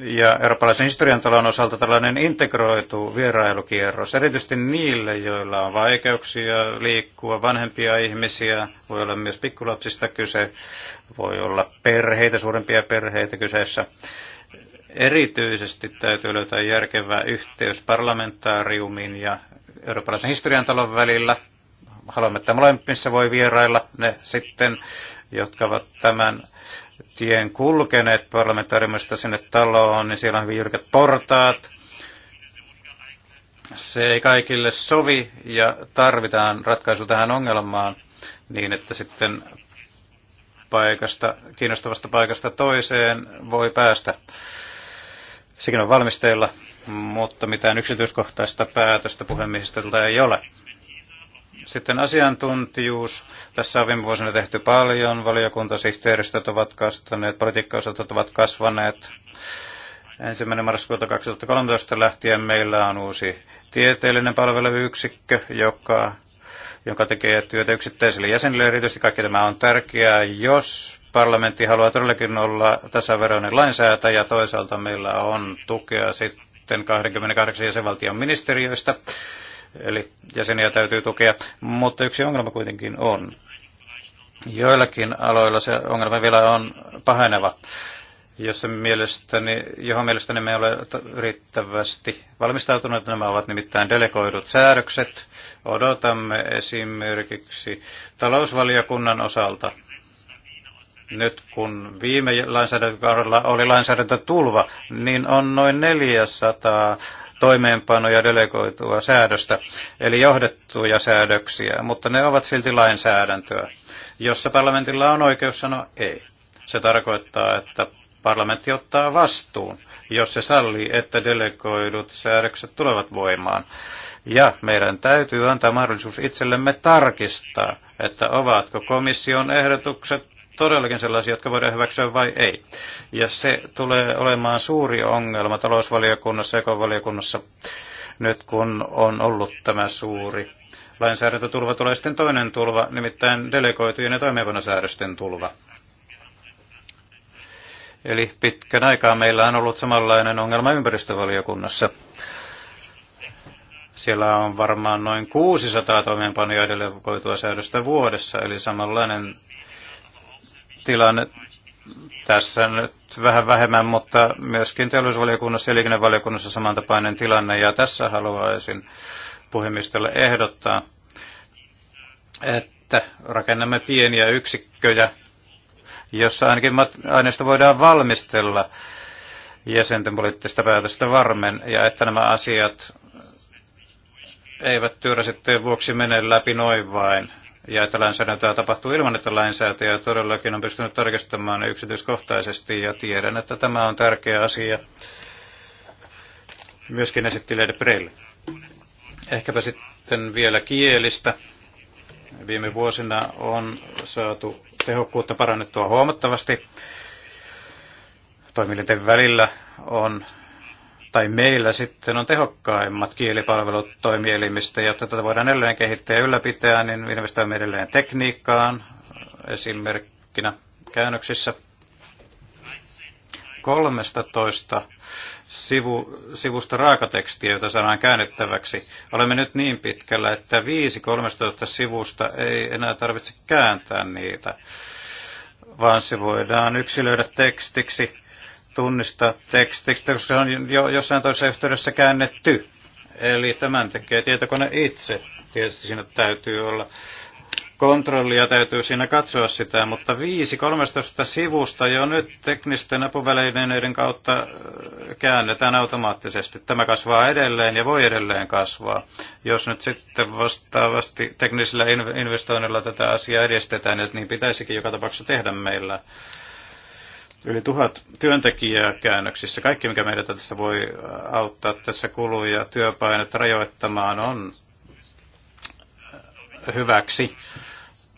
ja eurooppalaisen historiantalon osalta tällainen integroitu vierailukierros, erityisesti niille, joilla on vaikeuksia liikkua, vanhempia ihmisiä, voi olla myös pikkulapsista kyse, voi olla perheitä, suurempia perheitä kyseessä. Erityisesti täytyy löytää järkevä yhteys parlamentaariumin ja eurooppalaisen historiantalon välillä. Haluamme, että molemmissa voi vierailla ne sitten, jotka ovat tämän tien kulkeneet parlamentaarimmista sinne taloon, niin siellä on hyvin jyrkät portaat. Se ei kaikille sovi ja tarvitaan ratkaisu tähän ongelmaan niin, että sitten paikasta, kiinnostavasta paikasta toiseen voi päästä. Sekin on valmisteilla, mutta mitään yksityiskohtaista päätöstä puhemiehistöltä ei ole. Sitten asiantuntijuus. Tässä on viime vuosina tehty paljon. Valiokuntasihteeristöt ovat kasvaneet, politiikkaosat ovat kasvaneet. Ensimmäinen marraskuuta 2013 lähtien meillä on uusi tieteellinen palveluyksikkö, joka, joka tekee työtä yksittäisille jäsenille. Erityisesti kaikki tämä on tärkeää, jos parlamentti haluaa todellakin olla tasaveroinen lainsäätäjä. Toisaalta meillä on tukea sitten 28 jäsenvaltion ministeriöistä eli jäseniä täytyy tukea. Mutta yksi ongelma kuitenkin on. Joillakin aloilla se ongelma vielä on paheneva, jossa mielestäni, johon mielestäni me ei ole riittävästi valmistautuneet. Nämä ovat nimittäin delegoidut säädökset. Odotamme esimerkiksi talousvaliokunnan osalta nyt kun viime lainsäädäntökaudella oli lainsäädäntötulva, niin on noin 400 toimeenpano- ja delegoitua säädöstä, eli johdettuja säädöksiä, mutta ne ovat silti lainsäädäntöä, jossa parlamentilla on oikeus sanoa ei. Se tarkoittaa, että parlamentti ottaa vastuun, jos se sallii, että delegoidut säädökset tulevat voimaan. Ja meidän täytyy antaa mahdollisuus itsellemme tarkistaa, että ovatko komission ehdotukset todellakin sellaisia, jotka voidaan hyväksyä vai ei. Ja se tulee olemaan suuri ongelma talousvaliokunnassa ja valiokunnassa nyt kun on ollut tämä suuri lainsäädäntötulva, tulee sitten toinen tulva, nimittäin delegoitujen ja toimeenpanosäädösten tulva. Eli pitkän aikaa meillä on ollut samanlainen ongelma ympäristövaliokunnassa. Siellä on varmaan noin 600 toimeenpanoja delegoitua säädöstä vuodessa, eli samanlainen tilanne tässä nyt vähän vähemmän, mutta myöskin teollisuusvaliokunnassa ja liikennevaliokunnassa samantapainen tilanne. Ja tässä haluaisin puhemistolle ehdottaa, että rakennamme pieniä yksikköjä, jossa ainakin aineisto voidaan valmistella jäsenten poliittista päätöstä varmen, ja että nämä asiat eivät työrasitteen vuoksi mene läpi noin vain, ja että lainsäädäntöä tapahtuu ilman, että lainsäätäjä todellakin on pystynyt tarkistamaan yksityiskohtaisesti ja tiedän, että tämä on tärkeä asia myöskin esittelijöiden Breille. Ehkäpä sitten vielä kielistä. Viime vuosina on saatu tehokkuutta parannettua huomattavasti. Toimilinten välillä on tai meillä sitten on tehokkaimmat kielipalvelut toimielimistä, jotta tätä voidaan edelleen kehittää ja ylläpitää, niin investoimme edelleen tekniikkaan esimerkkinä käännöksissä. 13 sivu, sivusta raakatekstiä, jota saadaan käännettäväksi. Olemme nyt niin pitkällä, että 5 13 sivusta ei enää tarvitse kääntää niitä, vaan se voidaan yksilöidä tekstiksi tunnistaa tekstistä, koska se on jo jossain toisessa yhteydessä käännetty. Eli tämän tekee tietokone itse. Tietysti siinä täytyy olla kontrollia, täytyy siinä katsoa sitä, mutta 5-13 sivusta jo nyt teknisten apuvälineiden kautta äh, käännetään automaattisesti. Tämä kasvaa edelleen ja voi edelleen kasvaa. Jos nyt sitten vastaavasti teknisillä investoinnilla tätä asiaa edistetään, niin pitäisikin joka tapauksessa tehdä meillä yli tuhat työntekijää käännöksissä. Kaikki, mikä meidät tässä voi äh, auttaa tässä kuluja työpainetta rajoittamaan, on äh, hyväksi.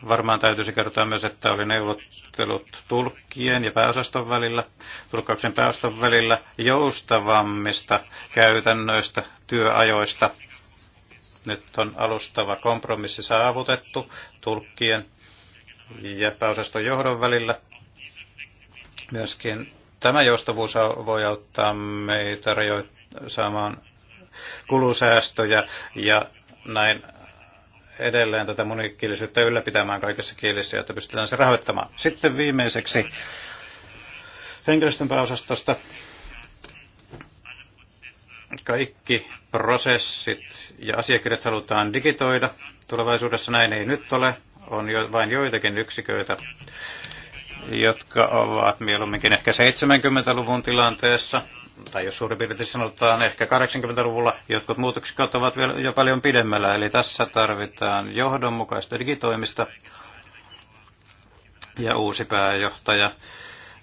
Varmaan täytyisi kertoa myös, että oli neuvottelut tulkkien ja pääosaston välillä, tulkkauksen pääosaston välillä joustavammista käytännöistä, työajoista. Nyt on alustava kompromissi saavutettu tulkkien ja pääosaston johdon välillä Myöskin tämä joustavuus voi auttaa meitä saamaan kulusäästöjä ja näin edelleen tätä monikielisyyttä ylläpitämään kaikissa kielissä, jotta pystytään se rahoittamaan. Sitten viimeiseksi henkilöstön pääosastosta kaikki prosessit ja asiakirjat halutaan digitoida. Tulevaisuudessa näin ei nyt ole. On jo, vain joitakin yksiköitä, jotka ovat mieluumminkin ehkä 70-luvun tilanteessa, tai jos suurin piirtein sanotaan ehkä 80-luvulla, jotkut muutokset ovat vielä jo paljon pidemmällä, eli tässä tarvitaan johdonmukaista digitoimista ja uusi pääjohtaja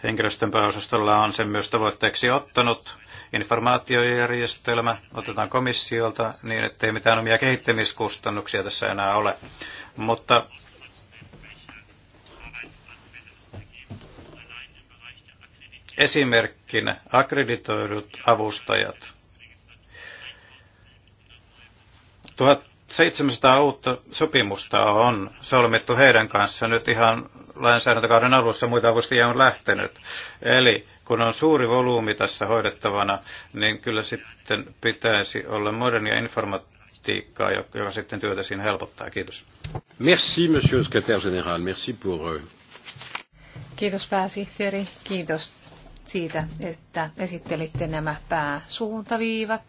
henkilöstön pääosastolla on sen myös tavoitteeksi ottanut. Informaatiojärjestelmä otetaan komissiolta niin, ettei mitään omia kehittämiskustannuksia tässä enää ole. Mutta esimerkkinä akkreditoidut avustajat. 1700 uutta sopimusta on solmittu heidän kanssaan nyt ihan lainsäädäntökauden alussa, muita avustajia on lähtenyt. Eli kun on suuri volyymi tässä hoidettavana, niin kyllä sitten pitäisi olla modernia informatiikkaa, joka sitten työtä siinä helpottaa. Kiitos. Merci, monsieur secrétaire général. Merci pour... Euh, kiitos pääsihteeri, kiitos siitä, että esittelitte nämä pääsuuntaviivat.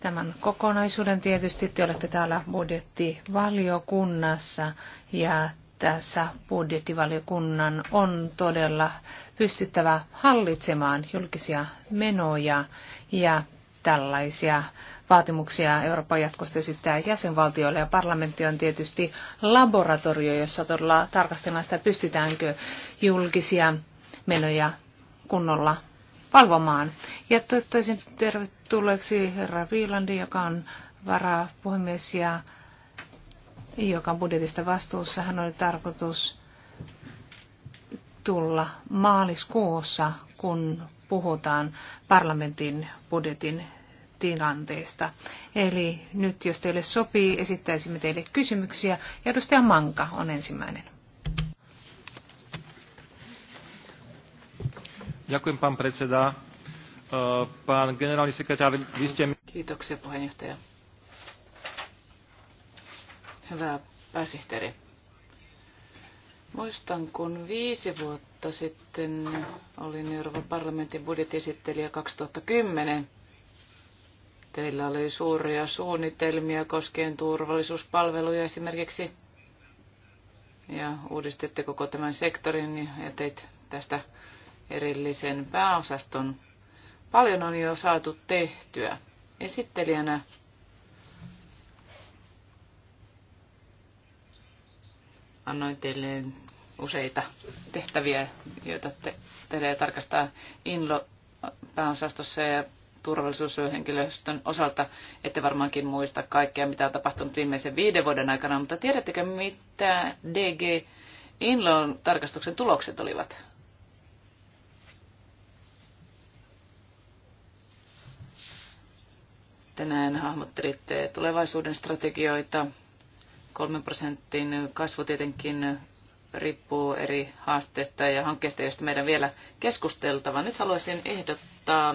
Tämän kokonaisuuden tietysti te olette täällä budjettivaliokunnassa ja tässä budjettivaliokunnan on todella pystyttävä hallitsemaan julkisia menoja ja tällaisia vaatimuksia Euroopan jatkosta esittää jäsenvaltioille ja parlamentti on tietysti laboratorio, jossa todella tarkastellaan sitä, pystytäänkö julkisia menoja kunnolla valvomaan. Ja toivottaisin tervetulleeksi herra Viilandi, joka on varapuhemies ja joka on budjetista vastuussa. Hän oli tarkoitus tulla maaliskuussa, kun puhutaan parlamentin budjetin tilanteesta. Eli nyt, jos teille sopii, esittäisimme teille kysymyksiä. Ja edustaja Manka on ensimmäinen. E, pán generálny vy ste... Kiitoksia, puheenjohtaja. Hyvä pääsihteeri. Muistan, kun viisi vuotta sitten olin Euroopan parlamentin budjettiesittelijä 2010. Teillä oli suuria suunnitelmia koskien turvallisuuspalveluja esimerkiksi. Ja uudistitte koko tämän sektorin ja teit tästä erillisen pääosaston. Paljon on jo saatu tehtyä. Esittelijänä annoin teille useita tehtäviä, joita te, teille tarkastaa INLO-pääosastossa ja turvallisuushenkilöstön osalta. Ette varmaankin muista kaikkea, mitä on tapahtunut viimeisen viiden vuoden aikana, mutta tiedättekö, mitä DG INLOn tarkastuksen tulokset olivat? Tänään hahmottelitte tulevaisuuden strategioita. Kolmen prosentin kasvu tietenkin riippuu eri haasteista ja hankkeista, joista meidän vielä keskusteltava. Nyt haluaisin ehdottaa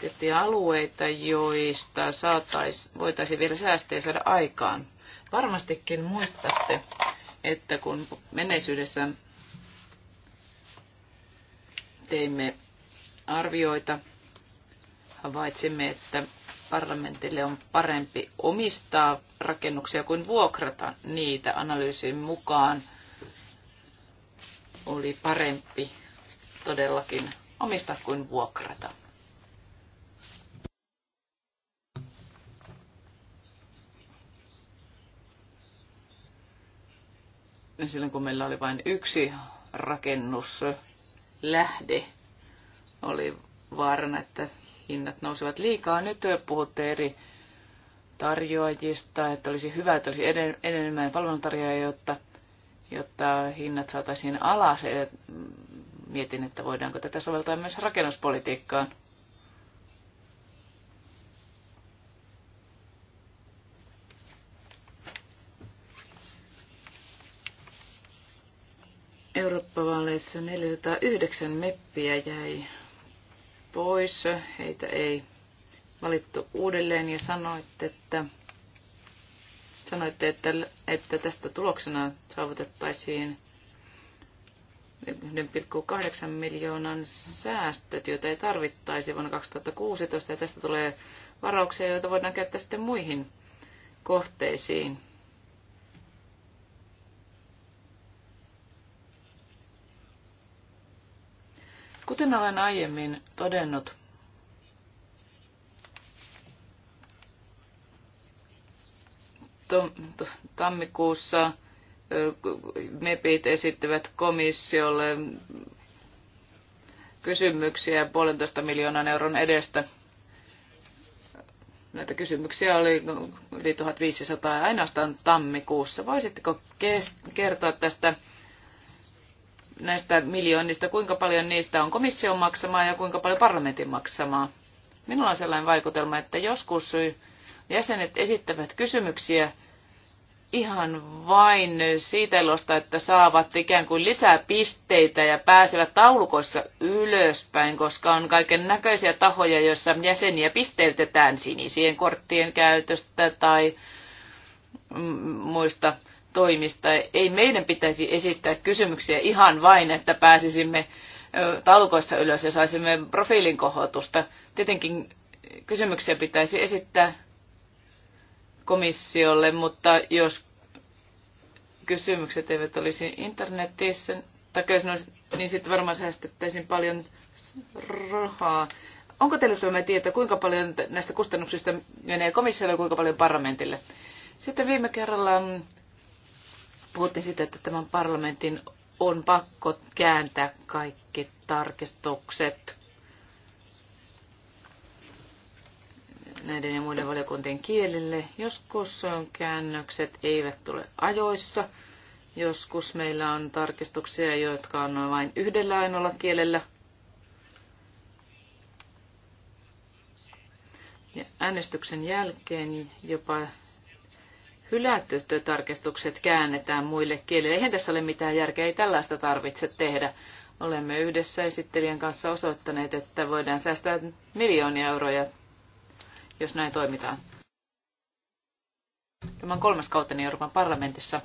tiettyjä alueita, joista saatais, voitaisiin vielä säästöjä saada aikaan. Varmastikin muistatte, että kun menneisyydessä teimme arvioita, havaitsimme, että parlamentille on parempi omistaa rakennuksia kuin vuokrata niitä analyysin mukaan. Oli parempi todellakin omistaa kuin vuokrata. silloin kun meillä oli vain yksi rakennuslähde, oli vaarana, että hinnat nousevat liikaa. Nyt puhutte eri tarjoajista, että olisi hyvä, että olisi enemmän palveluntarjoajia, jotta, jotta hinnat saataisiin alas. E, mietin, että voidaanko tätä soveltaa myös rakennuspolitiikkaan. Eurooppa-vaaleissa 409 meppiä jäi pois, heitä ei valittu uudelleen ja sanoitte, että, sanoitte, että, että tästä tuloksena saavutettaisiin 1,8 miljoonan säästöt, joita ei tarvittaisi vuonna 2016, ja tästä tulee varauksia, joita voidaan käyttää sitten muihin kohteisiin. Kuten olen aiemmin todennut, tammikuussa MEPit esittivät komissiolle kysymyksiä puolentoista miljoonan euron edestä. Näitä kysymyksiä oli yli 1500 ainoastaan tammikuussa. Voisitteko kertoa tästä näistä miljoonista, kuinka paljon niistä on komission maksamaa ja kuinka paljon parlamentin maksamaa. Minulla on sellainen vaikutelma, että joskus jäsenet esittävät kysymyksiä ihan vain siitä ilosta, että saavat ikään kuin lisää pisteitä ja pääsevät taulukoissa ylöspäin, koska on kaiken näköisiä tahoja, joissa jäseniä pisteytetään sinisien korttien käytöstä tai mm, muista toimista. Ei meidän pitäisi esittää kysymyksiä ihan vain, että pääsisimme taulukoissa ylös ja saisimme profiilin kohotusta. Tietenkin kysymyksiä pitäisi esittää komissiolle, mutta jos kysymykset eivät olisi internetissä, tai jos olisi, niin sitten varmaan säästettäisiin paljon rahaa. Onko teillä sellainen tieto, kuinka paljon näistä kustannuksista menee komissiolle ja kuinka paljon parlamentille? Sitten viime kerralla Puhuttiin siitä, että tämän parlamentin on pakko kääntää kaikki tarkistukset näiden ja muiden valiokuntien kielille. Joskus käännökset eivät tule ajoissa. Joskus meillä on tarkistuksia, jotka on vain yhdellä ainoalla kielellä. Ja äänestyksen jälkeen jopa hylätyttötarkistukset käännetään muille kielille. Eihän tässä ole mitään järkeä, ei tällaista tarvitse tehdä. Olemme yhdessä esittelijän kanssa osoittaneet, että voidaan säästää miljoonia euroja, jos näin toimitaan. Tämä on kolmas kauteni Euroopan parlamentissa.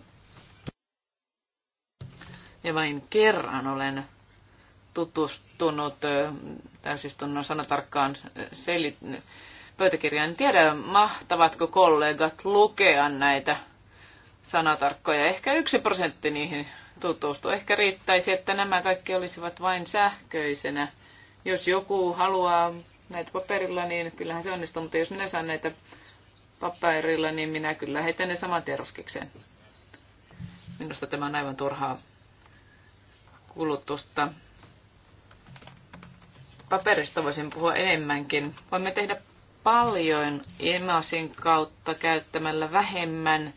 Ja vain kerran olen tutustunut täysistunnon sanatarkkaan selittämään en Tiedä, mahtavatko kollegat lukea näitä sanatarkkoja. Ehkä yksi prosentti niihin tutustuu. Ehkä riittäisi, että nämä kaikki olisivat vain sähköisenä. Jos joku haluaa näitä paperilla, niin kyllähän se onnistuu, mutta jos minä saan näitä paperilla, niin minä kyllä heitän ne saman tiedoskikseen. Minusta tämä on aivan turhaa kulutusta. Paperista voisin puhua enemmänkin. Voimme tehdä paljon emasin kautta käyttämällä vähemmän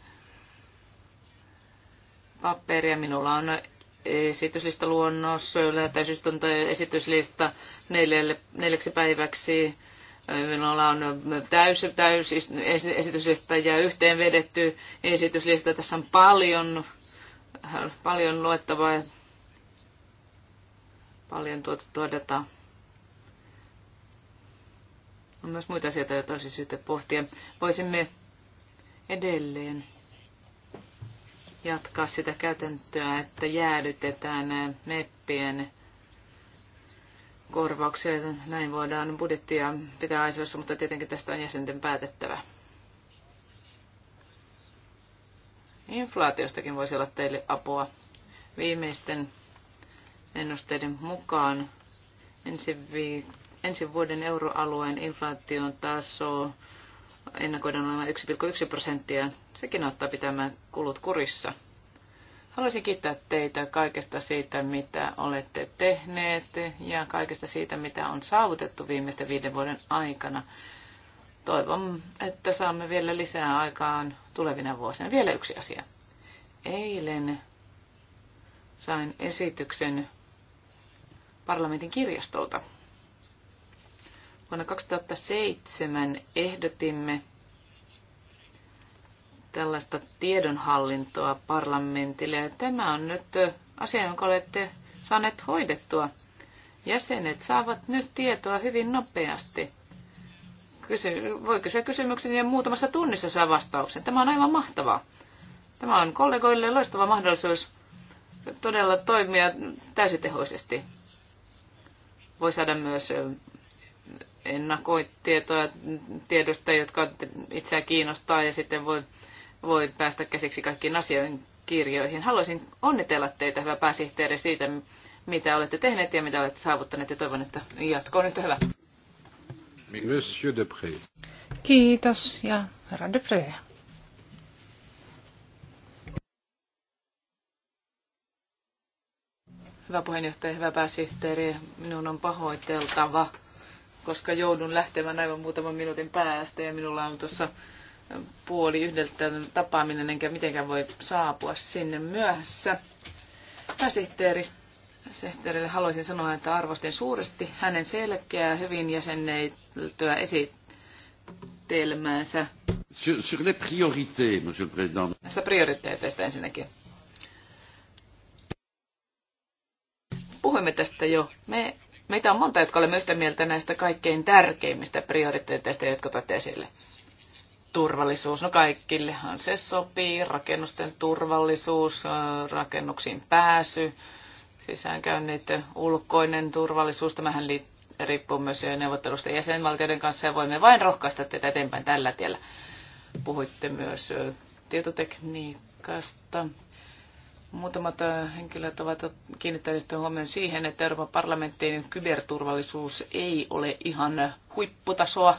paperia. Minulla on esityslista luonnos, täysistunto esityslista neljälle, neljäksi päiväksi. Minulla on täys, täys esityslista ja yhteenvedetty esityslista. Tässä on paljon, paljon luettavaa ja paljon tuota todetaan. On myös muita asioita, joita olisi syytä pohtia. Voisimme edelleen jatkaa sitä käytäntöä, että jäädytetään meppien korvauksia. Näin voidaan budjettia pitää aisoissa, mutta tietenkin tästä on jäsenten päätettävä. Inflaatiostakin voisi olla teille apua. Viimeisten ennusteiden mukaan ensi viikolla ensi vuoden euroalueen inflaation taso ennakoidaan olevan 1,1 prosenttia. Sekin auttaa pitämään kulut kurissa. Haluaisin kiittää teitä kaikesta siitä, mitä olette tehneet ja kaikesta siitä, mitä on saavutettu viimeisten viiden vuoden aikana. Toivon, että saamme vielä lisää aikaan tulevina vuosina. Vielä yksi asia. Eilen sain esityksen parlamentin kirjastolta. Vuonna 2007 ehdotimme tällaista tiedonhallintoa parlamentille. Ja tämä on nyt asia, jonka olette saaneet hoidettua. Jäsenet saavat nyt tietoa hyvin nopeasti. Kysy, voi kysyä kysymyksen ja muutamassa tunnissa saa vastauksen. Tämä on aivan mahtavaa. Tämä on kollegoille loistava mahdollisuus todella toimia täysitehoisesti. Voi saada myös ennakoitietoja tiedosta, jotka itseä kiinnostaa ja sitten voi, voi päästä käsiksi kaikkiin asioihin kirjoihin. Haluaisin onnitella teitä, hyvä pääsihteeri, siitä, mitä olette tehneet ja mitä olette saavuttaneet ja toivon, että jatko on yhtä hyvä. Monsieur Depré. Kiitos ja herra Depré. Hyvä puheenjohtaja, hyvä pääsihteeri, minun on pahoiteltava koska joudun lähtemään aivan muutaman minuutin päästä ja minulla on tuossa puoli yhdeltä tapaaminen, enkä mitenkään voi saapua sinne myöhässä. Pääsihteerille haluaisin sanoa, että arvostin suuresti hänen selkeää, hyvin jäsenneitä esitelmäänsä. Sur, sur les priorités, monsieur le président. Näistä prioriteeteista ensinnäkin. Puhuimme tästä jo. Me Meitä on monta, jotka olemme yhtä mieltä näistä kaikkein tärkeimmistä prioriteeteista, jotka otat esille. Turvallisuus, no kaikillehan se sopii, rakennusten turvallisuus, rakennuksiin pääsy, sisäänkäynnit, ulkoinen turvallisuus, tämähän riippuu myös neuvottelusta jäsenvaltioiden kanssa ja voimme vain rohkaista teitä eteenpäin tällä tiellä. Puhuitte myös tietotekniikasta Muutamat äh, henkilöt ovat kiinnittäneet huomioon siihen, että Euroopan parlamenttien kyberturvallisuus ei ole ihan huipputasoa.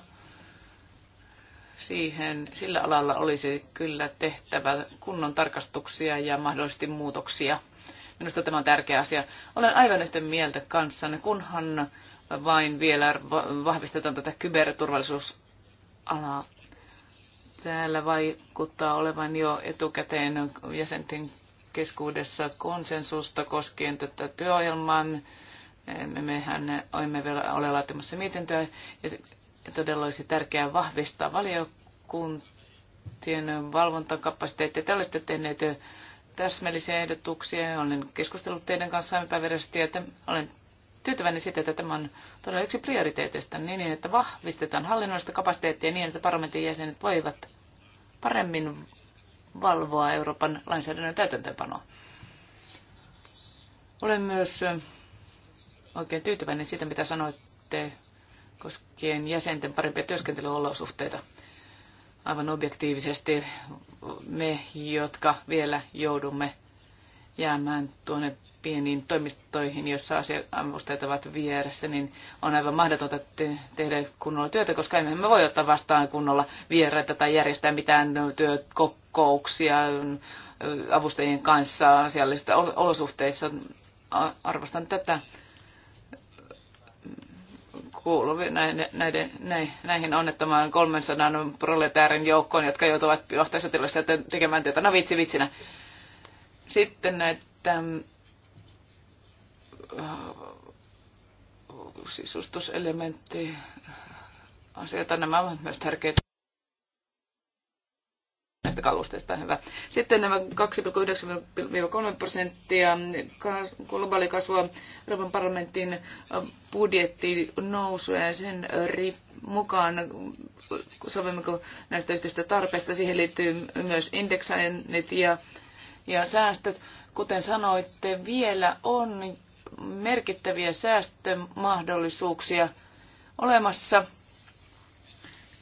Siihen, sillä alalla olisi kyllä tehtävä kunnon tarkastuksia ja mahdollisesti muutoksia. Minusta tämä on tärkeä asia. Olen aivan yhtä mieltä kanssanne, kunhan vain vielä vahvistetaan tätä kyberturvallisuusalaa. Täällä vaikuttaa olevan jo etukäteen jäsenten keskuudessa konsensusta koskien tätä työohjelmaa. Mehän olemme vielä ole laatimassa mietintöä ja todella olisi tärkeää vahvistaa valiokuntien valvontakapasiteettia. Te olette tehneet täsmällisiä ehdotuksia. Olen keskustellut teidän kanssa päivästi, että olen tyytyväinen siitä, että tämä on todella yksi prioriteeteista niin, niin, että vahvistetaan hallinnollista kapasiteettia niin, että parlamentin jäsenet voivat paremmin valvoa Euroopan lainsäädännön täytäntöönpanoa. Olen myös oikein tyytyväinen siitä, mitä sanoitte koskien jäsenten parempia työskentelyolosuhteita. Aivan objektiivisesti me, jotka vielä joudumme jäämään tuonne pieniin toimistoihin, joissa asianavustajat ovat vieressä, niin on aivan mahdotonta te- tehdä kunnolla työtä, koska emme me voi ottaa vastaan kunnolla vieraita tai järjestää mitään työkokouksia avustajien kanssa asiallisissa olosuhteissa. Arvostan tätä kuuluvi näiden, näihin onnettomaan 300 proletäärin joukkoon, jotka joutuvat johtaisessa tilanteessa tekemään työtä. No vitsi vitsinä. Sitten näitä ähm, sisustuselementti asioita. Nämä ovat myös tärkeitä näistä kalusteista. Hyvä. Sitten nämä 2,9-3 prosenttia globaali kasvua Euroopan parlamentin äh, budjetti nousu ja sen mukaan sovimmeko näistä yhteistä tarpeista. Siihen liittyy myös indeksainit ja ja säästöt. Kuten sanoitte, vielä on merkittäviä säästömahdollisuuksia olemassa.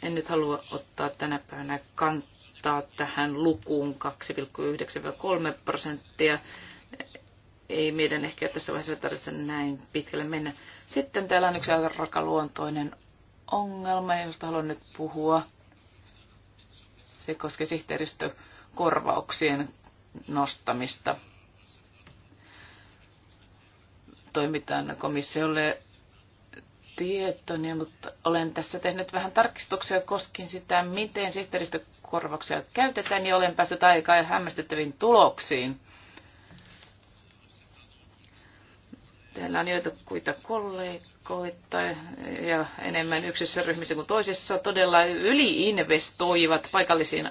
En nyt halua ottaa tänä päivänä kantaa tähän lukuun 2,9-3 prosenttia. Ei meidän ehkä tässä vaiheessa tarvitse näin pitkälle mennä. Sitten täällä on yksi aika rakaluontoinen ongelma, josta haluan nyt puhua. Se koskee sihteeristökorvauksien nostamista. Toimitaan komissiolle tietoni, mutta olen tässä tehnyt vähän tarkistuksia koskien sitä, miten sihteeristökorvauksia käytetään, ja olen päässyt aikaan ja hämmästyttäviin tuloksiin. Täällä on joitakuita kollegoita ja enemmän yksissä ryhmissä kuin toisissa todella yliinvestoivat paikallisiin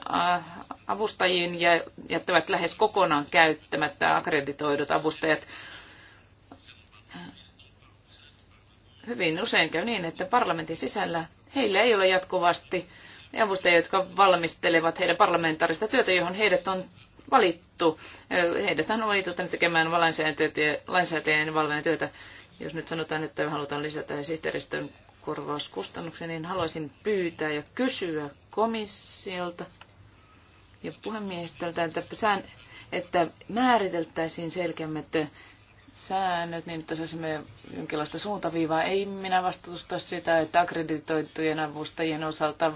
avustajiin ja jättävät lähes kokonaan käyttämättä akkreditoidut avustajat. Hyvin usein käy niin, että parlamentin sisällä heillä ei ole jatkuvasti avustajia, jotka valmistelevat heidän parlamentaarista työtä, johon heidät on valittu. Heidät on valittu tänne tekemään lainsäätäjien valvojen työtä. Jos nyt sanotaan, että halutaan lisätä sihteeristön korvauskustannuksia, niin haluaisin pyytää ja kysyä komissiolta – ja puhemiehistöltä, että, sään, että määriteltäisiin selkeämmät säännöt, niin että saisimme jonkinlaista suuntaviivaa. Ei minä vastusta sitä, että akkreditoitujen avustajien osalta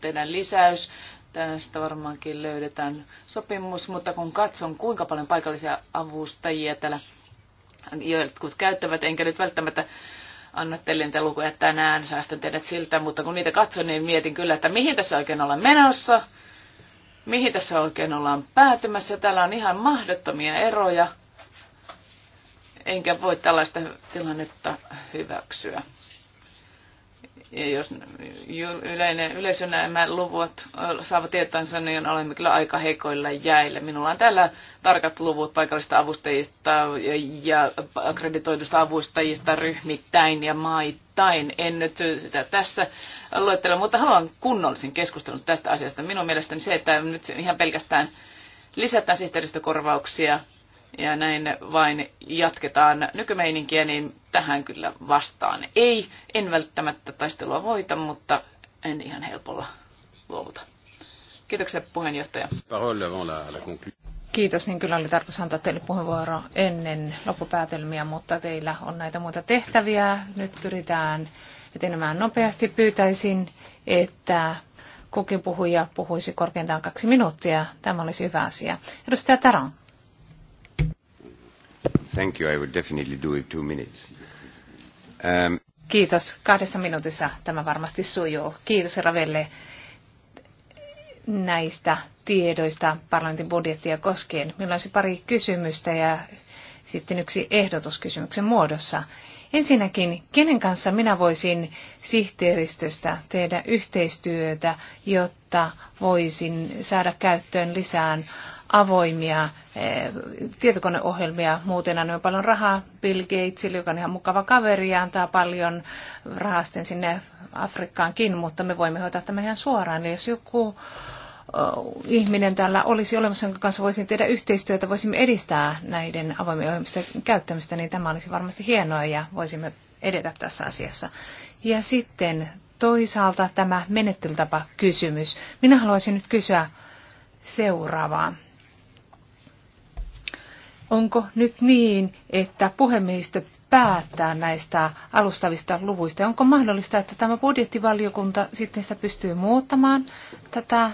tehdään lisäys. Tästä varmaankin löydetään sopimus, mutta kun katson, kuinka paljon paikallisia avustajia täällä jotkut käyttävät, enkä nyt välttämättä anna teille niitä lukuja tänään, säästän teidät siltä, mutta kun niitä katson, niin mietin kyllä, että mihin tässä oikein ollaan menossa – mihin tässä oikein ollaan päätymässä. Täällä on ihan mahdottomia eroja, enkä voi tällaista tilannetta hyväksyä. Ja jos yleinen, yleisön nämä luvut saavat tietonsa, niin olemme kyllä aika heikoilla jäillä. Minulla on täällä tarkat luvut paikallisista avustajista ja akkreditoidusta avustajista ryhmittäin ja maittain. En nyt sitä tässä luettele, mutta haluan kunnollisen keskustelun tästä asiasta. Minun mielestäni se, että nyt ihan pelkästään lisätään sihteeristökorvauksia ja näin vain jatketaan nykymeininkiä, niin tähän kyllä vastaan. Ei, en välttämättä taistelua voita, mutta en ihan helpolla luovuta. Kiitoksia puheenjohtaja. Kiitos, niin kyllä oli tarkoitus antaa teille puheenvuoro ennen loppupäätelmiä, mutta teillä on näitä muita tehtäviä. Nyt pyritään etenemään nopeasti. Pyytäisin, että kukin puhuja puhuisi korkeintaan kaksi minuuttia. Tämä olisi hyvä asia. Edustaja Taran. Thank you. I would definitely do it two minutes. Ähm. Kiitos. Kahdessa minuutissa tämä varmasti sujuu. Kiitos Ravelle näistä tiedoista parlamentin budjettia koskien. Meillä olisi pari kysymystä ja sitten yksi ehdotuskysymyksen muodossa. Ensinnäkin, kenen kanssa minä voisin sihteeristöstä tehdä yhteistyötä, jotta voisin saada käyttöön lisään avoimia eh, tietokoneohjelmia. Muuten on paljon rahaa Bill Gatesille, joka on ihan mukava kaveri ja antaa paljon rahasten sinne Afrikkaankin, mutta me voimme hoitaa tämän ihan suoraan. Eli jos joku eh, ihminen täällä olisi olemassa, jonka kanssa voisin tehdä yhteistyötä, voisimme edistää näiden avoimien ohjelmisten käyttämistä, niin tämä olisi varmasti hienoa ja voisimme edetä tässä asiassa. Ja sitten toisaalta tämä menettelytapa kysymys. Minä haluaisin nyt kysyä seuraavaa. Onko nyt niin, että puhemiehistö päättää näistä alustavista luvuista? Onko mahdollista, että tämä budjettivaliokunta sitten sitä pystyy muuttamaan tätä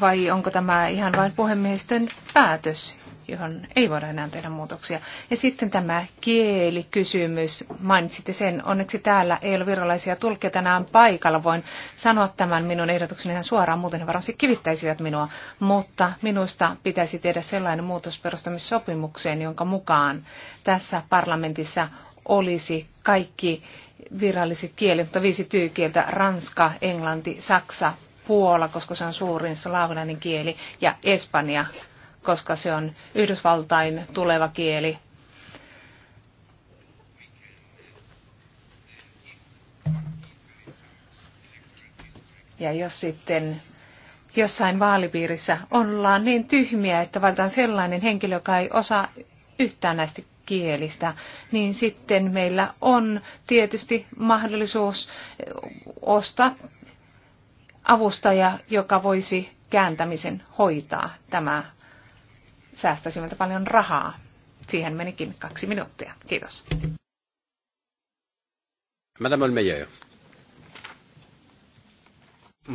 vai onko tämä ihan vain puhemiehistön päätös? johon ei voida enää tehdä muutoksia. Ja sitten tämä kielikysymys, mainitsitte sen, onneksi täällä ei ole virallisia tulkkeja tänään paikalla, voin sanoa tämän minun ehdotukseni ihan suoraan, muuten he varmasti kivittäisivät minua, mutta minusta pitäisi tehdä sellainen muutos perustamissopimukseen, jonka mukaan tässä parlamentissa olisi kaikki viralliset kielet, mutta viisi tyykieltä, ranska, englanti, saksa, Puola, koska se on suurin slaavilainen kieli, ja Espanja koska se on Yhdysvaltain tuleva kieli. Ja jos sitten jossain vaalipiirissä ollaan niin tyhmiä, että valitaan sellainen henkilö, joka ei osaa yhtään näistä kielistä, niin sitten meillä on tietysti mahdollisuus ostaa avustaja, joka voisi kääntämisen hoitaa. Tämä säästäisimmältä paljon rahaa. Siihen menikin kaksi minuuttia. Kiitos. Madame Olmeyer.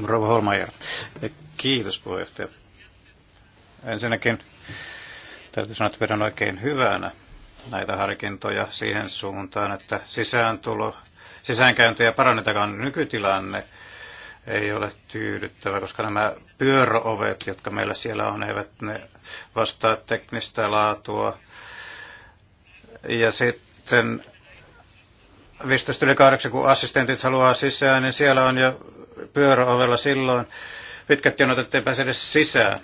Rouva Holmeyer. Kiitos puheenjohtaja. Ensinnäkin täytyy sanoa, että pidän oikein hyvänä näitä harkintoja siihen suuntaan, että sisääntulo, sisäänkäyntiä parannetaan nykytilanne ei ole tyydyttävä, koska nämä pyöröovet, jotka meillä siellä on, eivät ne vastaa teknistä laatua. Ja sitten 15 yli 8, kun assistentit haluaa sisään, niin siellä on jo pyöröovella silloin pitkät jonot, ettei pääse edes sisään.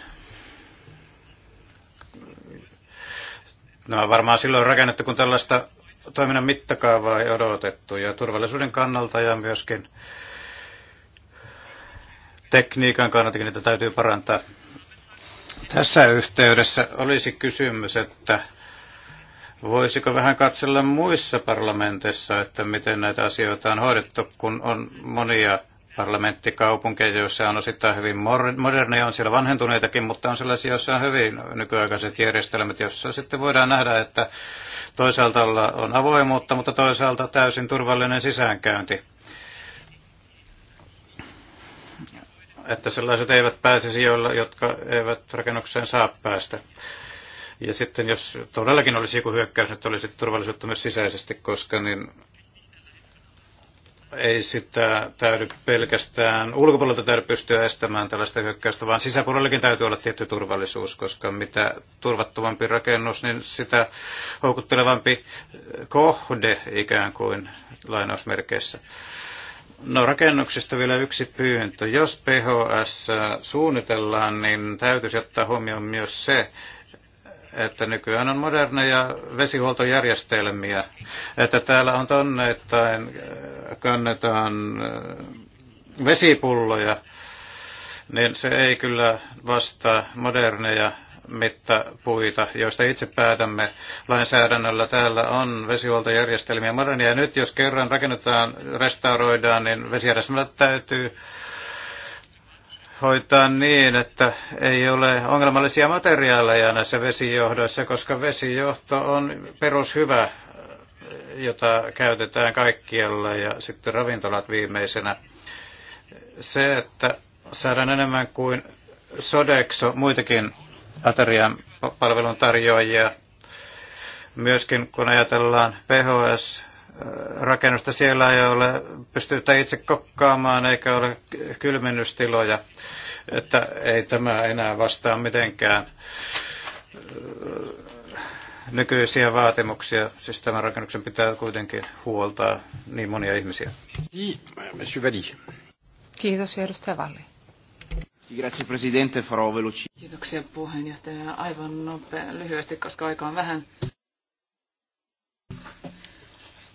Nämä no, varmaan silloin rakennettu, kun tällaista toiminnan mittakaavaa ei odotettu ja turvallisuuden kannalta ja myöskin tekniikan kannalta niitä täytyy parantaa. Tässä yhteydessä olisi kysymys, että voisiko vähän katsella muissa parlamenteissa, että miten näitä asioita on hoidettu, kun on monia parlamenttikaupunkeja, joissa on osittain hyvin moderneja, on siellä vanhentuneitakin, mutta on sellaisia, joissa on hyvin nykyaikaiset järjestelmät, joissa sitten voidaan nähdä, että toisaalta on avoimuutta, mutta toisaalta täysin turvallinen sisäänkäynti että sellaiset eivät pääsisi, joilla, jotka eivät rakennukseen saa päästä. Ja sitten jos todellakin olisi joku hyökkäys, että olisi turvallisuutta myös sisäisesti, koska niin ei sitä täydy pelkästään ulkopuolelta täydy pystyä estämään tällaista hyökkäystä, vaan sisäpuolellakin täytyy olla tietty turvallisuus, koska mitä turvattomampi rakennus, niin sitä houkuttelevampi kohde ikään kuin lainausmerkeissä. No rakennuksista vielä yksi pyyntö. Jos PHS suunnitellaan, niin täytyisi ottaa huomioon myös se, että nykyään on moderneja vesihuoltojärjestelmiä, että täällä on että äh, kannetaan äh, vesipulloja, niin se ei kyllä vastaa moderneja mittapuita, joista itse päätämme lainsäädännöllä. Täällä on vesihuoltojärjestelmiä modernia ja nyt jos kerran rakennetaan, restauroidaan, niin vesijärjestelmät täytyy hoitaa niin, että ei ole ongelmallisia materiaaleja näissä vesijohdoissa, koska vesijohto on perushyvä, jota käytetään kaikkialla ja sitten ravintolat viimeisenä. Se, että saadaan enemmän kuin Sodexo muitakin aterian palveluntarjoajia. Myöskin kun ajatellaan PHS, rakennusta siellä ei ole pystytä itse kokkaamaan eikä ole kylmennystiloja, että ei tämä enää vastaa mitenkään äh, nykyisiä vaatimuksia. Siis tämän rakennuksen pitää kuitenkin huoltaa niin monia ihmisiä. Kiitos, edustaja Valli. Grazie presidente, farò veloci. Kiitoksia puheenjohtaja. Aivan nopea, lyhyesti, koska aika on vähän.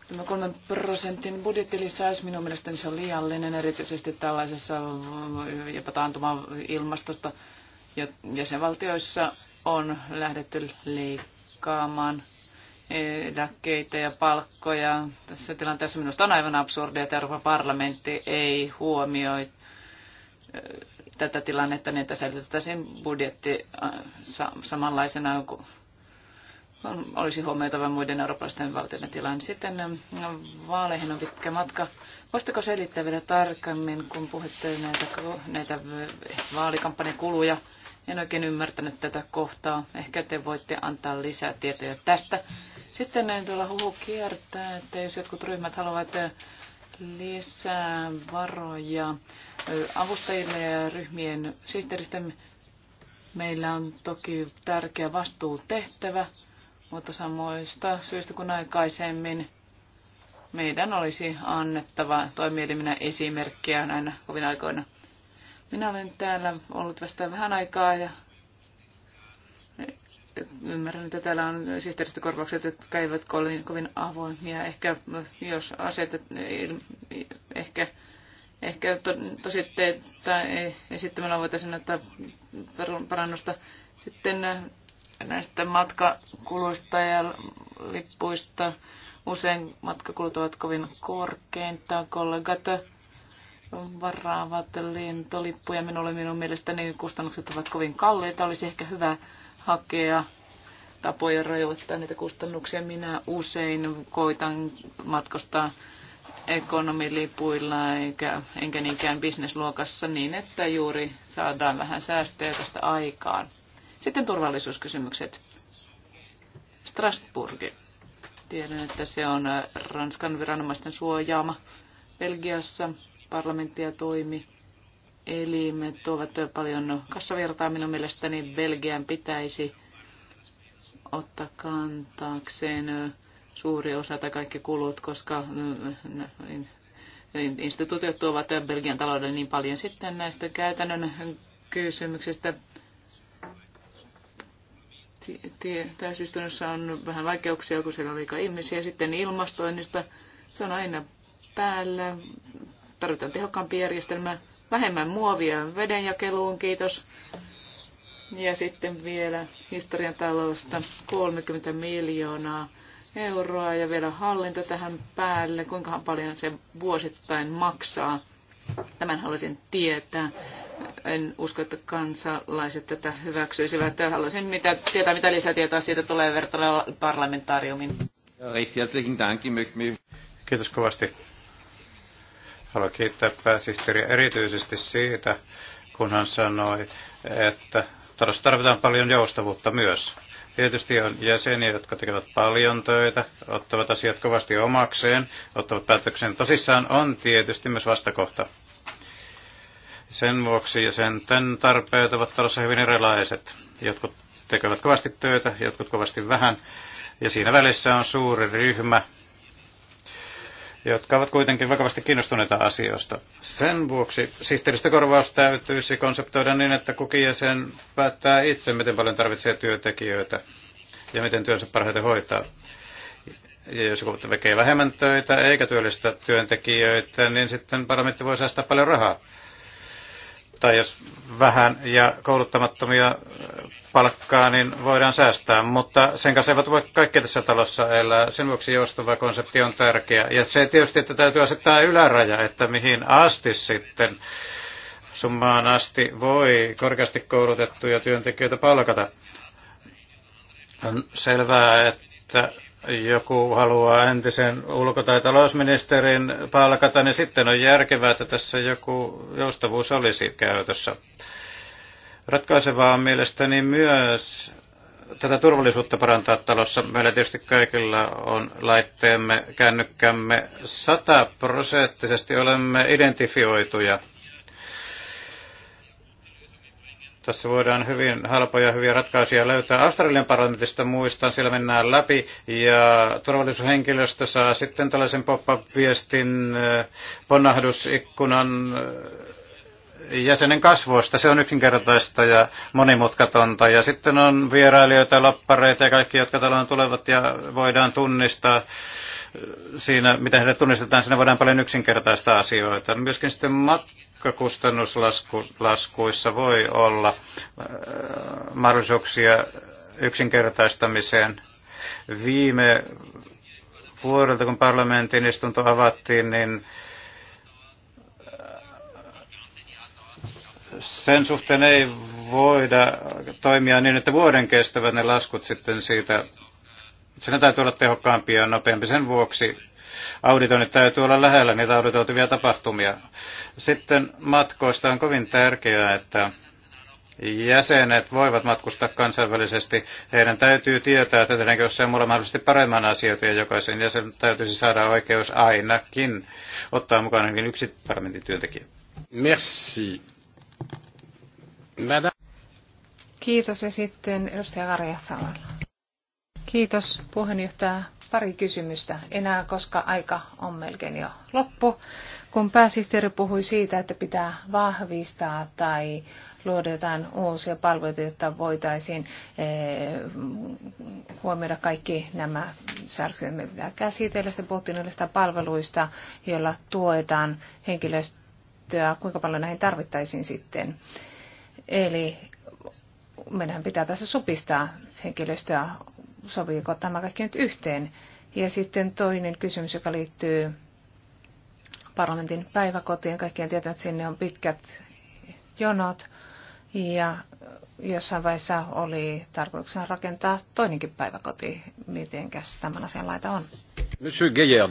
Tämä kolmen prosentin budjettilisäys minun mielestäni se on liiallinen, erityisesti tällaisessa jopa taantuman ilmastosta. ja Jäsenvaltioissa on lähdetty leikkaamaan eläkkeitä ja palkkoja. Tässä tilanteessa minusta on aivan absurdia, että Euroopan parlamentti ei huomioi tätä tilannetta, niin että säilytettäisiin budjetti äh, samanlaisena kuin olisi huomioitava muiden eurooppalaisten valtioiden tilanne. Sitten äh, vaaleihin on pitkä matka. Voisitteko selittää vielä tarkemmin, kun puhutte näitä, näitä vaalikampanjakuluja? En oikein ymmärtänyt tätä kohtaa. Ehkä te voitte antaa lisää tietoja tästä. Sitten näin äh, tuolla huhu kiertää, että jos jotkut ryhmät haluavat lisää varoja avustajille ja ryhmien sihteeristä. Meillä on toki tärkeä vastuutehtävä, mutta samoista syistä kuin aikaisemmin meidän olisi annettava toimielimenä esimerkkiä näinä kovin aikoina. Minä olen täällä ollut vasta vähän aikaa ja Ymmärrän, että täällä on sihteeristökorvaukset, jotka eivät ole kovin avoimia. Ehkä jos asiat, ehkä, ehkä to, tositteita esittämällä voitaisiin näyttää parannusta. Sitten äh, näistä matkakuluista ja lippuista. Usein matkakulut ovat kovin korkeinta. Kollegat varaavat lentolippuja. Minulle minun mielestäni kustannukset ovat kovin kalliita. Olisi ehkä hyvä hakea tapoja rajoittaa niitä kustannuksia. Minä usein koitan matkustaa ekonomilipuilla eikä, enkä niinkään bisnesluokassa niin, että juuri saadaan vähän säästöjä tästä aikaan. Sitten turvallisuuskysymykset. Strasbourg. Tiedän, että se on Ranskan viranomaisten suojaama. Belgiassa parlamenttia toimi elimet tuovat paljon kassavirtaa. Minun mielestäni Belgian pitäisi ottaa kantaakseen suuri osa tai kaikki kulut, koska instituutiot tuovat Belgian talouden niin paljon. Sitten näistä käytännön kysymyksistä täysistunnossa on vähän vaikeuksia, kun siellä on liikaa ihmisiä. Sitten ilmastoinnista, se on aina päällä. Tarvitaan tehokkaampi järjestelmä, vähemmän muovia vedenjakeluun, kiitos. Ja sitten vielä historian talosta 30 miljoonaa euroa ja vielä hallinto tähän päälle. Kuinka paljon se vuosittain maksaa? Tämän haluaisin tietää. En usko, että kansalaiset tätä hyväksyisivät. Haluaisin mitä, tietää, mitä lisätietoa siitä tulee vertailulla parlamentaariumin. Kiitos kovasti. Haluan kiittää pääsihteeriä erityisesti siitä, kun hän sanoi, että todella tarvitaan paljon joustavuutta myös. Tietysti on jäseniä, jotka tekevät paljon töitä, ottavat asiat kovasti omakseen, ottavat päätöksen. Tosissaan on tietysti myös vastakohta. Sen vuoksi ja sen tämän tarpeet ovat talossa hyvin erilaiset. Jotkut tekevät kovasti töitä, jotkut kovasti vähän. Ja siinä välissä on suuri ryhmä, jotka ovat kuitenkin vakavasti kiinnostuneita asioista. Sen vuoksi sihteeristökorvaus täytyisi konseptoida niin, että kukin jäsen päättää itse, miten paljon tarvitsee työntekijöitä ja miten työnsä parhaiten hoitaa. Ja jos joku tekee vähemmän töitä eikä työllistä työntekijöitä, niin sitten parlamentti voi säästää paljon rahaa tai jos vähän ja kouluttamattomia palkkaa, niin voidaan säästää, mutta sen kanssa eivät voi kaikki tässä talossa elää. Sen vuoksi joustava konsepti on tärkeä. Ja se tietysti, että täytyy asettaa yläraja, että mihin asti sitten summaan asti voi korkeasti koulutettuja työntekijöitä palkata. On selvää, että joku haluaa entisen ulko- tai talousministerin palkata, niin sitten on järkevää, että tässä joku joustavuus olisi käytössä. Ratkaisevaa on mielestäni myös tätä turvallisuutta parantaa talossa. Meillä tietysti kaikilla on laitteemme, kännykkämme. Sataprosenttisesti olemme identifioituja Tässä voidaan hyvin halpoja hyviä ratkaisuja löytää. Australian parlamentista muistan, siellä mennään läpi ja turvallisuushenkilöstö saa sitten tällaisen pop-up-viestin eh, ponnahdusikkunan eh, jäsenen kasvoista. Se on yksinkertaista ja monimutkatonta. Ja sitten on vierailijoita, lappareita ja kaikki, jotka taloon tulevat ja voidaan tunnistaa siinä, miten heidät tunnistetaan, siinä voidaan paljon yksinkertaista asioita. Myöskin sitten matkakustannuslaskuissa voi olla äh, mahdollisuuksia yksinkertaistamiseen. Viime vuodelta, kun parlamentin istunto avattiin, niin äh, sen suhteen ei voida toimia niin, että vuoden kestävät ne laskut sitten siitä sen täytyy olla tehokkaampi ja nopeampi. Sen vuoksi auditoinnit täytyy olla lähellä niitä auditoituvia tapahtumia. Sitten matkoista on kovin tärkeää, että jäsenet voivat matkustaa kansainvälisesti. Heidän täytyy tietää, että todennäköisesti mulla mahdollisesti paremman asioita ja jokaisen jäsen täytyisi saada oikeus ainakin ottaa mukaan ainakin yksi parlamentin työntekijä. Merci. Madame. Kiitos ja sitten edustaja Arja Savalla. Kiitos puheenjohtaja. Pari kysymystä enää, koska aika on melkein jo loppu. Kun pääsihteeri puhui siitä, että pitää vahvistaa tai luoda jotain uusia palveluita, jotta voitaisiin eh, huomioida kaikki nämä säädökset, me pitää käsitellä. Sitten puhuttiin näistä palveluista, joilla tuetaan henkilöstöä, kuinka paljon näihin tarvittaisiin sitten. Eli meidän pitää tässä supistaa henkilöstöä sopiiko tämä kaikki nyt yhteen. Ja sitten toinen kysymys, joka liittyy parlamentin päiväkotiin. Kaikkien tietää, että sinne on pitkät jonot. Ja jossain vaiheessa oli tarkoituksena rakentaa toinenkin päiväkoti. Mitenkäs tämän asian laita on? Monsieur Geyer,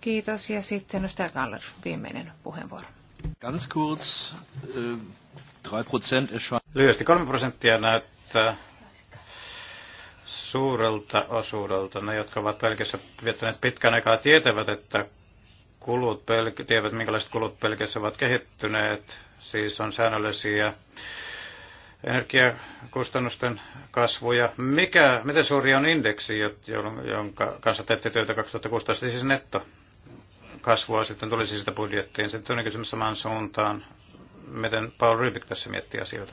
Kiitos. Ja sitten Nostar Galler, viimeinen puheenvuoro. Ganz kurz, äh, 3 Lyhyesti 3 prosenttia näyttää suurelta osuudelta. Ne, jotka ovat Pelkissä viettäneet pitkän aikaa, tietävät, että kulut pelk- tiedävät, minkälaiset kulut Pelkissä ovat kehittyneet. Siis on säännöllisiä energiakustannusten kasvuja. Mikä, miten suuri on indeksi, jonka kanssa teette työtä 2016, siis netto? kasvua sitten tulisi sitä budjettiin. Sitten on kysymys samaan suuntaan, miten Paul Rybik tässä miettii asioita.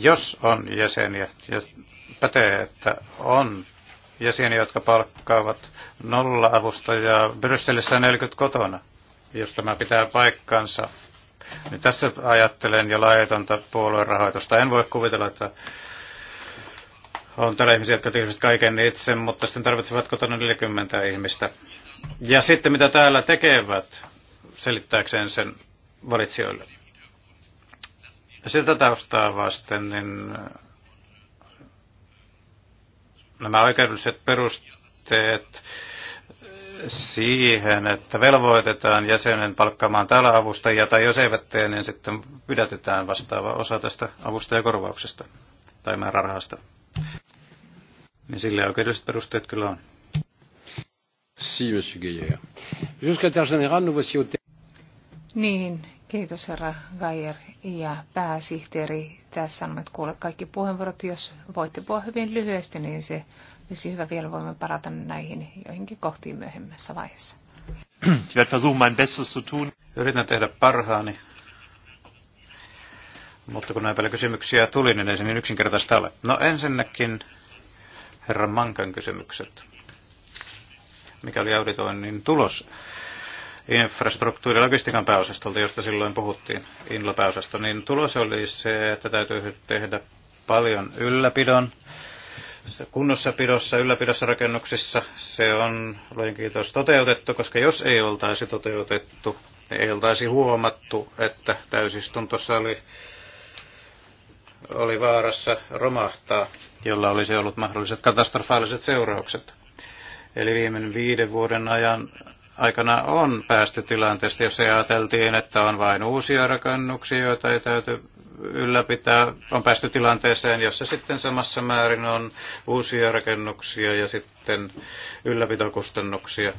Jos on jäseniä, ja pätee, että on jäseniä, jotka palkkaavat nolla avustajaa Brysselissä 40 kotona, jos tämä pitää paikkansa, niin tässä ajattelen jo puolueen rahoitusta. En voi kuvitella, että on täällä ihmisiä, jotka tekevät kaiken itse, mutta sitten tarvitsevat kotona 40 ihmistä. Ja sitten mitä täällä tekevät, selittääkseen sen valitsijoille siltä taustaa vasten niin äh, nämä oikeudelliset perusteet siihen, että velvoitetaan jäsenen palkkaamaan täällä avustajia, tai jos eivät tee, niin sitten pidätetään vastaava osa tästä avustajakorvauksesta tai määrärahasta. Niin sille oikeudelliset perusteet kyllä on. Si, monsieur Gaillard. Jusqu'à général, nous voici au Niin, Kiitos herra Geier ja pääsihteeri. Tässä on että kuule kaikki puheenvuorot. Jos voitte puhua hyvin lyhyesti, niin se olisi hyvä. Vielä voimme parata näihin joihinkin kohtiin myöhemmässä vaiheessa. Yritän tehdä parhaani. Mutta kun näin paljon kysymyksiä tuli, niin ei se niin yksinkertaista ole. No ensinnäkin herran Mankan kysymykset. Mikä oli auditoinnin tulos? infrastruktuuri- ja logistiikan pääosastolta, josta silloin puhuttiin, Inla-pääosasto, niin tulos oli se, että täytyy tehdä paljon ylläpidon, kunnossapidossa, ylläpidossa rakennuksissa. Se on, luojen kiitos, toteutettu, koska jos ei oltaisi toteutettu, niin ei oltaisi huomattu, että täysistuntossa oli, oli vaarassa romahtaa, jolla olisi ollut mahdolliset katastrofaaliset seuraukset. Eli viimeinen viiden vuoden ajan aikana on päästy tilanteesta, jos ajateltiin, että on vain uusia rakennuksia, joita ei täyty ylläpitää. On päästy tilanteeseen, jossa sitten samassa määrin on uusia rakennuksia ja sitten ylläpitokustannuksia.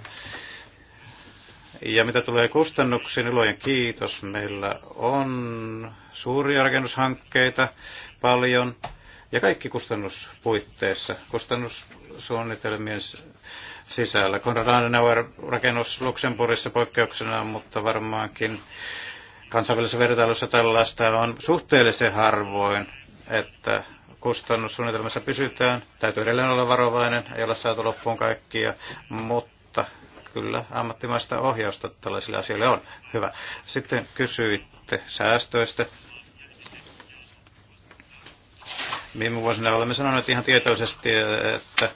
Ja mitä tulee kustannuksiin, ilojen niin kiitos. Meillä on suuria rakennushankkeita paljon ja kaikki kustannuspuitteissa, kustannussuunnitelmien sisällä. Konrad Adenauer-rakennus Luxemburgissa poikkeuksena, mutta varmaankin kansainvälisessä vertailussa tällaista on suhteellisen harvoin, että kustannussuunnitelmassa pysytään. Täytyy edelleen olla varovainen, ei ole saatu loppuun kaikkia, mutta kyllä ammattimaista ohjausta tällaisille asioille on. Hyvä. Sitten kysyitte säästöistä. Viime vuosina olemme sanoneet ihan tietoisesti, että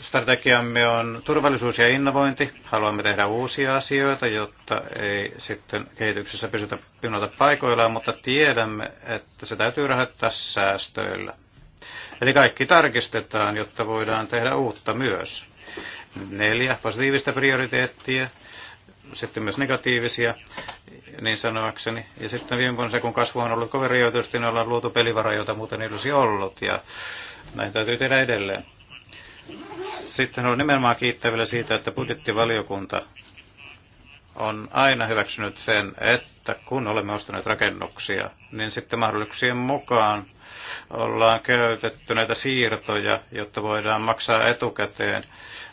strategiamme on turvallisuus ja innovointi. Haluamme tehdä uusia asioita, jotta ei sitten kehityksessä pysytä pinota paikoillaan, mutta tiedämme, että se täytyy rahoittaa säästöillä. Eli kaikki tarkistetaan, jotta voidaan tehdä uutta myös. Neljä positiivista prioriteettia sitten myös negatiivisia, niin sanoakseni. Ja sitten viime vuonna se, kun kasvu on ollut kovin rajoitusti, niin ollaan luotu pelivara, jota muuten ei olisi ollut. Ja näin täytyy tehdä edelleen. Sitten on nimenomaan kiittävillä siitä, että budjettivaliokunta on aina hyväksynyt sen, että kun olemme ostaneet rakennuksia, niin sitten mahdollisuuksien mukaan ollaan käytetty näitä siirtoja, jotta voidaan maksaa etukäteen,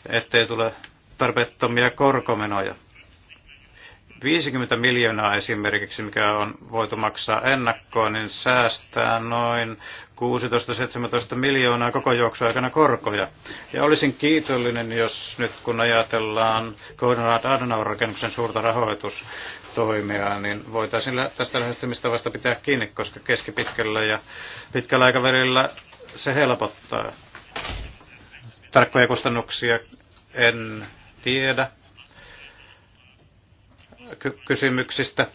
ettei tule tarpeettomia korkomenoja. 50 miljoonaa esimerkiksi, mikä on voitu maksaa ennakkoon, niin säästää noin 16-17 miljoonaa koko juoksuaikana korkoja. Ja olisin kiitollinen, jos nyt kun ajatellaan Konrad Adenauer-rakennuksen suurta rahoitustoimia, niin voitaisiin tästä lähestymistä vasta pitää kiinni, koska keskipitkällä ja pitkällä aikavälillä se helpottaa. Tarkkoja kustannuksia en tiedä kysymyksistä.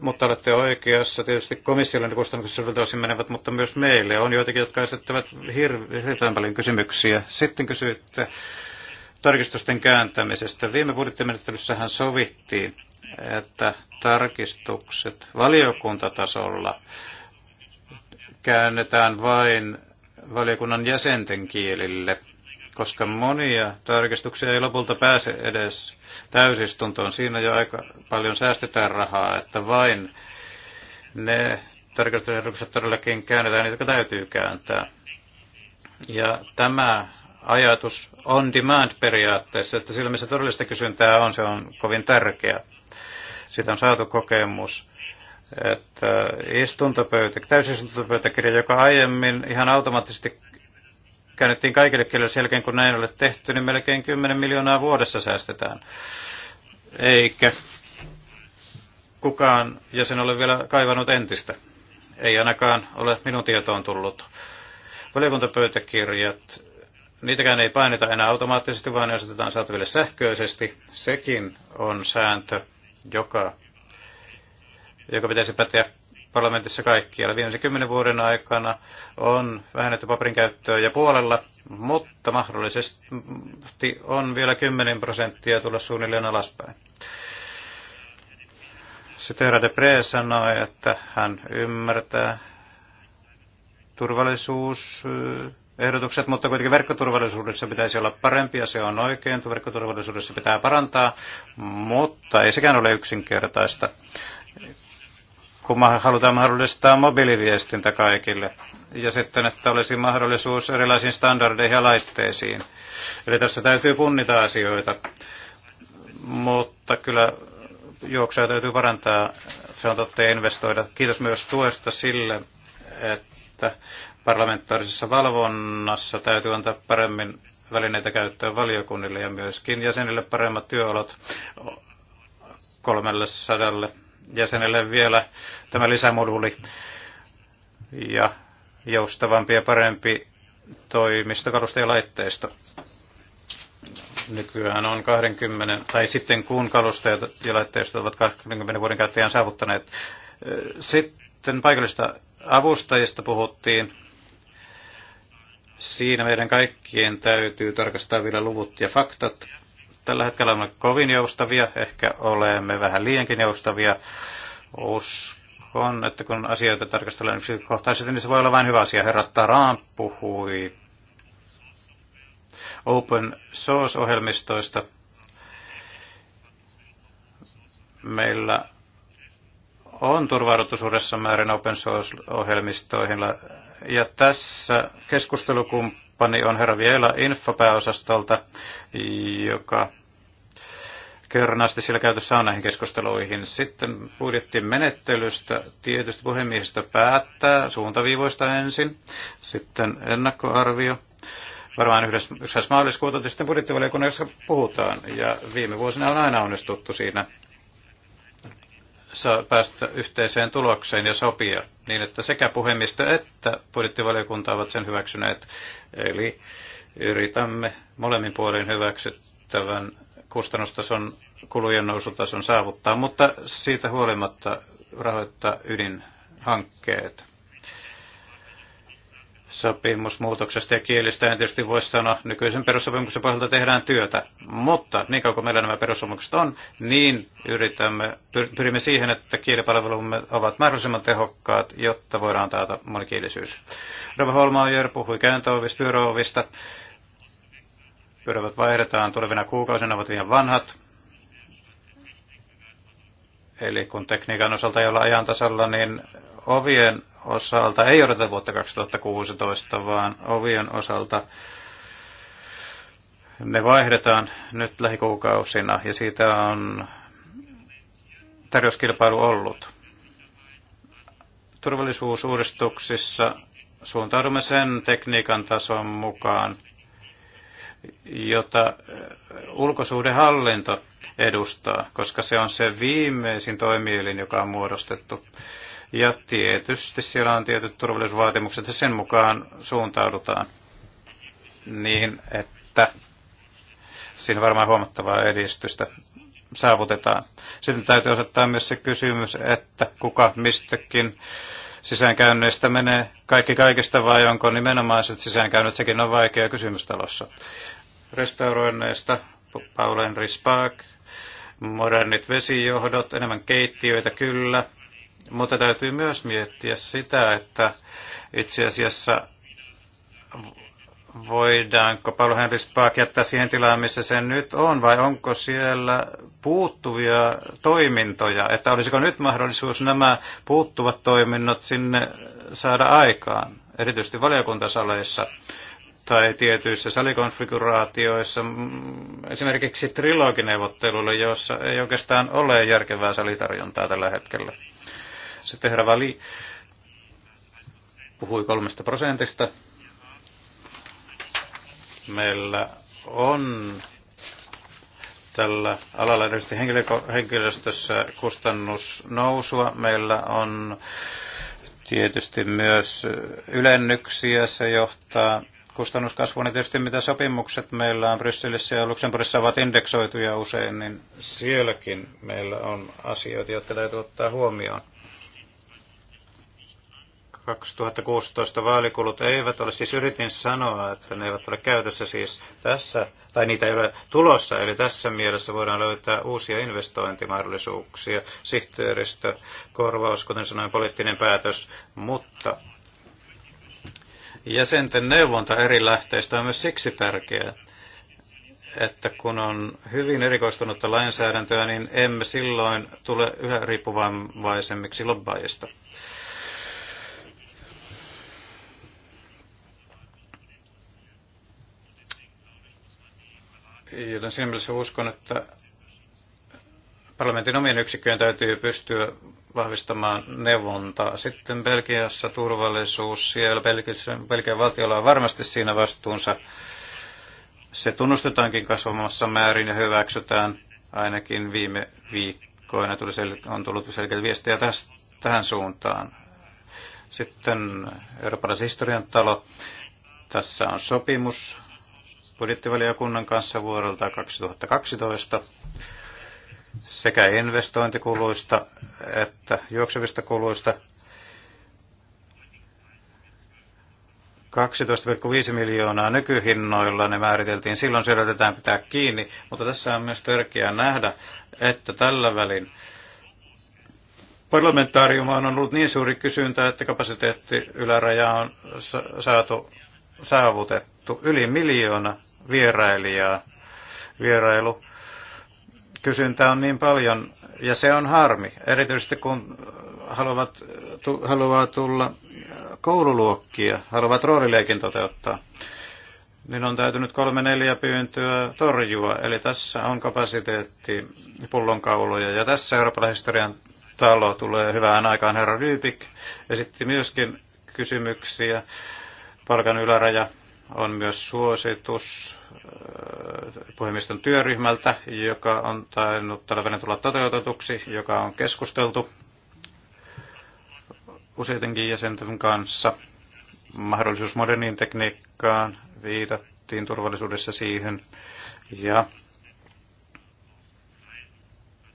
Mutta olette oikeassa, tietysti komissiolle ne kustannukset suurelta osin menevät, mutta myös meille on joitakin, jotka esittävät hir- hirveän paljon kysymyksiä. Sitten kysyitte tarkistusten kääntämisestä. Viime budjettimenettelyssähän sovittiin, että tarkistukset valiokuntatasolla käännetään vain valiokunnan jäsenten kielille – koska monia tarkistuksia ei lopulta pääse edes täysistuntoon. Siinä jo aika paljon säästetään rahaa, että vain ne tarkastusehdotukset todellakin käännetään niitä, jotka täytyy kääntää. Ja tämä ajatus on demand periaatteessa, että sillä missä todellista kysyntää on, se on kovin tärkeä. Siitä on saatu kokemus että istuntopöytä, täysistuntopöytäkirja, joka aiemmin ihan automaattisesti käännettiin kaikille kielille sen jälkeen, kun näin ole tehty, niin melkein 10 miljoonaa vuodessa säästetään. Eikä kukaan jäsen ole vielä kaivannut entistä. Ei ainakaan ole minun tietoon tullut. Valiokuntapöytäkirjat, niitäkään ei paineta enää automaattisesti, vaan ne osoitetaan saataville sähköisesti. Sekin on sääntö, joka, joka pitäisi päteä parlamentissa kaikkialla. Viimeisen kymmenen vuoden aikana on vähennetty paperin käyttöä ja puolella, mutta mahdollisesti on vielä 10 prosenttia tulla suunnilleen alaspäin. Sitten de Pre sanoi, että hän ymmärtää turvallisuus ehdotukset, mutta kuitenkin verkkoturvallisuudessa pitäisi olla parempi ja se on oikein. Verkkoturvallisuudessa pitää parantaa, mutta ei sekään ole yksinkertaista kun halutaan mahdollistaa mobiiliviestintä kaikille. Ja sitten, että olisi mahdollisuus erilaisiin standardeihin ja laitteisiin. Eli tässä täytyy punnita asioita, mutta kyllä juoksua täytyy parantaa. Se on totta investoida. Kiitos myös tuesta sille, että parlamentaarisessa valvonnassa täytyy antaa paremmin välineitä käyttöön valiokunnille ja myöskin jäsenille paremmat työolot 300 jäsenelle vielä tämä lisämoduuli ja joustavampi ja parempi toimistokalusta ja laitteisto. Nykyään on 20, tai sitten kun kalusta ja laitteistot ovat 20 vuoden käyttäjän saavuttaneet. Sitten paikallista avustajista puhuttiin. Siinä meidän kaikkien täytyy tarkastaa vielä luvut ja faktat Tällä hetkellä olemme kovin joustavia, ehkä olemme vähän liiankin joustavia. Uskon, että kun asioita tarkastellaan yksityiskohtaisesti, niin se voi olla vain hyvä asia. Herra Taran puhui open source-ohjelmistoista. Meillä on turvauduttu suuressa määrin open source-ohjelmistoihin. Ja tässä keskustelukum kumppani on herra Viela Infopääosastolta, joka kernaasti sillä käytössä on näihin keskusteluihin. Sitten budjettimenettelystä tietysti puhemiehistö päättää suuntaviivoista ensin, sitten ennakkoarvio. Varmaan yhdessä yhdessä maaliskuuta sitten jossa puhutaan, ja viime vuosina on aina onnistuttu siinä saa päästä yhteiseen tulokseen ja sopia niin, että sekä puhemisto että budjettivaliokunta ovat sen hyväksyneet. Eli yritämme molemmin puolin hyväksyttävän kustannustason kulujen nousutason saavuttaa, mutta siitä huolimatta rahoittaa ydinhankkeet sopimusmuutoksesta ja kielistä en tietysti voi sanoa. Nykyisen perussopimuksen pohjalta tehdään työtä, mutta niin kauan kuin meillä nämä perussopimukset on, niin yritämme, pyrimme siihen, että kielipalvelumme ovat mahdollisimman tehokkaat, jotta voidaan taata monikielisyys. Rova Holmaajer puhui kääntöovista, pyöräovista. Pyörävät vaihdetaan tulevina kuukausina, ovat liian vanhat. Eli kun tekniikan osalta ei olla ajan tasalla, niin ovien osalta ei odoteta vuotta 2016, vaan ovien osalta ne vaihdetaan nyt lähikuukausina ja siitä on tarjouskilpailu ollut. Turvallisuusuudistuksissa suuntaudumme sen tekniikan tason mukaan, jota eh, ulkosuudenhallinto edustaa, koska se on se viimeisin toimielin, joka on muodostettu ja tietysti siellä on tietyt turvallisuusvaatimukset ja sen mukaan suuntaudutaan niin, että siinä varmaan huomattavaa edistystä saavutetaan. Sitten täytyy osoittaa myös se kysymys, että kuka mistäkin sisäänkäynneistä menee kaikki kaikista vai onko nimenomaiset sisäänkäynnit, sekin on vaikea kysymys talossa. Restauroinneista Paulen Rispaak, modernit vesijohdot, enemmän keittiöitä kyllä, mutta täytyy myös miettiä sitä, että itse asiassa voidaanko Paulo Henry Spaak jättää siihen tilaan, missä se nyt on, vai onko siellä puuttuvia toimintoja, että olisiko nyt mahdollisuus nämä puuttuvat toiminnot sinne saada aikaan, erityisesti valiokuntasaleissa tai tietyissä salikonfiguraatioissa, esimerkiksi trilogineuvotteluille, joissa ei oikeastaan ole järkevää salitarjontaa tällä hetkellä. Sitten herra Vali puhui kolmesta prosentista. Meillä on tällä alalla erityisesti henkilöstössä kustannusnousua. Meillä on tietysti myös ylennyksiä, se johtaa kustannuskasvuun. Ja tietysti mitä sopimukset meillä on Brysselissä ja Luxemburgissa ovat indeksoituja usein, niin sielläkin meillä on asioita, jotka täytyy ottaa huomioon. 2016 vaalikulut eivät ole, siis yritin sanoa, että ne eivät ole käytössä siis tässä, tai niitä ei ole tulossa, eli tässä mielessä voidaan löytää uusia investointimahdollisuuksia, sihteeristö, korvaus, kuten sanoin, poliittinen päätös, mutta jäsenten neuvonta eri lähteistä on myös siksi tärkeää, että kun on hyvin erikoistunutta lainsäädäntöä, niin emme silloin tule yhä riippuvaisemmiksi lobbaajista. joten siinä mielessä uskon, että parlamentin omien yksikköjen täytyy pystyä vahvistamaan neuvontaa. Sitten Belgiassa turvallisuus, siellä Belgiassa, Belgian valtiolla on varmasti siinä vastuunsa. Se tunnustetaankin kasvamassa määrin ja hyväksytään ainakin viime viikkoina tuli sel- on tullut selkeä viestiä tästä, tähän suuntaan. Sitten Euroopan historian talo. Tässä on sopimus budjettivaliokunnan kanssa vuodelta 2012 sekä investointikuluista että juoksevista kuluista 12,5 miljoonaa nykyhinnoilla ne määriteltiin. Silloin se pitää kiinni, mutta tässä on myös tärkeää nähdä, että tällä välin parlamentaariuma on ollut niin suuri kysyntä, että kapasiteetti yläraja on saatu saavutettu saavutettu yli miljoona vierailijaa. Vierailu kysyntää on niin paljon, ja se on harmi, erityisesti kun haluavat, tu, haluaa tulla koululuokkia, haluavat roolileikin toteuttaa, niin on täytynyt kolme neljä pyyntöä torjua. Eli tässä on kapasiteetti pullonkauloja, ja tässä Euroopan historian talo tulee hyvään aikaan. Herra Ryypik esitti myöskin kysymyksiä, palkan yläraja on myös suositus äh, puhemiston työryhmältä, joka on tainnut talvena tulla toteutetuksi, joka on keskusteltu useidenkin jäsenten kanssa. Mahdollisuus moderniin tekniikkaan viitattiin turvallisuudessa siihen. Ja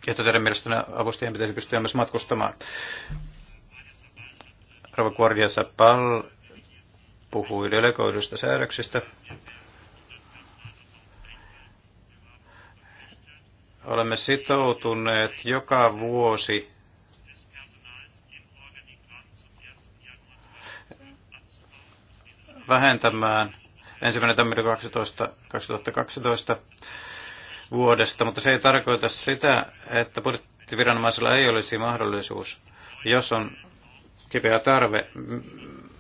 että teidän mielestänne avustajien pitäisi pystyä myös matkustamaan. Rova Guardia Sapal puhui delegoidusta säädöksistä. Olemme sitoutuneet joka vuosi vähentämään ensimmäinen tammikuuta 2012 vuodesta, mutta se ei tarkoita sitä, että budjettiviranomaisella ei olisi mahdollisuus, jos on kipeä tarve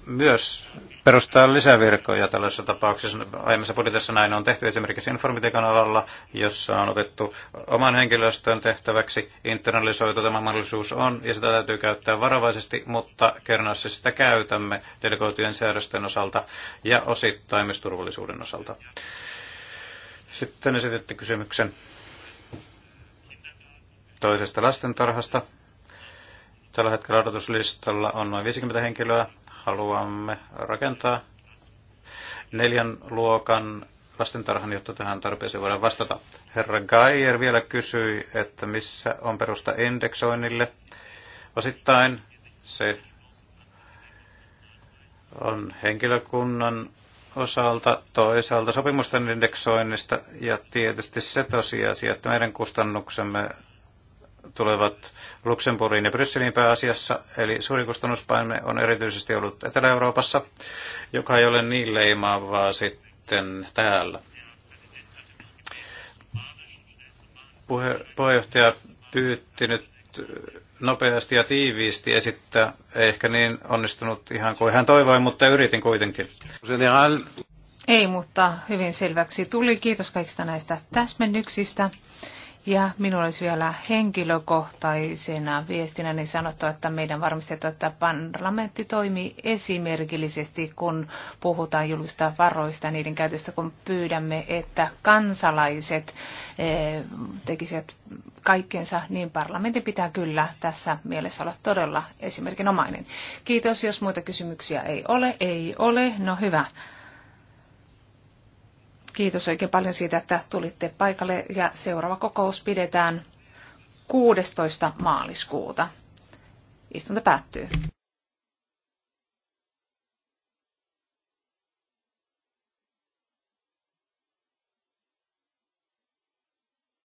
myös perustaa lisävirkoja tällaisessa tapauksessa. Aiemmassa budjetissa näin on tehty esimerkiksi informatiikan alalla, jossa on otettu oman henkilöstön tehtäväksi internalisoitu tämä mahdollisuus on, ja sitä täytyy käyttää varovaisesti, mutta kernaassa sitä käytämme delegoitujen säädösten osalta ja osittain myös turvallisuuden osalta. Sitten esititte kysymyksen toisesta lastentarhasta. Tällä hetkellä odotuslistalla on noin 50 henkilöä haluamme rakentaa neljän luokan lastentarhan, jotta tähän tarpeeseen voidaan vastata. Herra Geier vielä kysyi, että missä on perusta indeksoinnille. Osittain se on henkilökunnan osalta, toisaalta sopimusten indeksoinnista ja tietysti se tosiasia, että meidän kustannuksemme tulevat Luxemburgin ja Brysselin pääasiassa, eli suuri kustannuspaine on erityisesti ollut Etelä-Euroopassa, joka ei ole niin leimaavaa sitten täällä. Puhe, puheenjohtaja pyytti nyt nopeasti ja tiiviisti esittää, ehkä niin onnistunut ihan kuin hän toivoi, mutta yritin kuitenkin. Ei, mutta hyvin selväksi tuli. Kiitos kaikista näistä täsmennyksistä. Ja minulla olisi vielä henkilökohtaisena viestinä niin sanottu, että meidän varmistettu, että parlamentti toimii esimerkillisesti, kun puhutaan julkista varoista ja niiden käytöstä, kun pyydämme, että kansalaiset eh, tekisivät kaikkensa, niin parlamentin pitää kyllä tässä mielessä olla todella esimerkinomainen. Kiitos, jos muita kysymyksiä ei ole. Ei ole, no hyvä. Kiitos oikein paljon siitä, että tulitte paikalle ja seuraava kokous pidetään 16. maaliskuuta. Istunto päättyy.